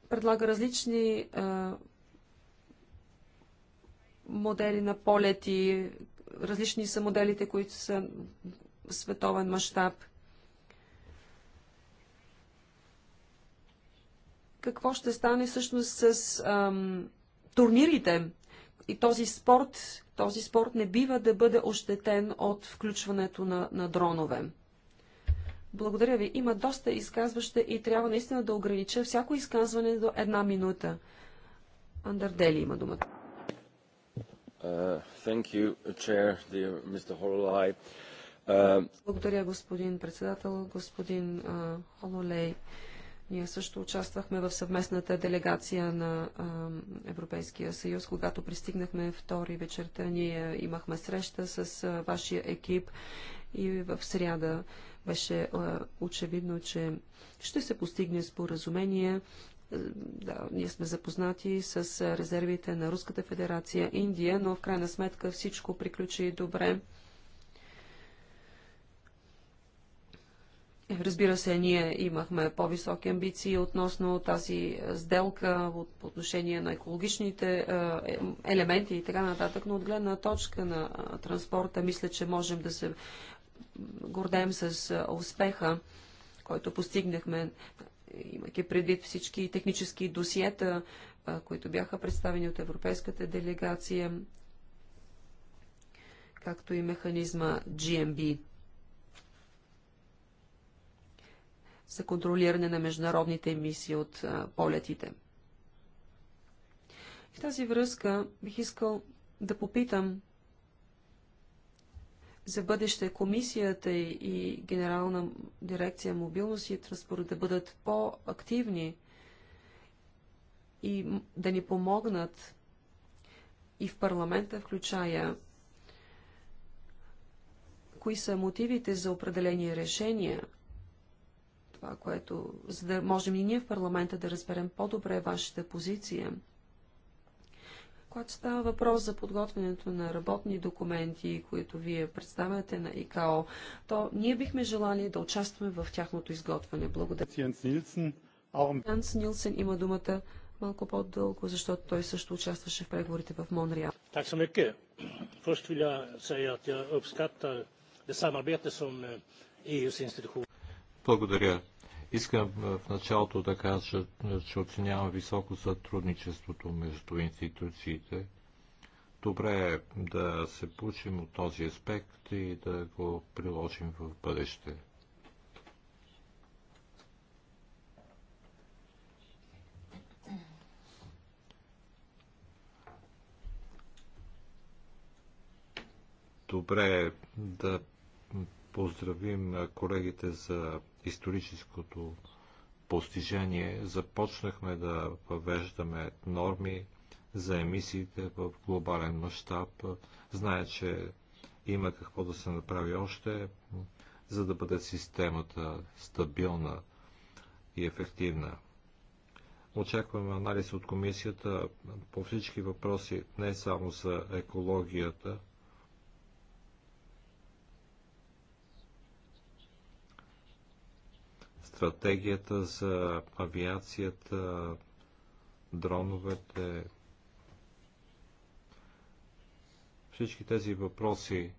предлага различни е, модели на полети, различни са моделите, които са в световен мащаб. какво ще стане всъщност с ам, турнирите. И този спорт, този спорт не бива да бъде ощетен от включването на, на дронове. Благодаря ви. Има доста изказваща и трябва наистина да огранича всяко изказване до една минута. Дели, има думата.
Uh, you, chair, dear, uh...
Благодаря, господин председател, господин uh, Хололей. Uh, ние също участвахме в съвместната делегация на Европейския съюз. Когато пристигнахме втори вечерта, ние имахме среща с вашия екип и в сряда беше очевидно, че ще се постигне споразумение. Е, да, ние сме запознати с резервите на Руската федерация, Индия, но в крайна сметка всичко приключи добре. Разбира се, ние имахме по-високи амбиции относно тази е, сделка по отношение на екологичните е, е, елементи и така нататък, но от гледна точка на транспорта мисля, че можем да се гордеем с успеха, който постигнахме, имайки предвид всички технически досиета, които бяха представени от Европейската делегация, както и механизма GMB. за контролиране на международните емисии от а, полетите. В тази връзка бих искал да попитам за бъдеще комисията и Генерална дирекция мобилност и транспорт да бъдат по-активни и да ни помогнат и в парламента включая кои са мотивите за определени решения – това, което, за да можем и ние в парламента да разберем по-добре вашата позиция. Когато става въпрос за подготвянето на работни документи, които вие представяте на ИКАО, то ние бихме желали да участваме в тяхното изготвяне. Благодаря. Янс Нилсен, има думата малко по-дълго, защото той също участваше в преговорите в Монреал.
Так съм mycket.
Först vill jag säga att jag uppskattar det samarbete som институт. Eh,
Благодаря. Искам в началото да кажа, че оценявам високо сътрудничеството между институциите. Добре е да се получим от този аспект и да го приложим в бъдеще. Добре е да поздравим колегите за историческото постижение започнахме да въвеждаме норми за емисиите в глобален мащаб. Знае, че има какво да се направи още, за да бъде системата стабилна и ефективна. Очакваме анализ от комисията по всички въпроси, не само за екологията, стратегията за авиацията, дроновете. Всички тези въпроси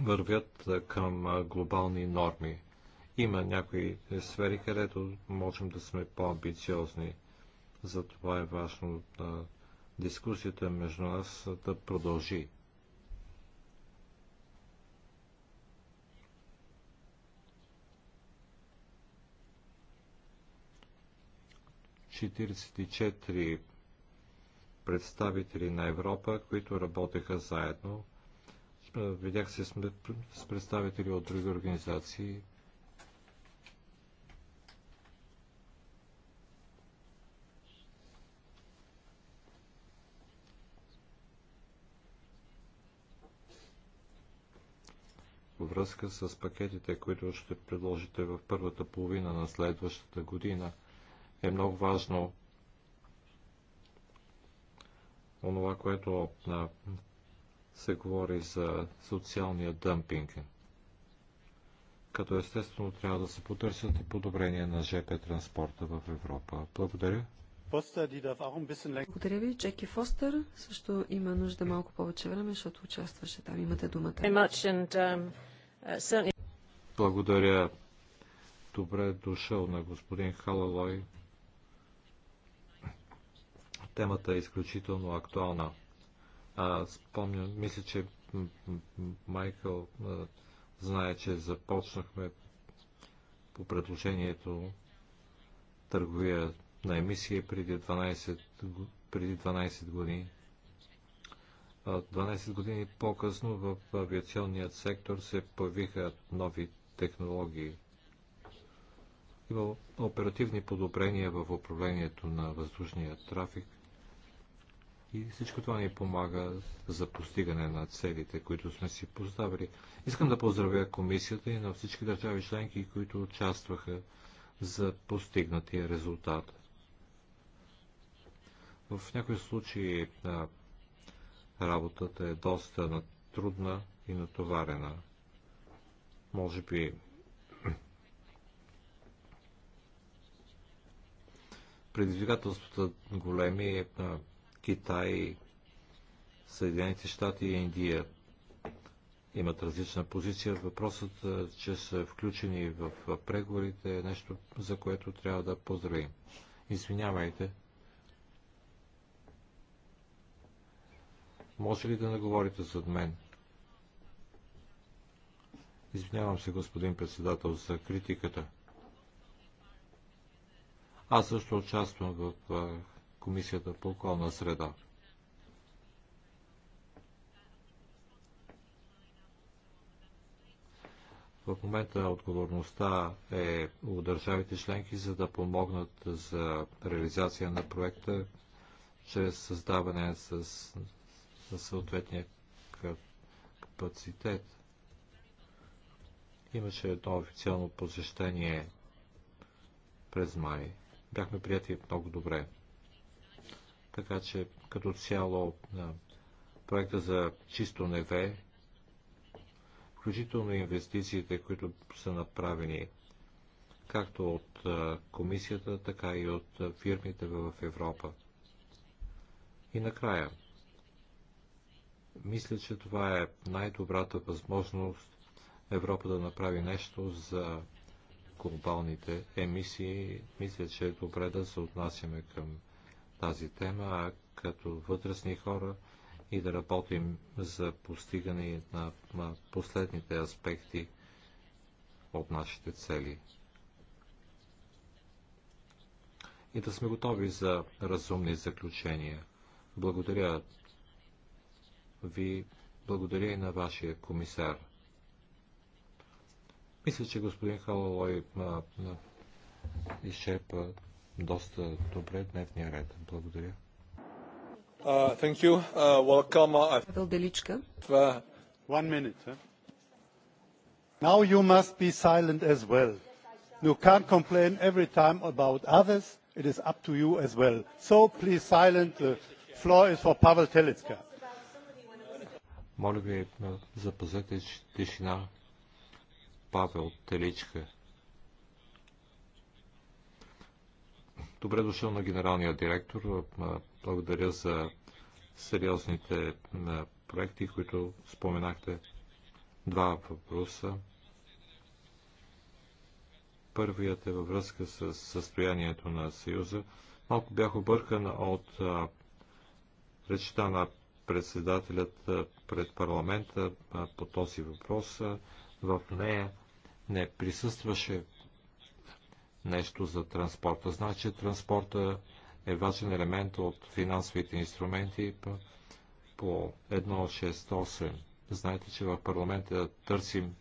вървят към глобални норми. Има някои сфери, където можем да сме по-амбициозни. Затова е важно дискусията между нас да продължи. 44 представители на Европа, които работеха заедно. Видях се с представители от други организации. връзка с пакетите, които ще предложите в първата половина на следващата година – е много важно. Онова, което се говори за социалния дъмпинг. Като естествено трябва да се потърсят и подобрения на ЖП транспорта в Европа. Благодаря.
Благодаря ви. Джеки
Фостер също има нужда малко повече време, защото участваше там. Имате думата.
Um, uh,
Благодаря. Добре дошъл на господин Халалой. Темата е изключително актуална. А, спомням, мисля, че Майкъл а, знае, че започнахме по предложението търговия на емисии преди 12, преди 12 години. 12 години по-късно в авиационният сектор се появиха нови технологии. Има оперативни подобрения в управлението на въздушния трафик – и всичко това ни помага за постигане на целите, които сме си поставили. Искам да поздравя комисията и на всички държави членки, които участваха за постигнатия резултат. В някои случаи а, работата е доста трудна и натоварена. Може би предизвикателствата големи, а, Китай, Съединените щати и Индия имат различна позиция. Въпросът, е, че са включени в преговорите е нещо, за което трябва да поздравим. Извинявайте. Може ли да не говорите зад мен? Извинявам се, господин председател, за критиката. Аз също участвам в Комисията по околна среда. В момента отговорността е у държавите членки, за да помогнат за реализация на проекта чрез създаване с, с съответния капацитет. Имаше едно официално посещение през май. Бяхме прияти много добре. Така че като цяло проекта за чисто неве, включително инвестициите, които са направени както от комисията, така и от фирмите в Европа. И накрая, мисля, че това е най-добрата възможност Европа да направи нещо за глобалните емисии. Мисля, че е добре да се отнасяме към тази тема като вътрешни хора и да работим за постигане на последните аспекти от нашите цели. И да сме готови за разумни заключения. Благодаря ви, благодаря и на вашия комисар. Мисля, че господин Халалой изчерпа доста добре дневния ред. Благодаря.
Uh, thank you. Uh, welcome. Uh, Деличка. Uh, one minute. Huh? Now you must be silent as well. You can't complain every time about others. It is up to you as well. So please silent. The floor is for Pavel Telitska.
Моля ви, запазете тишина. Павел Теличка. Добре дошъл на генералния директор. Благодаря за сериозните проекти, които споменахте. Два въпроса. Първият е във връзка с състоянието на Съюза. Малко бях объркан от речта на председателят пред парламента по този въпрос. В нея не присъстваше нещо за транспорта. Значи транспорта е важен елемент от финансовите инструменти по 168. Знаете, че в парламента търсим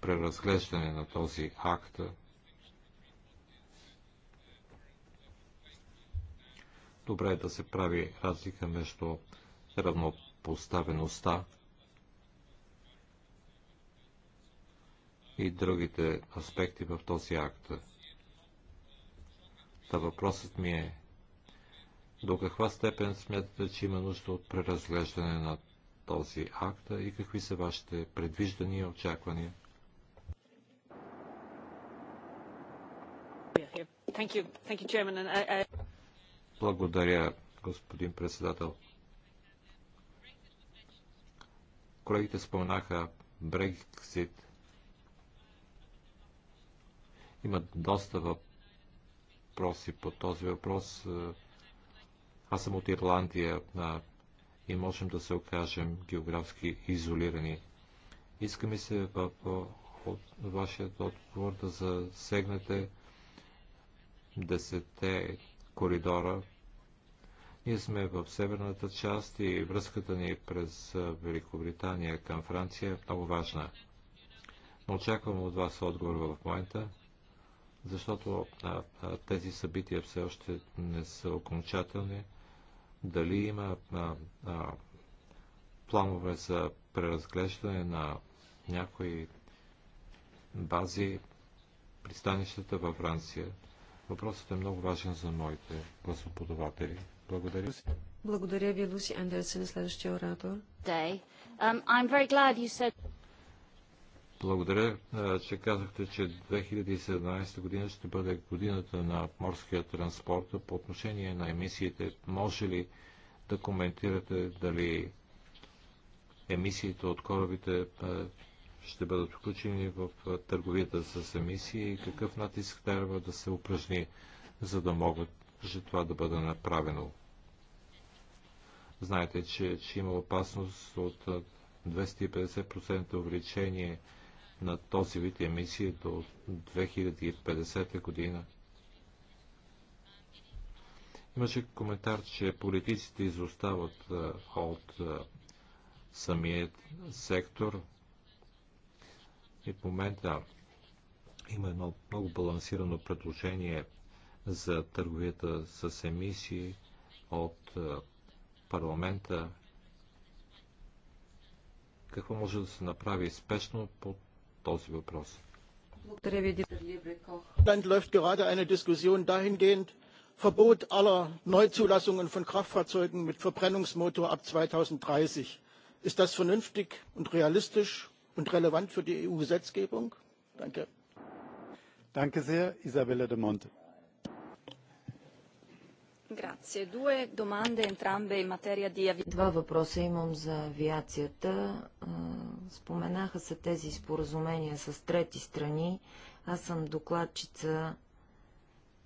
преразглеждане на този акт. Добре е да се прави разлика между равнопоставеността и другите аспекти в този акт. Та въпросът ми е до каква степен смятате, че има нужда от преразглеждане на този акт и какви са вашите предвиждания и очаквания? Благодаря, господин председател. Колегите споменаха Брексит. Има доста въпроси въпроси по този въпрос. Е, аз съм от Ирландия а, и можем да се окажем географски изолирани. Искаме се в, в от вашият отговор да засегнете десете коридора. Ние сме в северната част и връзката ни през Великобритания към Франция е много важна. Но очаквам от вас отговор в момента защото а, а, тези събития все още не са окончателни. Дали има а, а, планове за преразглеждане на някои бази, пристанищата във Франция. Въпросът е много важен за моите гласоподаватели. Благодаря.
Благодаря ви, Луси Андерсен, следващия оратор. Um, I'm very glad you said...
Благодаря, че казахте, че 2017 година ще бъде годината на морския транспорт. По отношение на емисиите, може ли да коментирате дали емисиите от корабите ще бъдат включени в търговията с емисии и какъв натиск трябва да се упражни, за да могат за това да бъде направено. Знаете, че, че има опасност от 250% увеличение на този вид емисии до 2050 година. Имаше коментар, че политиците изостават от самият сектор. И в момента има едно много балансирано предложение за търговията с емисии от парламента. Какво може да се направи спешно по този въпрос.
Благодаря ви,
Verbot aller Neuzulassungen von Kraftfahrzeugen mit Verbrennungsmotor ab 2030. Ist das vernünftig und realistisch und relevant für die EU-Gesetzgebung? Danke. Danke sehr, Isabella de Monte
Два въпроса имам за авиацията. Споменаха се тези споразумения с трети страни. Аз съм докладчица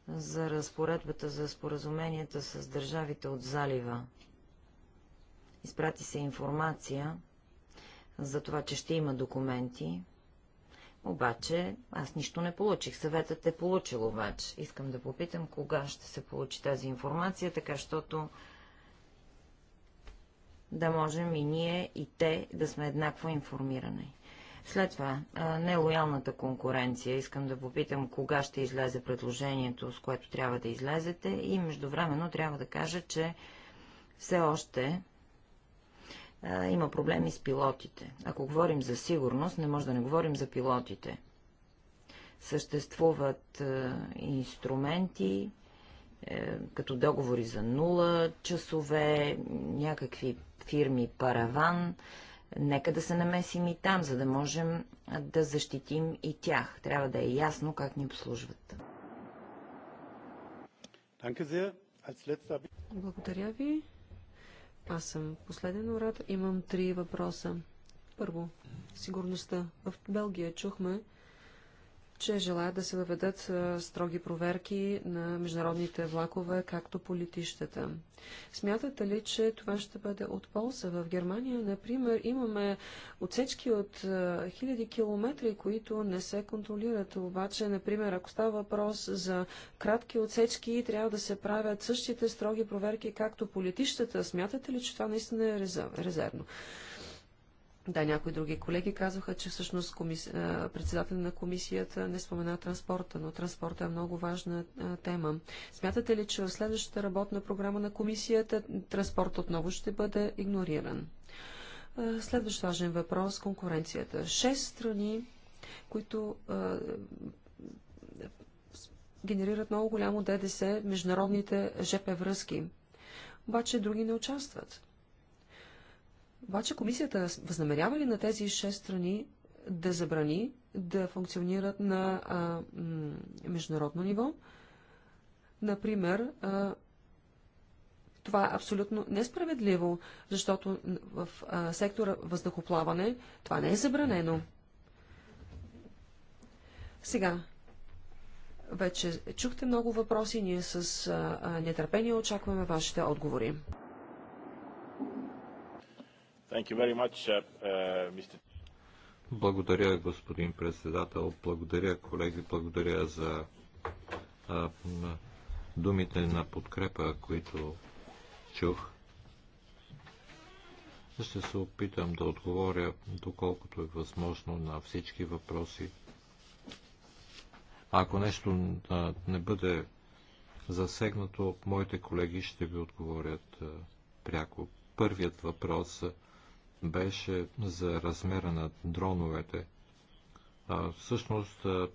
за разпоредбата за споразуменията с държавите от залива. Изпрати се информация за това, че ще има документи. Обаче аз нищо не получих. Съветът е получил обаче. Искам да попитам кога ще се получи тази информация, така щото да можем и ние, и те да сме еднакво информирани. След това, нелоялната конкуренция. Искам да попитам кога ще излезе предложението, с което трябва да излезете и междувременно трябва да кажа, че все още а, има проблеми с пилотите. Ако говорим за сигурност, не може да не говорим за пилотите. Съществуват а, инструменти, а, е, като договори за нула часове, някакви фирми параван. Нека да се намесим и там, за да можем да защитим и тях. Трябва да е ясно как ни обслужват. Благодаря ви.
Аз съм последен оратор. Имам три въпроса. Първо, сигурността. В Белгия чухме, че желаят да се въведат строги проверки на международните влакове, както по летищата. Смятате ли, че това ще бъде от полза? В Германия, например, имаме отсечки от хиляди километри, които не се контролират. Обаче, например, ако става въпрос за кратки отсечки, трябва да се правят същите строги проверки, както по летищата. Смятате ли, че това наистина е резервно? Да, някои други колеги казаха, че всъщност комис... председател на комисията не спомена транспорта, но транспорта е много важна а, тема. Смятате ли, че в следващата работна програма на комисията транспорт отново ще бъде игнориран? следващ важен въпрос – конкуренцията. Шест страни, които а, генерират много голямо ДДС международните ЖП връзки, обаче други не участват. Обаче комисията възнамерява ли на тези шест страни да забрани да функционират на а, международно ниво? Например, а, това е абсолютно несправедливо, защото в а, сектора въздухоплаване това не е забранено. Сега, вече чухте много въпроси, ние с а, нетърпение очакваме вашите отговори. Uh, uh,
благодаря, господин председател. Благодаря, колеги. Благодаря за а, думите на подкрепа, които чух. Ще се опитам да отговоря доколкото е възможно на всички въпроси. Ако нещо а, не бъде засегнато, моите колеги ще ви отговорят а, пряко. Първият въпрос е беше за размера на дроновете. А, всъщност, а,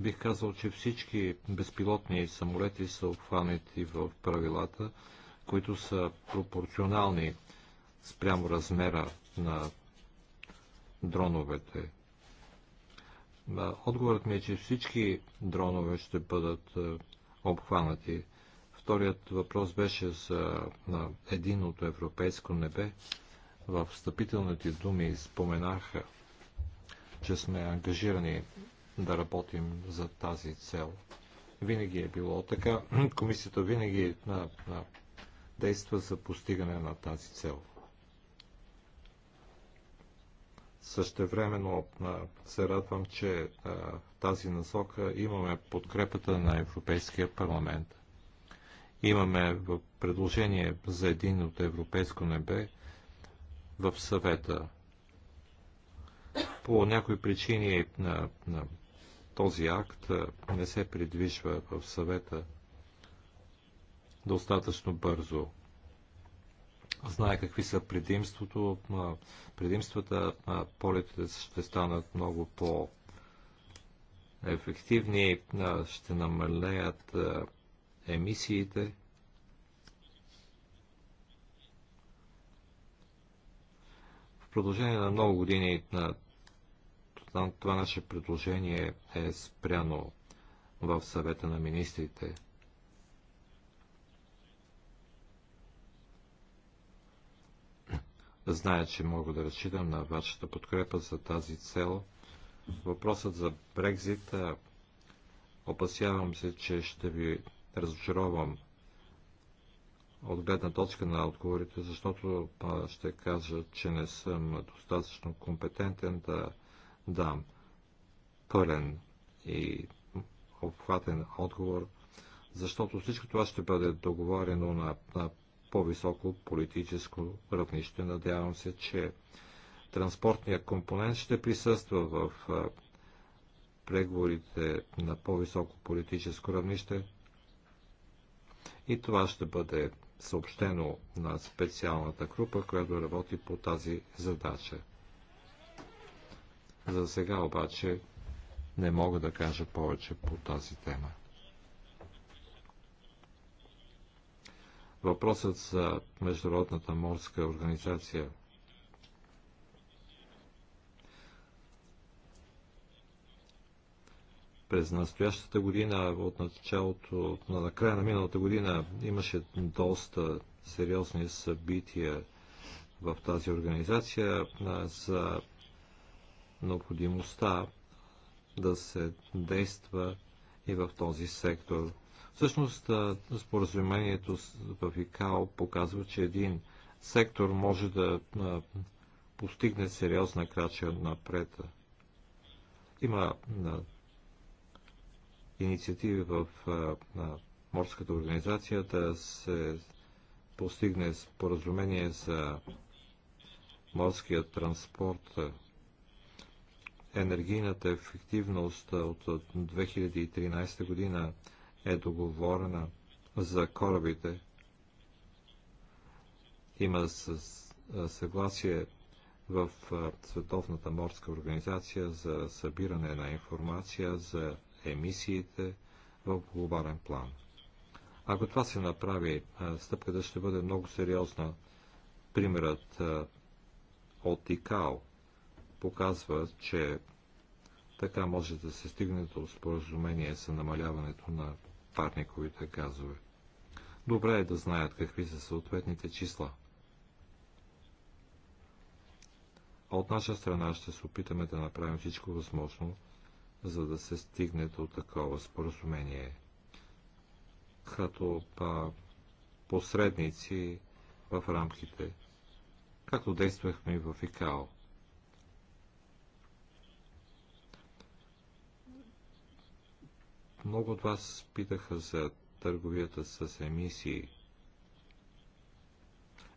бих казал, че всички безпилотни самолети са обхванати в правилата, които са пропорционални спрямо размера на дроновете. Отговорът ми е, че всички дронове ще бъдат обхванати. Вторият въпрос беше за единното европейско небе. В встъпителните думи споменаха, че сме ангажирани да работим за тази цел. Винаги е било така. Комисията винаги на, на, действа за постигане на тази цел. Същевременно се радвам, че в тази насока имаме подкрепата на Европейския парламент. Имаме предложение за един от европейско небе, в съвета. По някои причини на, на този акт не се придвижва в съвета достатъчно бързо. Знае какви са предимството, предимствата, полетите ще станат много по- ефективни, ще намалеят емисиите продължение на много години на това наше предложение е спряно в съвета на министрите. Зная, че мога да разчитам на вашата подкрепа за тази цел. Въпросът за Брекзита опасявам се, че ще ви разочаровам от гледна точка на отговорите, защото ще кажа, че не съм достатъчно компетентен да дам пълен и обхватен отговор, защото всичко това ще бъде договорено на, на по-високо политическо равнище. Надявам се, че транспортния компонент ще присъства в преговорите на по-високо политическо равнище. И това ще бъде съобщено на специалната група, която работи по тази задача. За сега обаче не мога да кажа повече по тази тема. Въпросът за Международната морска организация – През настоящата година, от началото, на края на миналата година, имаше доста сериозни събития в тази организация за необходимостта да се действа и в този сектор. Всъщност, споразумението в ИКАО показва, че един сектор може да постигне сериозна крача напред. Има инициативи в морската организация да се постигне споразумение за морския транспорт, енергийната ефективност от 2013 година е договорена за корабите. Има съгласие в Световната морска организация за събиране на информация за емисиите в глобален план. Ако това се направи, стъпката ще бъде много сериозна. Примерът от ИКАО показва, че така може да се стигне до споразумение за намаляването на парниковите газове. Добре е да знаят какви са съответните числа. от наша страна ще се опитаме да направим всичко възможно, за да се стигне до такова споразумение. Като па, посредници в рамките, както действахме и в ИКАО. Много от вас питаха за търговията с емисии.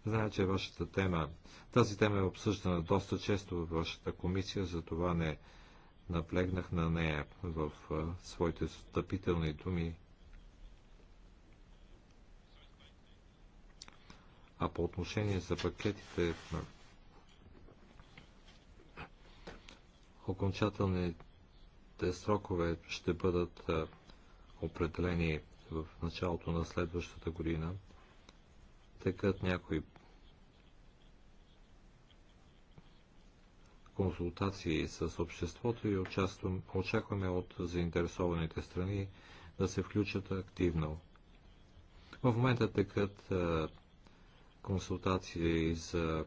Знаете, че вашата тема, тази тема е обсъждана доста често във вашата комисия, затова не Наплегнах на нея в своите встъпителни думи. А по отношение за пакетите, окончателните срокове ще бъдат определени в началото на следващата година. като някои консултации с обществото и участвам, очакваме от заинтересованите страни да се включат активно. В момента текат консултации за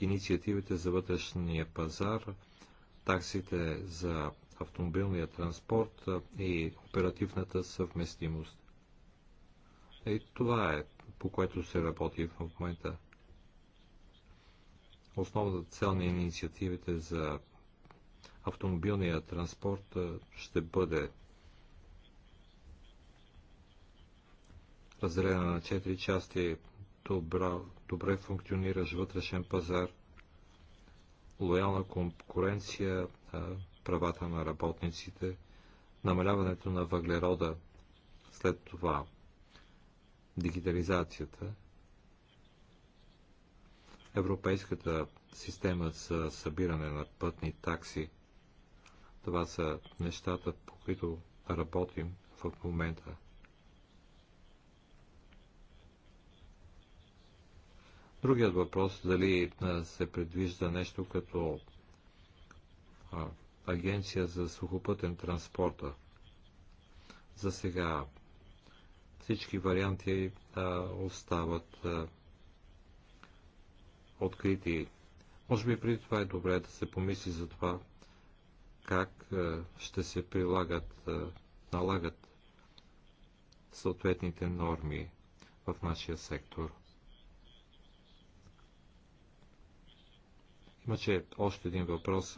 инициативите за вътрешния пазар, таксите за автомобилния транспорт и оперативната съвместимост. И това е по което се работи в момента. Основната цел на инициативите за автомобилния транспорт ще бъде разделена на четири части добра, добре функциониращ вътрешен пазар, лоялна конкуренция, правата на работниците, намаляването на въглерода, след това дигитализацията европейската система за събиране на пътни такси. Това са нещата, по които работим в момента. Другият въпрос, дали се предвижда нещо като агенция за сухопътен транспорта. За сега всички варианти а, остават а, открити. Може би преди това е добре да се помисли за това, как е, ще се прилагат, е, налагат съответните норми в нашия сектор. Имаше още един въпрос.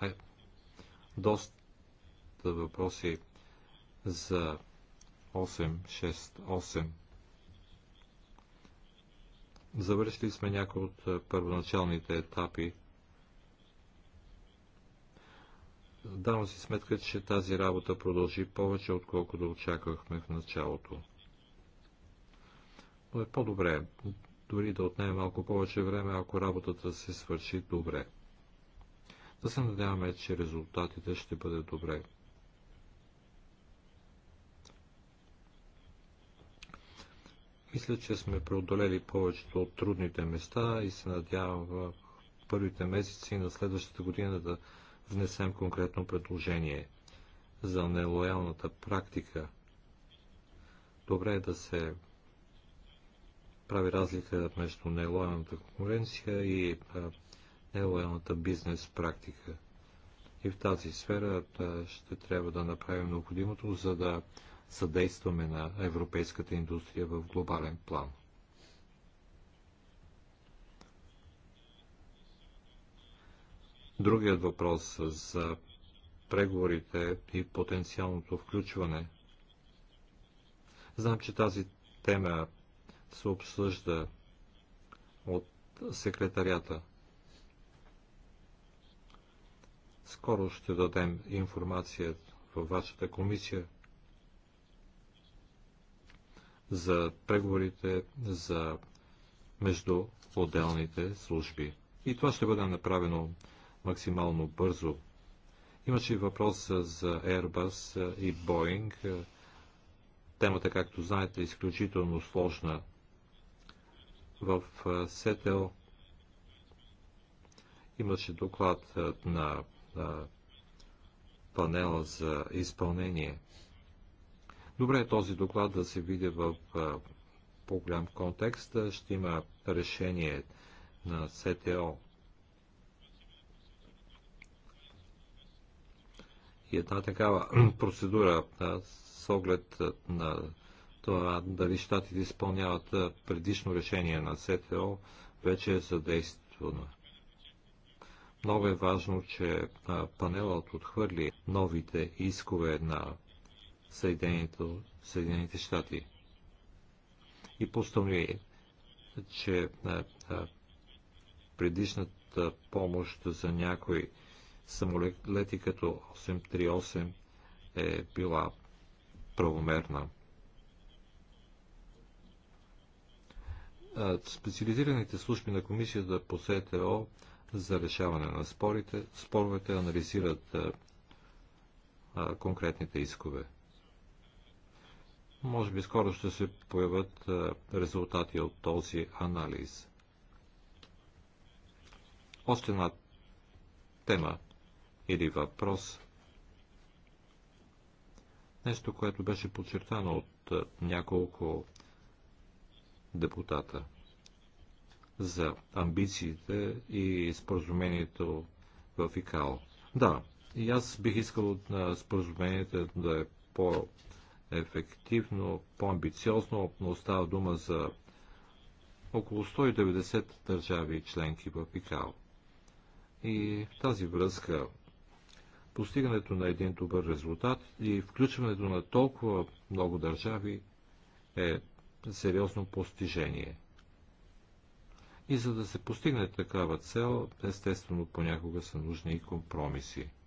Ай, доста въпроси за 868. Завършили сме някои от е, първоначалните етапи. Давам си сметка, че тази работа продължи повече, отколкото очаквахме в началото. Но е по-добре, дори да отнеме малко повече време, ако работата се свърши добре. Да се надяваме, че резултатите ще бъдат добре. Мисля, че сме преодолели повечето от трудните места и се надявам в първите месеци на следващата година да внесем конкретно предложение за нелоялната практика. Добре е да се прави разлика между нелоялната конкуренция и нелоялната бизнес практика. И в тази сфера ще трябва да направим необходимото, за да съдействаме на европейската индустрия в глобален план. Другият въпрос за преговорите и потенциалното включване. Знам, че тази тема се обсъжда от секретарията. Скоро ще дадем информация във вашата комисия за преговорите за между отделните служби. И това ще бъде направено максимално бързо. Имаше и въпрос за Airbus и Boeing. Темата, както знаете, е изключително сложна. В Сетел имаше доклад на панела за изпълнение Добре е този доклад да се види в по-голям контекст. Ще има решение на СТО. И една такава процедура с оглед на това дали щатите изпълняват предишно решение на СТО, вече е задействано. Много е важно, че панелът отхвърли новите искове на Съединените щати и постанови, че предишната помощ за някои самолети като 838 е била правомерна. Специализираните служби на комисията по СТО за решаване на спорите, споровете анализират конкретните искове. Може би скоро ще се появят е, резултати от този анализ. Още една тема или въпрос. Нещо, което беше подчертано от е, няколко депутата за амбициите и споразумението в ИКАО. Да, и аз бих искал на е, споразумението да е по ефективно, по-амбициозно, но остава дума за около 190 държави и членки в ИКАО. И в тази връзка постигането на един добър резултат и включването на толкова много държави е сериозно постижение. И за да се постигне такава цел, естествено понякога са нужни и компромиси –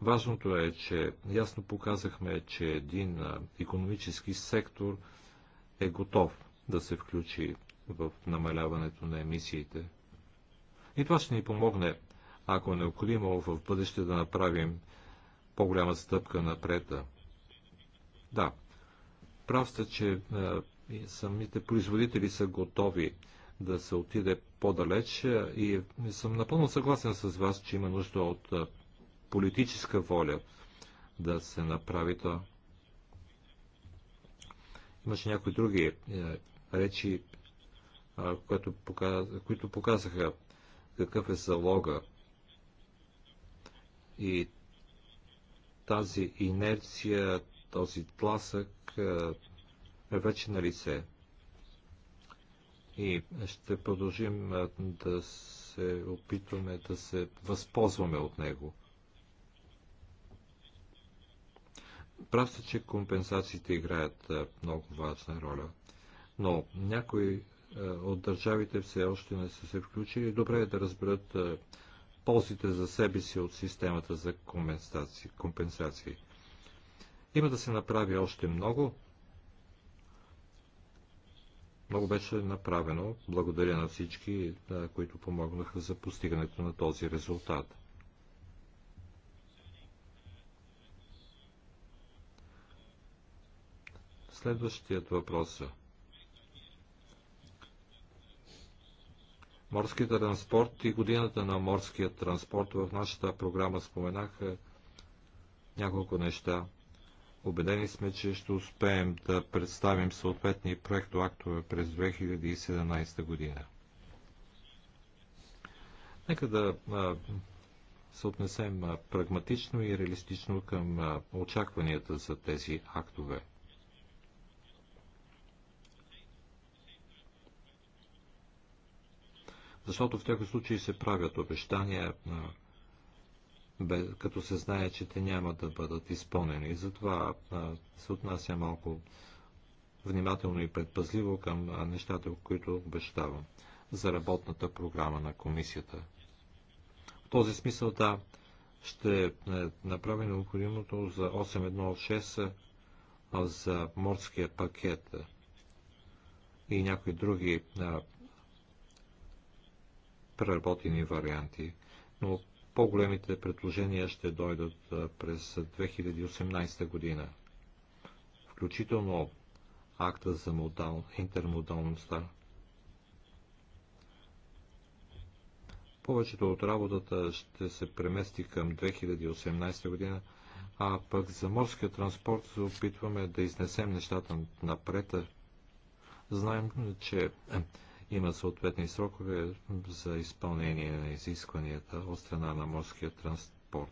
Важното е, че ясно показахме, че един економически сектор е готов да се включи в намаляването на емисиите. И това ще ни помогне, ако е необходимо в бъдеще да направим по-голяма стъпка напред. Да, прав сте, че самите производители са готови да се отиде по-далеч и съм напълно съгласен с вас, че има нужда от политическа воля да се направи то. Имаше някои други е, речи, е, които показаха какъв е залога и тази инерция, този тласък е, е вече на лице. И ще продължим да се опитваме да се възползваме от него. Прав се, че компенсациите играят много важна роля, но някои от държавите все още не са се включили. Добре е да разберат ползите за себе си от системата за компенсации. компенсации. Има да се направи още много. Много беше направено. Благодаря на всички, които помогнаха за постигането на този резултат. следващият въпрос. Е. Морски транспорт и годината на морския транспорт в нашата програма споменах няколко неща. Обедени сме, че ще успеем да представим съответни проектоактове през 2017 година. Нека да се отнесем прагматично и реалистично към очакванията за тези актове. Защото в такъв случаи се правят обещания, като се знае, че те няма да бъдат изпълнени. Затова се отнася малко внимателно и предпазливо към нещата, които обещавам за работната програма на комисията. В този смисъл, да, ще е, направи необходимото за 8.1.6 за морския пакет и някои други преработени варианти, но по-големите предложения ще дойдат през 2018 година, включително акта за модал, интермодалността. Повечето от работата ще се премести към 2018 година, а пък за морския транспорт се опитваме да изнесем нещата напред. Знаем, че е, има съответни срокове за изпълнение на изискванията от страна на морския транспорт.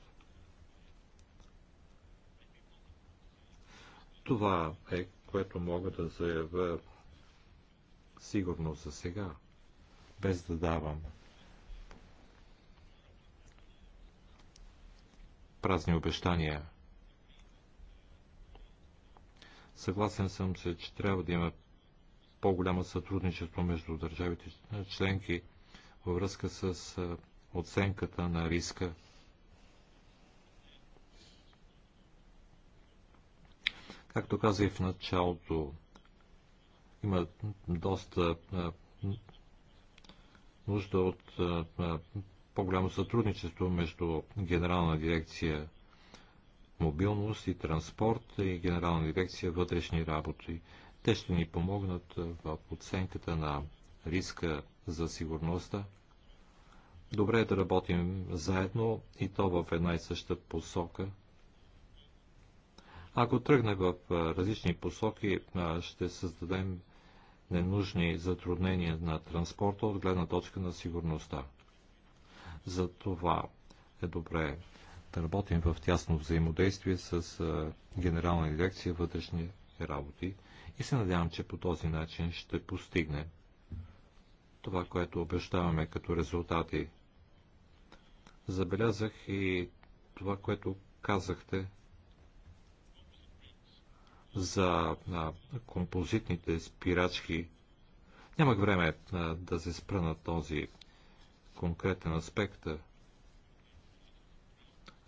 Това е, което мога да заявя сигурно за сега, без да давам празни обещания. Съгласен съм се, че трябва да има по-голямо сътрудничество между държавите членки във връзка с оценката на риска. Както казах в началото, има доста нужда от по-голямо сътрудничество между Генерална дирекция мобилност и транспорт и Генерална дирекция вътрешни работи. Те ще ни помогнат в оценката на риска за сигурността. Добре е да работим заедно и то в една и съща посока. Ако тръгне в различни посоки, ще създадем ненужни затруднения на транспорта от гледна точка на сигурността. За това е добре да работим в тясно взаимодействие с Генерална дирекция вътрешни работи и се надявам, че по този начин ще постигне това, което обещаваме като резултати. Забелязах и това, което казахте за а, композитните спирачки. Нямах време а, да се спра на този конкретен аспект.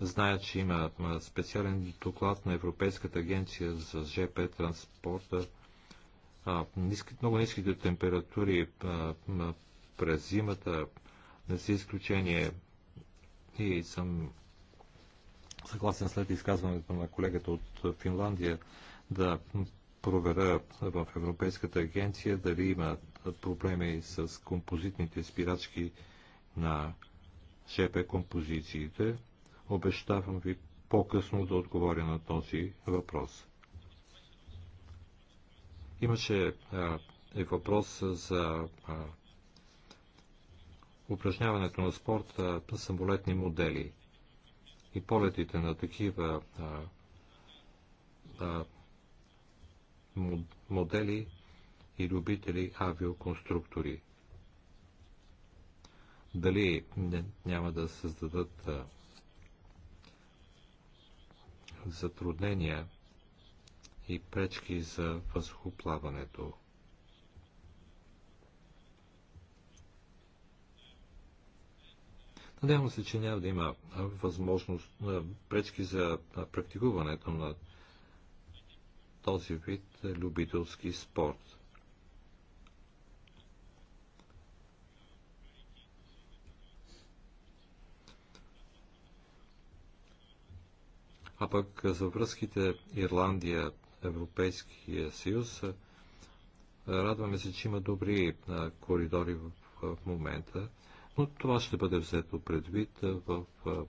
Зная, че има специален доклад на Европейската агенция за ЖП транспорта ниски, много ниските температури през зимата не са изключение и съм съгласен след изказването на колегата от Финландия да проверя в Европейската агенция дали има проблеми с композитните спирачки на ЖП композициите. Обещавам ви по-късно да отговоря на този въпрос. Имаше и въпрос за упражняването на спорта на самолетни модели и полетите на такива модели и любители авиоконструктори. Дали няма да създадат затруднения и пречки за въздухоплаването. Надявам се, че няма да има възможност пречки за практикуването на този вид любителски спорт. А пък за връзките Ирландия Европейския съюз. Радваме се, че има добри коридори в, в момента, но това ще бъде взето предвид в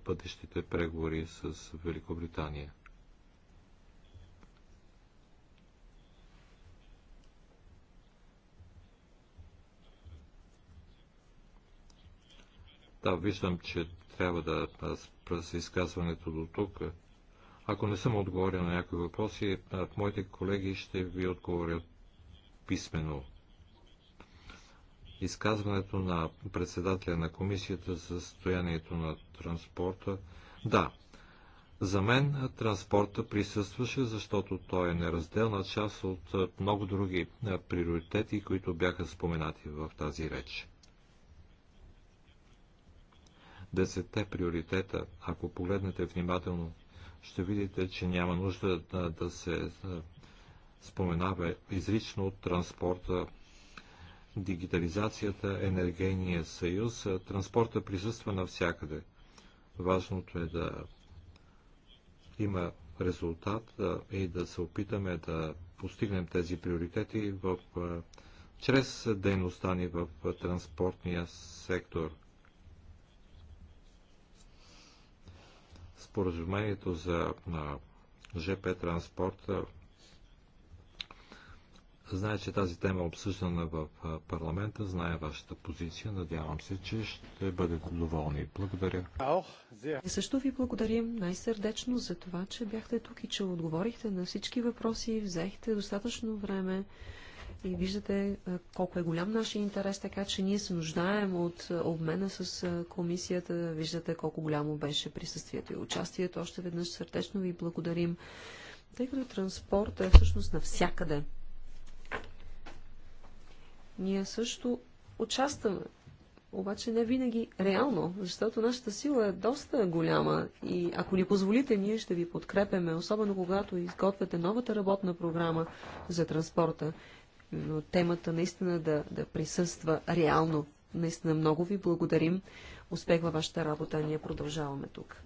бъдещите преговори с Великобритания. Да, виждам, че трябва да спра с изказването до тук. Ако не съм отговорил на някои въпроси, моите колеги ще ви отговорят писменно. Изказването на председателя на комисията за състоянието на транспорта. Да, за мен транспорта присъстваше, защото той е неразделна част от много други приоритети, които бяха споменати в тази реч. Десетте приоритета, ако погледнете внимателно ще видите, че няма нужда да, да се споменава изрично транспорта, дигитализацията, енергийния съюз. Транспорта присъства навсякъде. Важното е да има резултат и да се опитаме да постигнем тези приоритети в, чрез дейността ни в транспортния сектор – споразумението за ЖП транспорта. Знае, че тази тема е обсъждана в парламента, знае вашата позиция. Надявам се, че ще бъдете доволни. Благодаря.
И също ви благодарим най-сърдечно за това, че бяхте тук и че отговорихте на всички въпроси, взехте достатъчно време. И виждате е, колко е голям нашия интерес, така че ние се нуждаем от е, обмена с е, комисията. Виждате колко голямо беше присъствието и участието. Още веднъж сърдечно ви благодарим, тъй като транспорта е всъщност навсякъде. Ние също участваме, обаче не винаги реално, защото нашата сила е доста голяма и ако ни позволите, ние ще ви подкрепяме, особено когато изготвяте новата работна програма за транспорта но темата наистина да, да присъства реално. Наистина много ви благодарим. Успех във вашата работа. Ние продължаваме тук.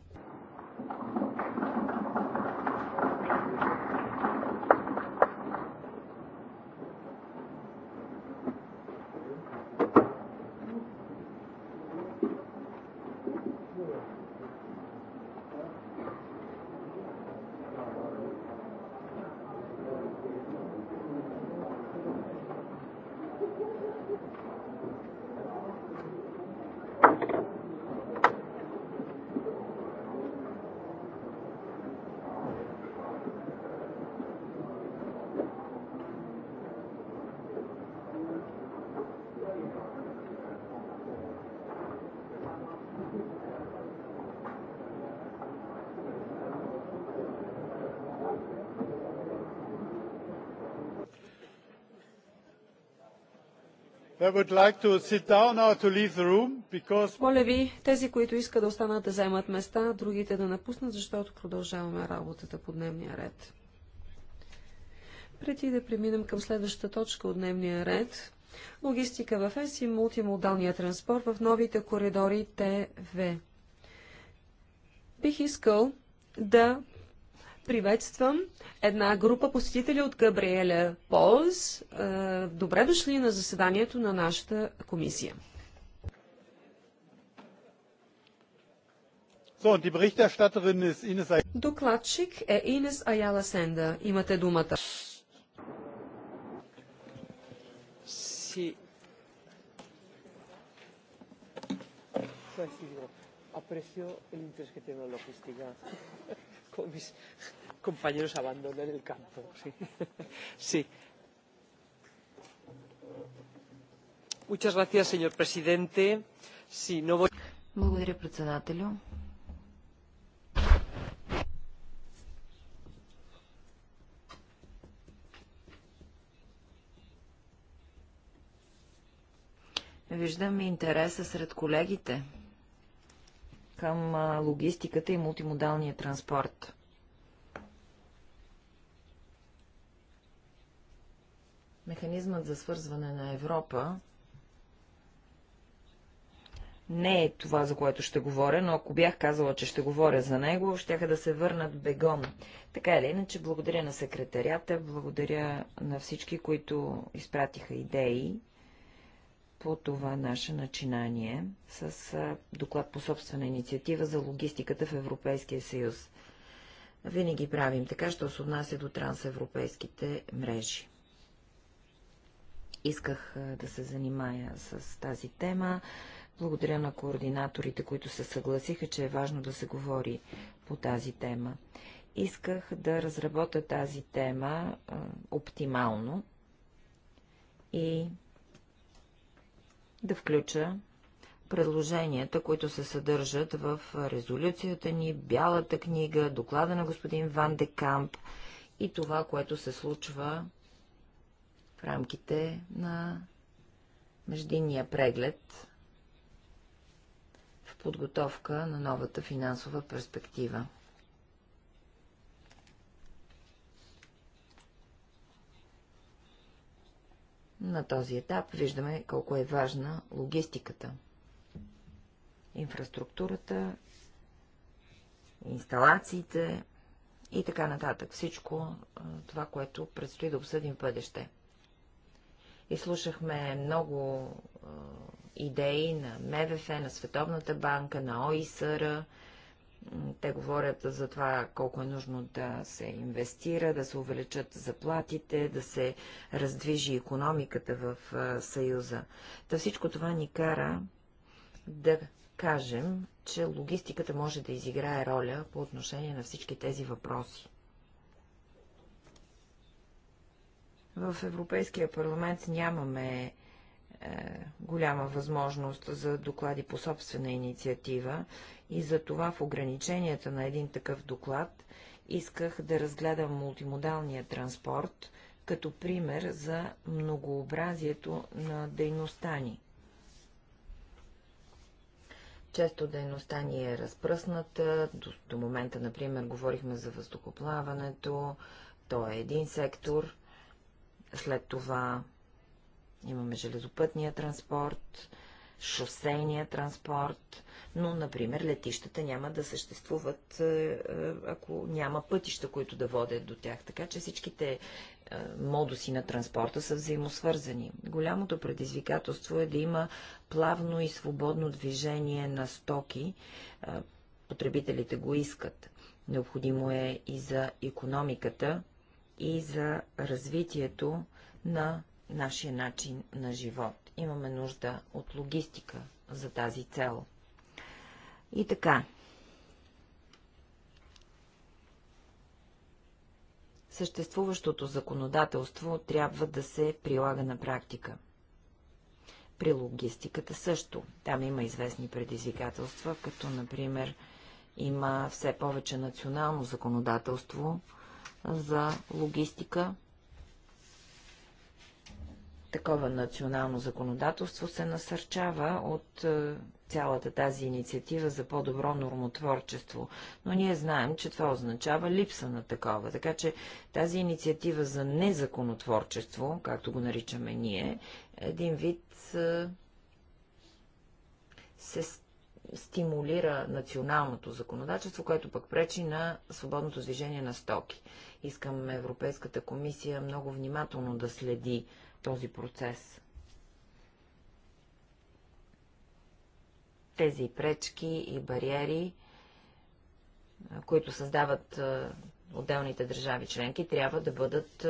Моля ви, тези, които искат да останат да вземат места, другите да напуснат, защото продължаваме работата по дневния ред. Преди да преминем към следващата точка от дневния ред, логистика в ЕС и мултимодалния транспорт в новите коридори ТВ. Бих искал да Приветствам една група посетители от Габриеля Полз. Е, добре дошли на заседанието на нашата комисия. Докладчик е Инес Аяла Сенда. Имате думата. Aprecio el interés que tiene la logística como mis compañeros abandonan el campo. Sí. sí. Muchas gracias, señor presidente. Sí, no voy...
Благодаря, председателю. Виждам интереса сред колегите към логистиката и мултимодалния транспорт. Механизмът за свързване на Европа не е това, за което ще говоря, но ако бях казала, че ще говоря за него, ще да се върнат бегом. Така или иначе, благодаря на секретарята, благодаря на всички, които изпратиха идеи по това наше начинание с доклад по собствена инициатива за логистиката в Европейския съюз. Винаги правим така, що се отнася до трансевропейските мрежи. Исках да се занимая с тази тема. Благодаря на координаторите, които се съгласиха, че е важно да се говори по тази тема. Исках да разработя тази тема а, оптимално и да включа предложенията, които се съдържат в резолюцията ни, Бялата книга, доклада на господин Ван де Камп и това, което се случва в рамките на междинния преглед в подготовка на новата финансова перспектива. На този етап виждаме колко е важна логистиката, инфраструктурата, инсталациите и така нататък. Всичко това, което предстои да обсъдим в бъдеще. Изслушахме много идеи на МВФ, на Световната банка, на ОИСР, те говорят за това колко е нужно да се инвестира, да се увеличат заплатите, да се раздвижи економиката в Съюза. Та всичко това ни кара да кажем, че логистиката може да изиграе роля по отношение на всички тези въпроси. В Европейския парламент нямаме е голяма възможност за доклади по собствена инициатива и за това в ограниченията на един такъв доклад исках да разгледам мултимодалния транспорт като пример за многообразието на дейността ни. Често дейността ни е разпръсната. До, до момента, например, говорихме за въздухоплаването. То е един сектор. След това Имаме железопътния транспорт, шосейния транспорт, но, например, летищата няма да съществуват, е, е, ако няма пътища, които да водят до тях. Така че всичките е, модуси на транспорта са взаимосвързани. Голямото предизвикателство е да има плавно и свободно движение на стоки. Потребителите го искат. Необходимо е и за економиката, и за развитието на нашия начин на живот. Имаме нужда от логистика за тази цел. И така. Съществуващото законодателство трябва да се прилага на практика. При логистиката също. Там има известни предизвикателства, като например има все повече национално законодателство за логистика, такова национално законодателство се насърчава от е, цялата тази инициатива за по-добро нормотворчество. Но ние знаем, че това означава липса на такова. Така че тази инициатива за незаконотворчество, както го наричаме ние, един вид е, се стимулира националното законодателство, което пък пречи на свободното движение на стоки. Искам Европейската комисия много внимателно да следи този процес. Тези пречки и бариери, които създават отделните държави членки, трябва да бъдат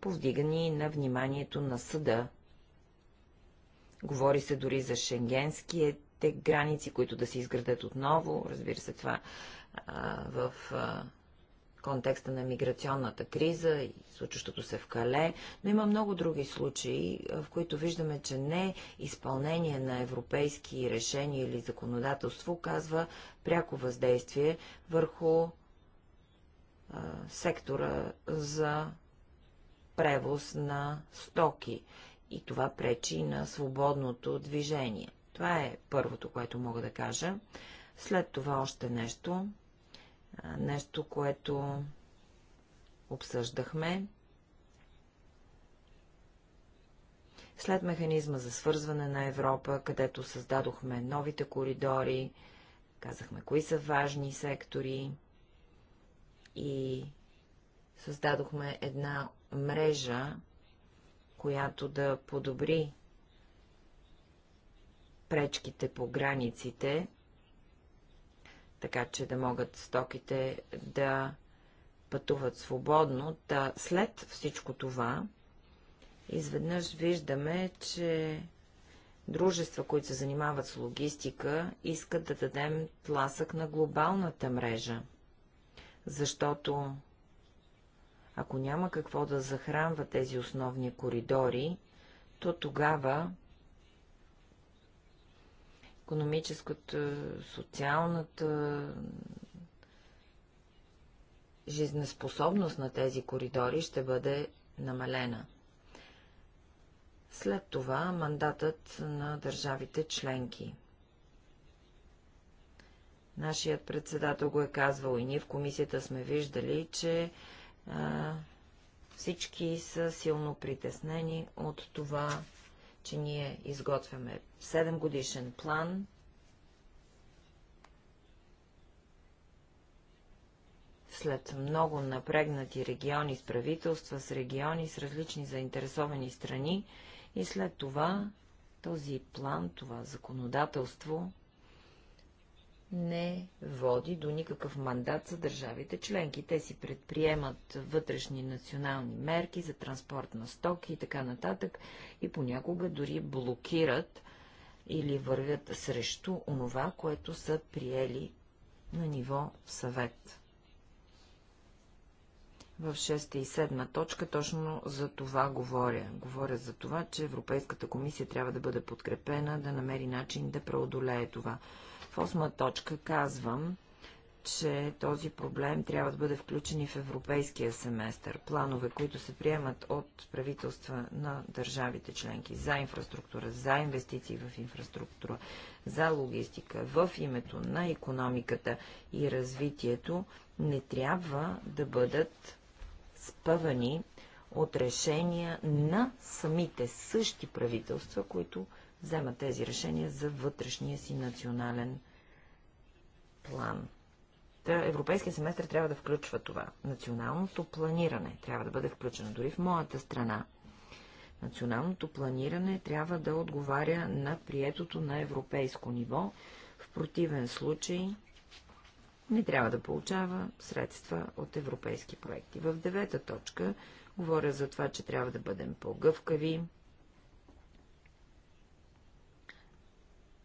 повдигани на вниманието на съда. Говори се дори за шенгенските граници, които да се изградат отново. Разбира се, това в контекста на миграционната криза и случващото се в Кале, но има много други случаи, в които виждаме, че не изпълнение на европейски решения или законодателство казва пряко въздействие върху а, сектора за превоз на стоки и това пречи на свободното движение. Това е първото, което мога да кажа. След това още нещо нещо, което обсъждахме. След механизма за свързване на Европа, където създадохме новите коридори, казахме кои са важни сектори и създадохме една мрежа, която да подобри пречките по границите така че да могат стоките да пътуват свободно. Та след всичко това, изведнъж виждаме, че дружества, които се занимават с логистика, искат да дадем тласък на глобалната мрежа. Защото ако няма какво да захранва тези основни коридори, то тогава економическата, социалната жизнеспособност на тези коридори ще бъде намалена. След това мандатът на държавите членки. Нашият председател го е казвал и ние в комисията сме виждали, че а, всички са силно притеснени от това че ние изготвяме 7 годишен план, след много напрегнати региони с правителства, с региони, с различни заинтересовани страни и след това този план, това законодателство не води до никакъв мандат за държавите членки. Те си предприемат вътрешни национални мерки за транспорт на стоки и така нататък и понякога дори блокират или вървят срещу онова, което са приели на ниво съвет. В 6 и 7 точка точно за това говоря. Говоря за това, че Европейската комисия трябва да бъде подкрепена, да намери начин да преодолее това осма точка казвам, че този проблем трябва да бъде включен и в европейския семестър. Планове, които се приемат от правителства на държавите членки за инфраструктура, за инвестиции в инфраструктура, за логистика, в името на економиката и развитието, не трябва да бъдат спъвани от решения на самите същи правителства, които вземат тези решения за вътрешния си национален план. Европейския семестър трябва да включва това. Националното планиране трябва да бъде включено дори в моята страна. Националното планиране трябва да отговаря на приетото на европейско ниво. В противен случай не трябва да получава средства от европейски проекти. В девета точка говоря за това, че трябва да бъдем по-гъвкави,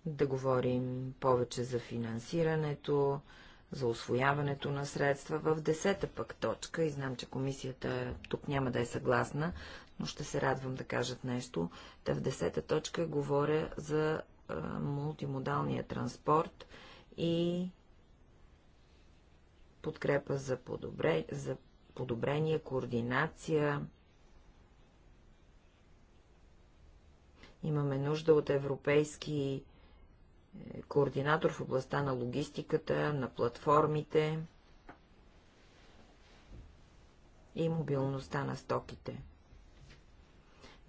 да говорим повече за финансирането, за освояването на средства в десета пък точка, и знам, че комисията тук няма да е съгласна, но ще се радвам да кажат нещо. Та в десета точка говоря за а, мултимодалния транспорт и подкрепа за, подобре, за подобрение, координация. Имаме нужда от европейски координатор в областта на логистиката, на платформите и мобилността на стоките.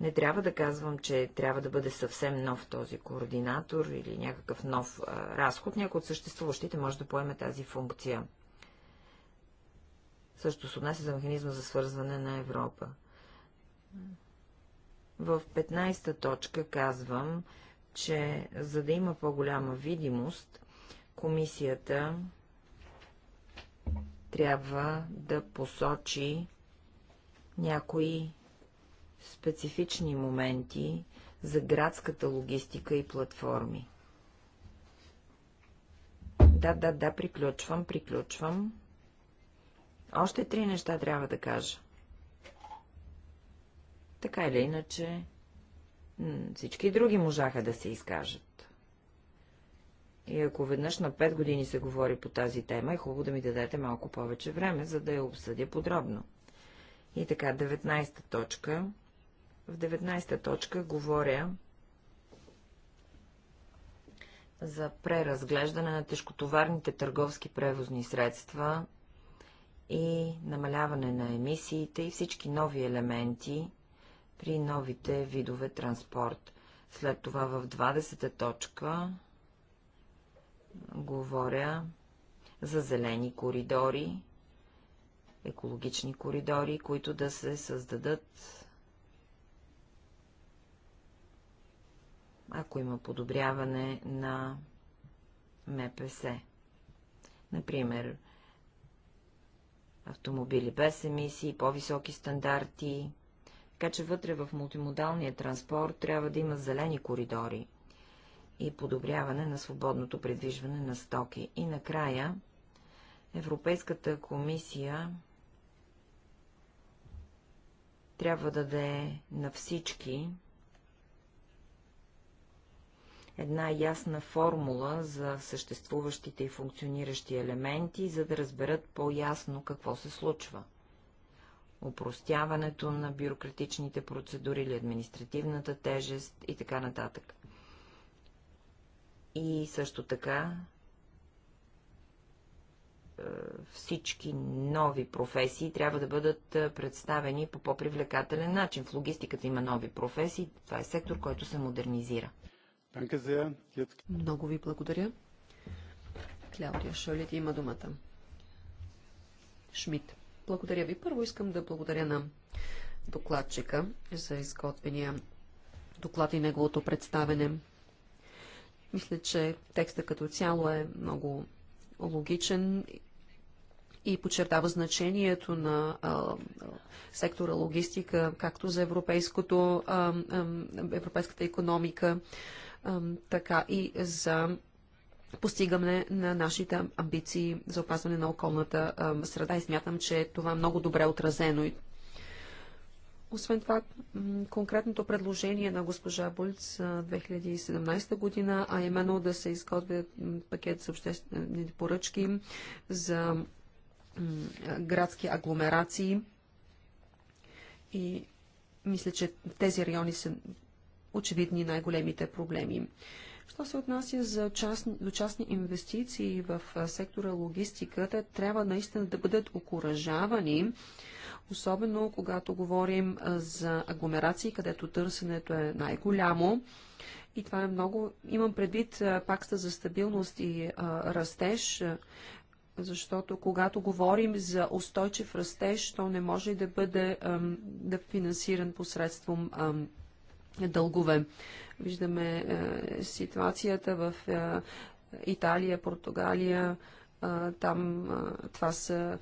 Не трябва да казвам, че трябва да бъде съвсем нов този координатор или някакъв нов а, разход. Някой от съществуващите може да поеме тази функция. Също се отнася за механизма за свързване на Европа. В 15-та точка казвам, че за да има по-голяма видимост, комисията трябва да посочи някои специфични моменти за градската логистика и платформи. Да, да, да, приключвам, приключвам. Още три неща трябва да кажа. Така или иначе, всички други можаха да се изкажат. И ако веднъж на 5 години се говори по тази тема, е хубаво да ми дадете малко повече време, за да я обсъдя подробно. И така, 19-та точка. В 19-та точка говоря за преразглеждане на тежкотоварните търговски превозни средства и намаляване на емисиите и всички нови елементи, при новите видове транспорт. След това в 20-та точка говоря за зелени коридори, екологични коридори, които да се създадат, ако има подобряване на МПС. Например, автомобили без емисии, по-високи стандарти, така че вътре в мултимодалния транспорт трябва да има зелени коридори и подобряване на свободното придвижване на стоки. И накрая Европейската комисия трябва да даде на всички една ясна формула за съществуващите и функциониращи елементи, за да разберат по-ясно какво се случва упростяването на бюрократичните процедури или административната тежест и така нататък. И също така е, всички нови професии трябва да бъдат е, представени по по-привлекателен начин. В логистиката има нови професии. Това е сектор, който се модернизира. Много ви благодаря.
Клаудия Шолит има думата. Шмидт. Благодаря ви. Първо искам да благодаря на докладчика за изготвения доклад и неговото представене. Мисля, че текста като цяло е много логичен и подчертава значението на а, сектора логистика, както за европейското, а, а, европейската економика, а, така и за постигане на нашите амбиции за опазване на околната среда и смятам, че това е много добре отразено. Освен това, конкретното предложение на госпожа Бульц 2017 година, а именно да се изготвя пакет за обществени поръчки за градски агломерации и мисля, че в тези райони са очевидни най-големите проблеми. Що се отнася за частни, до частни инвестиции в сектора логистика, те трябва наистина да бъдат окоръжавани, особено когато говорим за агломерации, където търсенето е най-голямо. И това е много. Имам предвид пакста за стабилност и а, растеж, защото когато говорим за устойчив растеж, то не може да бъде а, да финансиран посредством. А, дългове. Виждаме е, ситуацията в е, Италия, Португалия. Е, там това са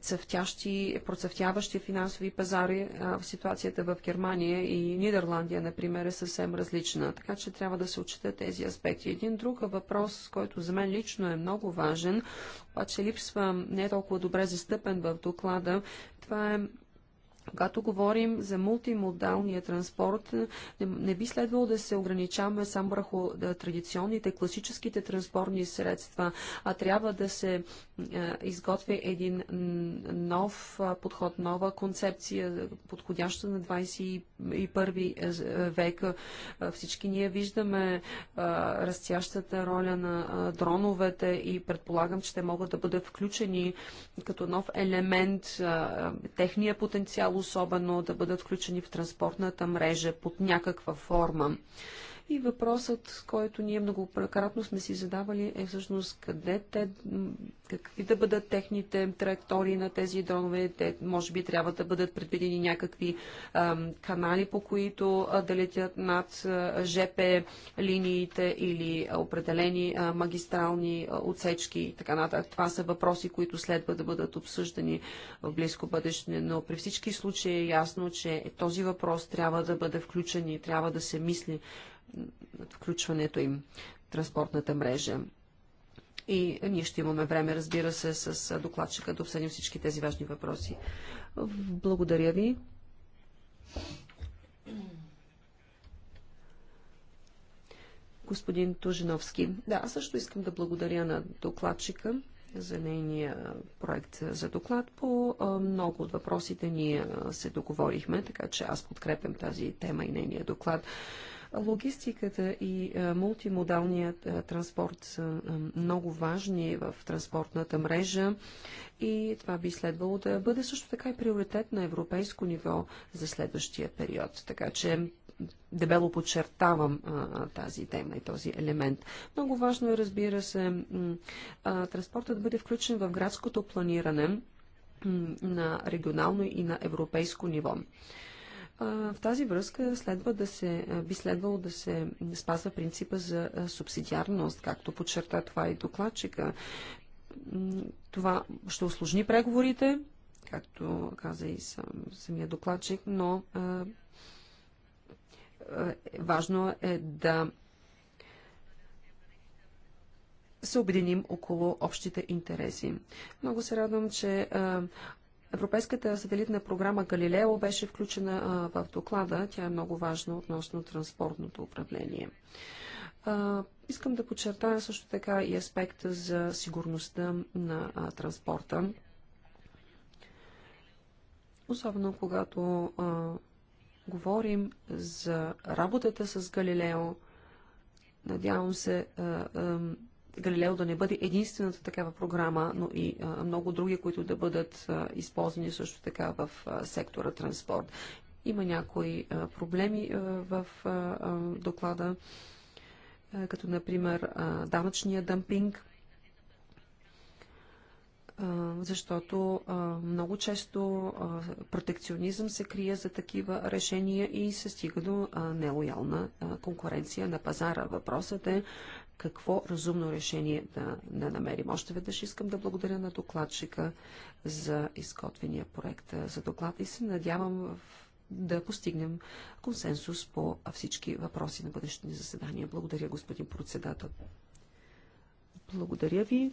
цъфтящи, процъфтяващи финансови пазари. В ситуацията в Германия и Нидерландия, например, е съвсем различна. Така че трябва да се отчитат тези аспекти. Един друг въпрос, който за мен лично е много важен, обаче липсва не е толкова добре застъпен в доклада, това е когато говорим за мултимодалния транспорт, не би следвало да се ограничаваме само върху традиционните, класическите транспортни средства, а трябва да се изготви един нов подход, нова концепция, подходяща на 21 век. Всички ние виждаме растящата роля на дроновете и предполагам, че те могат да бъдат включени като нов елемент. Техния потенциал особено да бъдат включени в транспортната мрежа под някаква форма. И въпросът, който ние многократно сме си задавали е всъщност къде те, какви да бъдат техните траектории на тези дронове. Те може би трябва да бъдат предвидени някакви а, канали, по които а, да летят над а, ЖП линиите или а, определени а, магистрални а, отсечки и така нататък. Това са въпроси, които следва да бъдат обсъждани в близко бъдеще, но при всички случаи е ясно, че този въпрос трябва да бъде включен и трябва да се мисли включването им в транспортната мрежа. И ние ще имаме време, разбира се, с докладчика да обсъдим всички тези важни въпроси. Благодаря ви. Господин Тужиновски. Да, аз също искам да благодаря на докладчика за нейния проект за доклад. По много от въпросите ние се договорихме, така че аз подкрепям тази тема и нейния доклад. Логистиката и е, мултимодалният е, транспорт са е, много важни в транспортната мрежа и това би следвало да бъде също така и приоритет на европейско ниво за следващия период. Така че дебело подчертавам а, тази тема и този елемент. Много важно е, разбира се, а, транспортът бъде включен в градското планиране на регионално и на европейско ниво. В тази връзка следва да се, би следвало да се спазва принципа за субсидиарност, както подчерта това и докладчика. Това ще осложни преговорите, както каза и самия докладчик, но е, важно е да се обединим около общите интереси. Много се радвам, че Европейската сателитна програма Галилео беше включена в доклада. Тя е много важна относно транспортното управление. искам да подчертая също така и аспекта за сигурността на транспорта. Особено когато говорим за работата с Галилео, надявам се Галилео да не бъде единствената такава програма, но и а, много други, които да бъдат а, използвани също така в а, сектора транспорт. Има някои а, проблеми а, в а, а, доклада, а, като например а, данъчния дъмпинг, а, защото а, много често а, протекционизъм се крие за такива решения и се стига до нелоялна конкуренция на пазара. Въпросът е какво разумно решение да, да намерим. Още веднъж искам да благодаря на докладчика за изготвения проект за доклад и се надявам да постигнем консенсус по всички въпроси на бъдещите ни заседания. Благодаря, господин председател. Благодаря ви.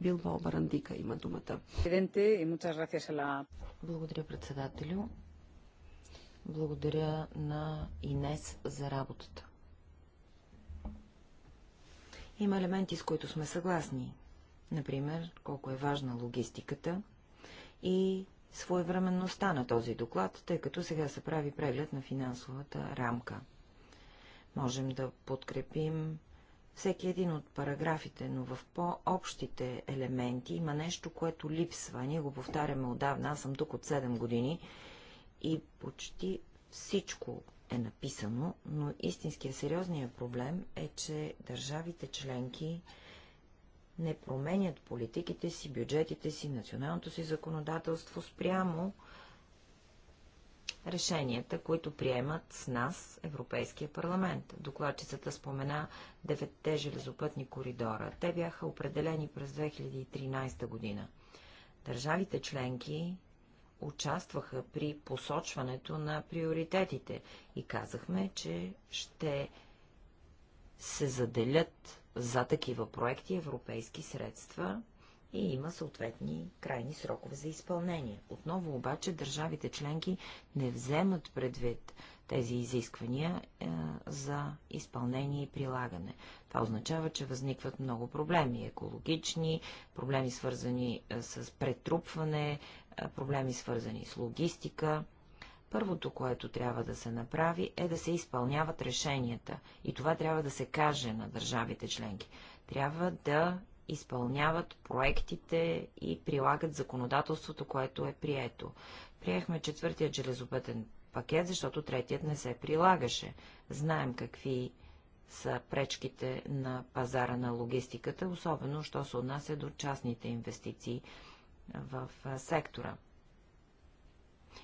Билбао Барандика има думата.
Благодаря, председателю. Благодаря на Инес за работата. Има елементи, с които сме съгласни. Например, колко е важна логистиката и своевременността на този доклад, тъй като сега се прави преглед на финансовата рамка. Можем да подкрепим всеки един от параграфите, но в по-общите елементи има нещо, което липсва. Ние го повтаряме отдавна, аз съм тук от 7 години и почти всичко, е написано, но истинския сериозният проблем е, че държавите членки не променят политиките си, бюджетите си, националното си законодателство спрямо решенията, които приемат с нас Европейския парламент. Докладчицата спомена девете железопътни коридора. Те бяха определени през 2013 година. Държавите членки участваха при посочването на приоритетите и казахме, че ще се заделят за такива проекти европейски средства и има съответни крайни срокове за изпълнение. Отново обаче държавите членки не вземат предвид тези изисквания е, за изпълнение и прилагане. Това означава, че възникват много проблеми екологични, проблеми свързани е, с претрупване, е, проблеми свързани с логистика. Първото, което трябва да се направи, е да се изпълняват решенията. И това трябва да се каже на държавите членки. Трябва да изпълняват проектите и прилагат законодателството, което е прието. Приехме четвъртия железопътен пакет, защото третият не се прилагаше. Знаем какви са пречките на пазара на логистиката, особено, що се отнася до частните инвестиции в сектора.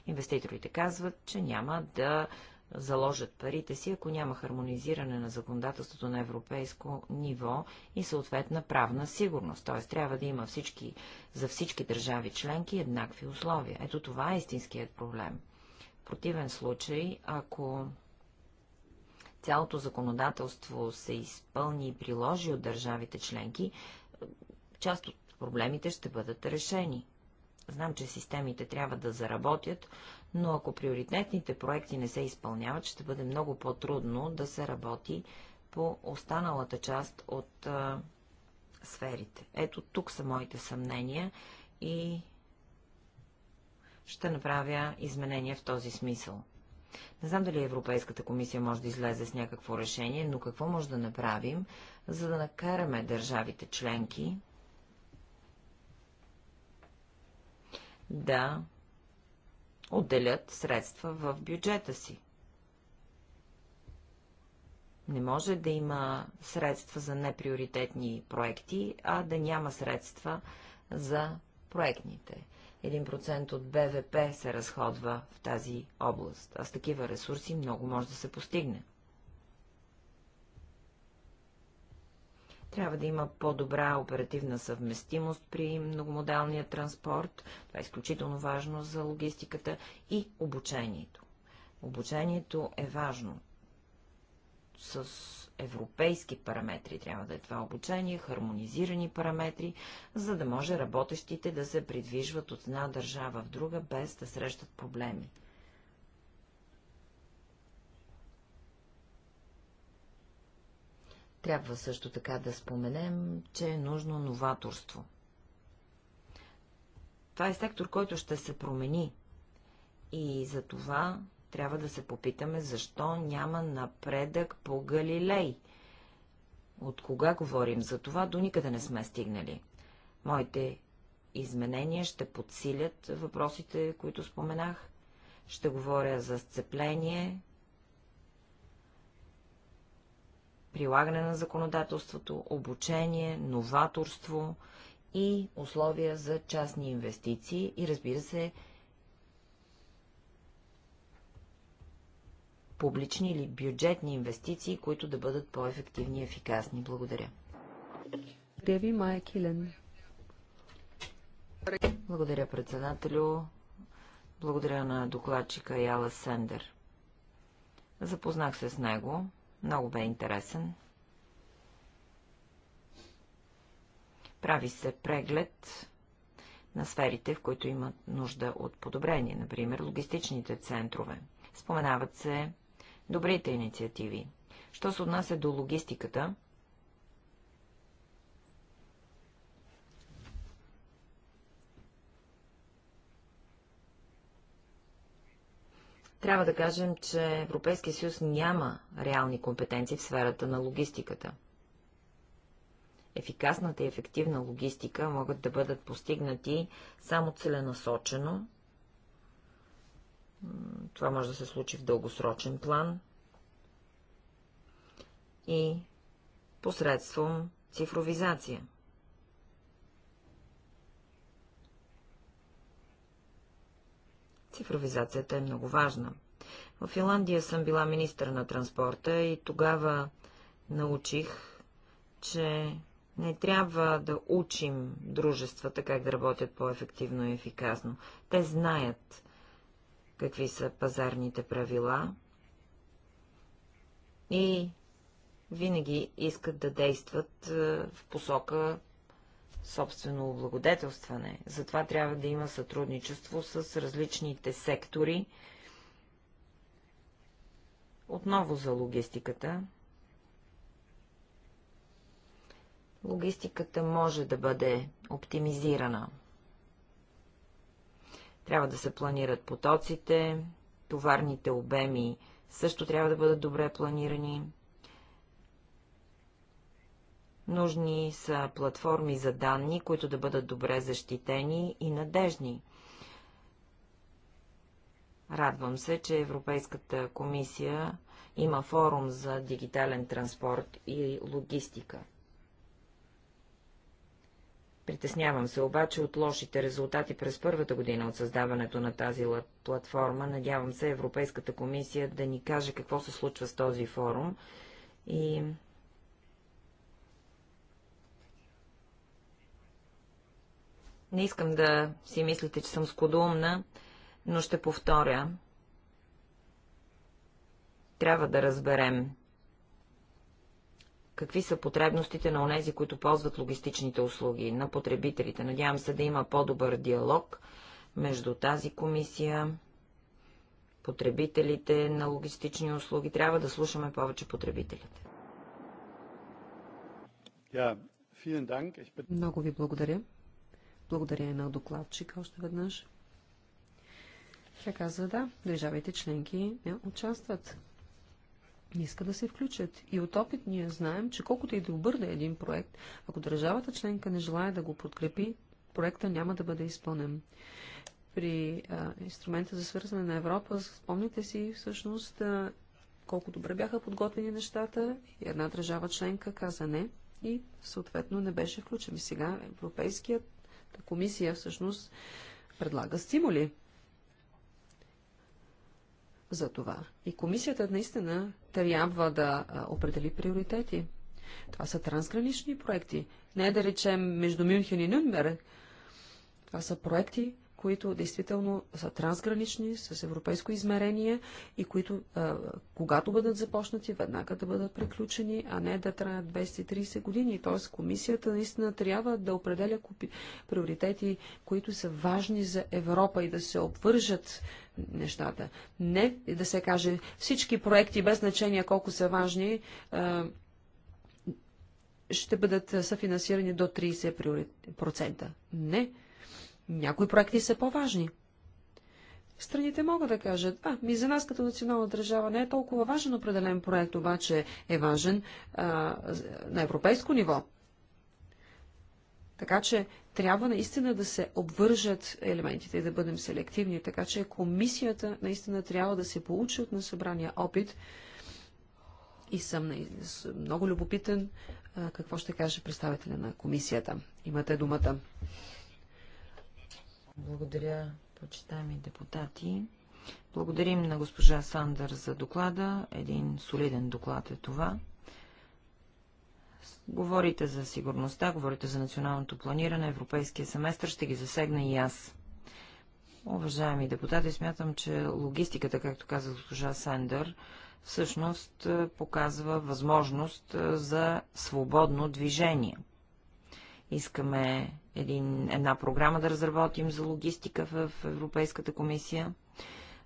Инвеститорите казват, че няма да заложат парите си, ако няма хармонизиране на законодателството на европейско ниво и съответна правна сигурност. Т.е. трябва да има всички, за всички държави членки еднакви условия. Ето това е истинският проблем противен случай, ако цялото законодателство се изпълни и приложи от държавите членки, част от проблемите ще бъдат решени. Знам, че системите трябва да заработят, но ако приоритетните проекти не се изпълняват, ще бъде много по-трудно да се работи по останалата част от а, сферите. Ето тук са моите съмнения и ще направя изменения в този смисъл. Не знам дали Европейската комисия може да излезе с някакво решение, но какво може да направим, за да накараме държавите членки да отделят средства в бюджета си. Не може да има средства за неприоритетни проекти, а да няма средства за проектните. 1% от БВП се разходва в тази област, а с такива ресурси много може да се постигне. Трябва да има по-добра оперативна съвместимост при многомодалния транспорт, това е изключително важно за логистиката и обучението. Обучението е важно с европейски параметри трябва да е това обучение, хармонизирани параметри, за да може работещите да се придвижват от една държава в друга, без да срещат проблеми. Трябва също така да споменем, че е нужно новаторство. Това е сектор, който ще се промени. И за това трябва да се попитаме, защо няма напредък по Галилей. От кога говорим за това, до никъде не сме стигнали. Моите изменения ще подсилят въпросите, които споменах. Ще говоря за сцепление, прилагане на законодателството, обучение, новаторство и условия за частни инвестиции и, разбира се, публични или бюджетни инвестиции, които да бъдат по-ефективни и ефикасни. Благодаря.
Благодаря ви, Майя Килен.
Благодаря, председателю. Благодаря на докладчика Яла Сендер. Запознах се с него. Много бе интересен. Прави се преглед на сферите, в които имат нужда от подобрение, например логистичните центрове. Споменават се добрите инициативи. Що се отнася до логистиката, трябва да кажем, че Европейския съюз няма реални компетенции в сферата на логистиката. Ефикасната и ефективна логистика могат да бъдат постигнати само целенасочено това може да се случи в дългосрочен план и посредством цифровизация. Цифровизацията е много важна. В Финландия съм била министър на транспорта и тогава научих, че не трябва да учим дружествата как да работят по-ефективно и ефикасно. Те знаят какви са пазарните правила и винаги искат да действат е, в посока собствено облагодетелстване. Затова трябва да има сътрудничество с различните сектори. Отново за логистиката. Логистиката може да бъде оптимизирана. Трябва да се планират потоците, товарните обеми също трябва да бъдат добре планирани. Нужни са платформи за данни, които да бъдат добре защитени и надежни. Радвам се, че Европейската комисия има форум за дигитален транспорт и логистика. Притеснявам се обаче от лошите резултати през първата година от създаването на тази платформа. Надявам се Европейската комисия да ни каже какво се случва с този форум и Не искам да си мислите, че съм скудоумна, но ще повторя. Трябва да разберем какви са потребностите на онези, които ползват логистичните услуги, на потребителите. Надявам се да има по-добър диалог между тази комисия, потребителите на логистични услуги. Трябва да слушаме повече
потребителите.
Много ви
благодаря. Благодаря на докладчика още веднъж. Тя каза да, държавите членки не участват не иска да се включат. И от опит ние знаем, че колкото и да обърне един проект, ако държавата членка не желая да го подкрепи, проекта няма да бъде изпълнен. При а, инструмента за свързване на Европа, спомните си всъщност а, колко добре бяха подготвени нещата и една държава членка каза не и съответно не беше включен. И сега Европейският комисия всъщност предлага стимули за това. И комисията наистина трябва да определи приоритети. Това са трансгранични проекти. Не е да речем между Мюнхен и Нюнберг. Това са проекти, които действително са трансгранични, с европейско измерение и които, когато бъдат започнати, веднага да бъдат приключени, а не да траят 230 години. Т.е. комисията наистина трябва да определя приоритети, които са важни за Европа и да се обвържат нещата. Не да се каже всички проекти, без значение колко са важни, ще бъдат съфинансирани до 30%. Не, някои проекти са по-важни. Страните могат да кажат, а, ми за нас като национална държава не е толкова важен определен проект, обаче е важен а, на европейско ниво. Така че трябва наистина да се обвържат елементите и да бъдем селективни, така че комисията наистина трябва да се получи от насъбрания опит. И съм много любопитен какво ще каже представителя на комисията. Имате
думата. Благодаря, почитаеми депутати. Благодарим на госпожа Сандър за доклада. Един солиден доклад е това. Говорите за сигурността, говорите за националното планиране, европейския семестър, ще ги засегна и аз. Уважаеми депутати, смятам, че логистиката, както каза госпожа Сандър, всъщност е, показва възможност е, за свободно движение. Искаме един, една програма да разработим за логистика в Европейската комисия,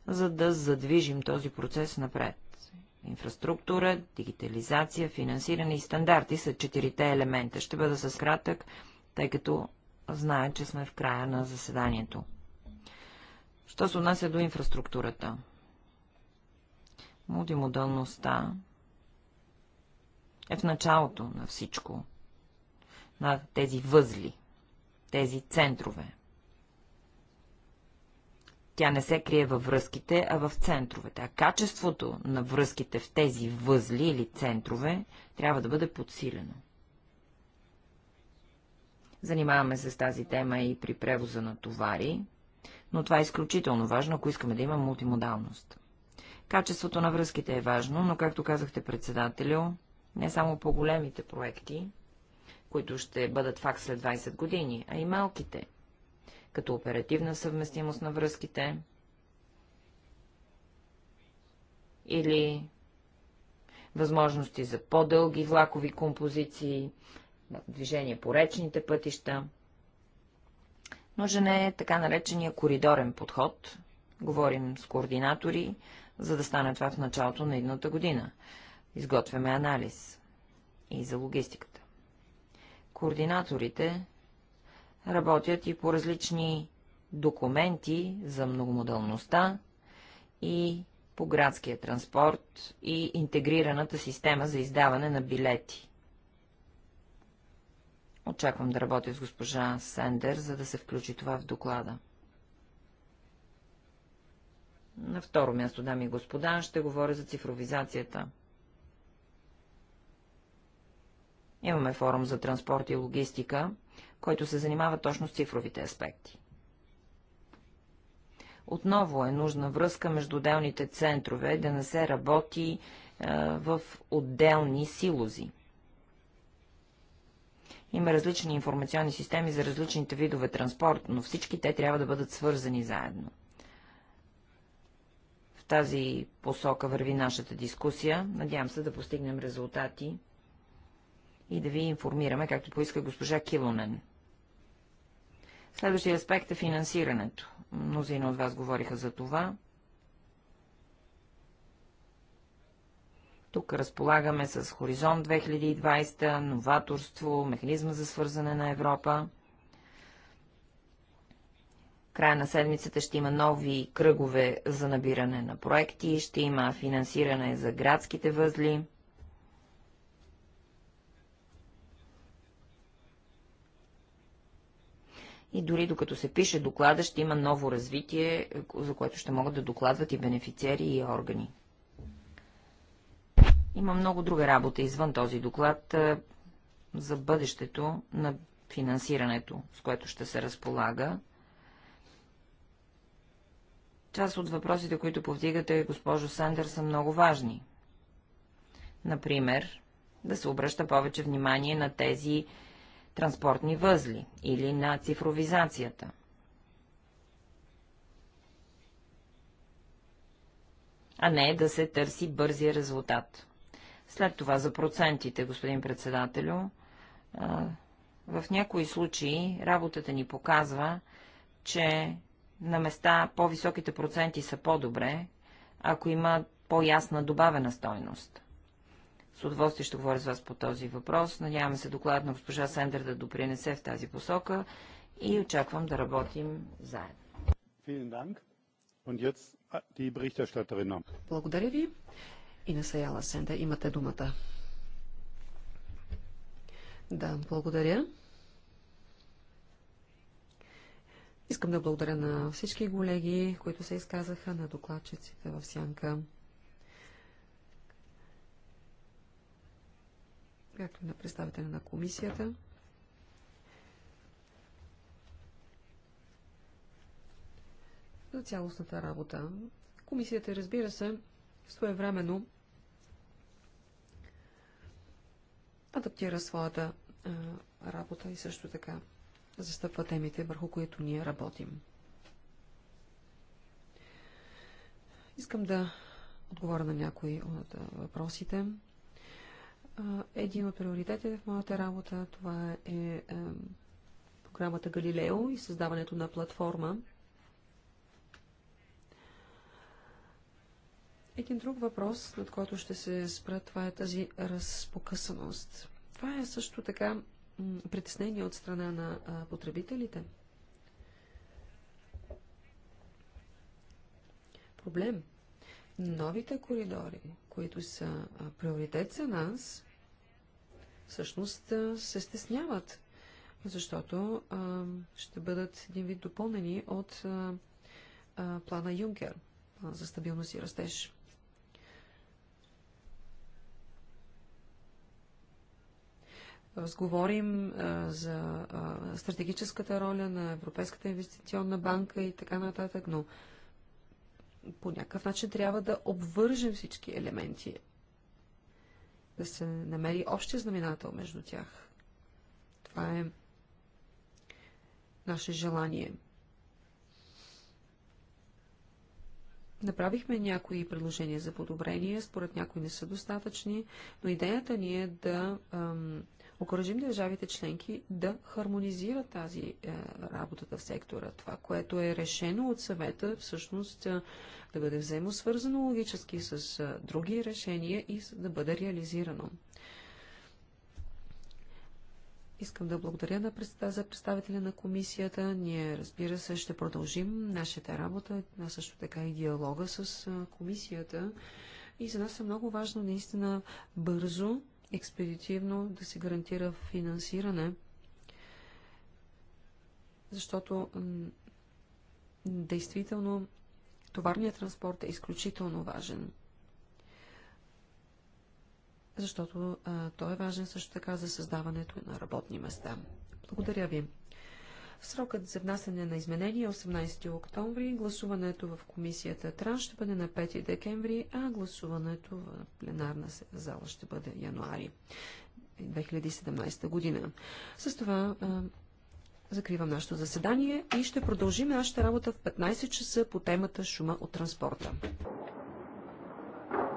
за да задвижим този процес напред. Инфраструктура, дигитализация, финансиране и стандарти са четирите елемента. Ще бъда с кратък, тъй като знаят, че сме в края на заседанието. Що се отнася до инфраструктурата? Мултимодалността е в началото на всичко на тези възли, тези центрове. Тя не се крие във връзките, а в центровете. А качеството на връзките в тези възли или центрове трябва да бъде подсилено. Занимаваме се с тази тема и при превоза на товари, но това е изключително важно, ако искаме да има мултимодалност. Качеството на връзките е важно, но, както казахте председателю, не само по големите проекти, които ще бъдат факт след 20 години, а и малките, като оперативна съвместимост на връзките или възможности за по-дълги влакови композиции, движение по речните пътища. Нужен е така наречения коридорен подход. Говорим с координатори, за да стане това в началото на едната година. Изготвяме анализ и за логистиката. Координаторите работят и по различни документи за многомодалността и по градския транспорт и интегрираната система за издаване на билети. Очаквам да работя с госпожа Сендер, за да се включи това в доклада. На второ място, дами и господа, ще говоря за цифровизацията – Имаме форум за транспорт и логистика, който се занимава точно с цифровите аспекти. Отново е нужна връзка между отделните центрове, да не се работи е, в отделни силози. Има различни информационни системи за различните видове транспорт, но всички те трябва да бъдат свързани заедно. В тази посока върви нашата дискусия. Надявам се да постигнем резултати и да ви информираме, както поиска госпожа Килонен. Следващия аспект е финансирането. Мнозина от вас говориха за това. Тук разполагаме с Хоризонт 2020, новаторство, механизма за свързане на Европа. Края на седмицата ще има нови кръгове за набиране на проекти, ще има финансиране за градските възли. и дори докато се пише доклада, ще има ново развитие, за което ще могат да докладват и бенефициери и органи. Има много друга работа извън този доклад за бъдещето на финансирането, с което ще се разполага. Част от въпросите, които повдигате, госпожо Сандър, са много важни. Например, да се обръща повече внимание на тези транспортни възли или на цифровизацията. А не да се търси бързия резултат. След това за процентите, господин председателю, в някои случаи работата ни показва, че на места по-високите проценти са по-добре, ако има по-ясна добавена стойност. С удоволствие ще говоря с вас по този въпрос. Надяваме се доклад на госпожа Сендер да допринесе в тази посока и очаквам да работим
заедно.
Благодаря ви. И на Саяла Сенда имате думата. Да, благодаря. Искам да благодаря на всички колеги, които се изказаха, на докладчиците в Сянка. както на представителя на комисията. За цялостната работа. Комисията, разбира се, своевременно адаптира своята а, работа и също така застъпва темите, върху които ние работим. Искам да отговоря на някои от въпросите един от приоритетите в моята работа това е програмата Галилео и създаването на платформа. Един друг въпрос, над който ще се спра, това е тази разпокъсаност. Това е също така притеснение от страна на потребителите. Проблем. Новите коридори, които са приоритет за нас, всъщност се стесняват, защото ще бъдат един вид допълнени от плана Юнкер, за стабилност и растеж. Разговорим за стратегическата роля на Европейската инвестиционна банка и така нататък, но по някакъв начин трябва да обвържем всички елементи, да се намери общия знаменател между тях. Това е наше желание. Направихме някои предложения за подобрение, според някои не са достатъчни, но идеята ни е да ам, окоръжим държавите членки да хармонизират тази е, работата в сектора. Това, което е решено от съвета, всъщност е, да бъде вземо свързано логически с е, други решения и да бъде реализирано. Искам да благодаря на представ... за представителя на комисията. Ние, разбира се, ще продължим нашата работа, а също така и диалога с е, комисията. И за нас е много важно наистина бързо експедитивно да се гарантира финансиране, защото действително товарният транспорт е изключително важен. Защото а, той е важен също така за създаването на работни места. Благодаря ви. Срокът за внасяне на изменения е 18 октомври. Гласуването в комисията Транс ще бъде на 5 декември, а гласуването в пленарна зала ще бъде януари 2017 година. С това закривам нашето заседание и ще продължим нашата работа в 15 часа по темата шума от транспорта.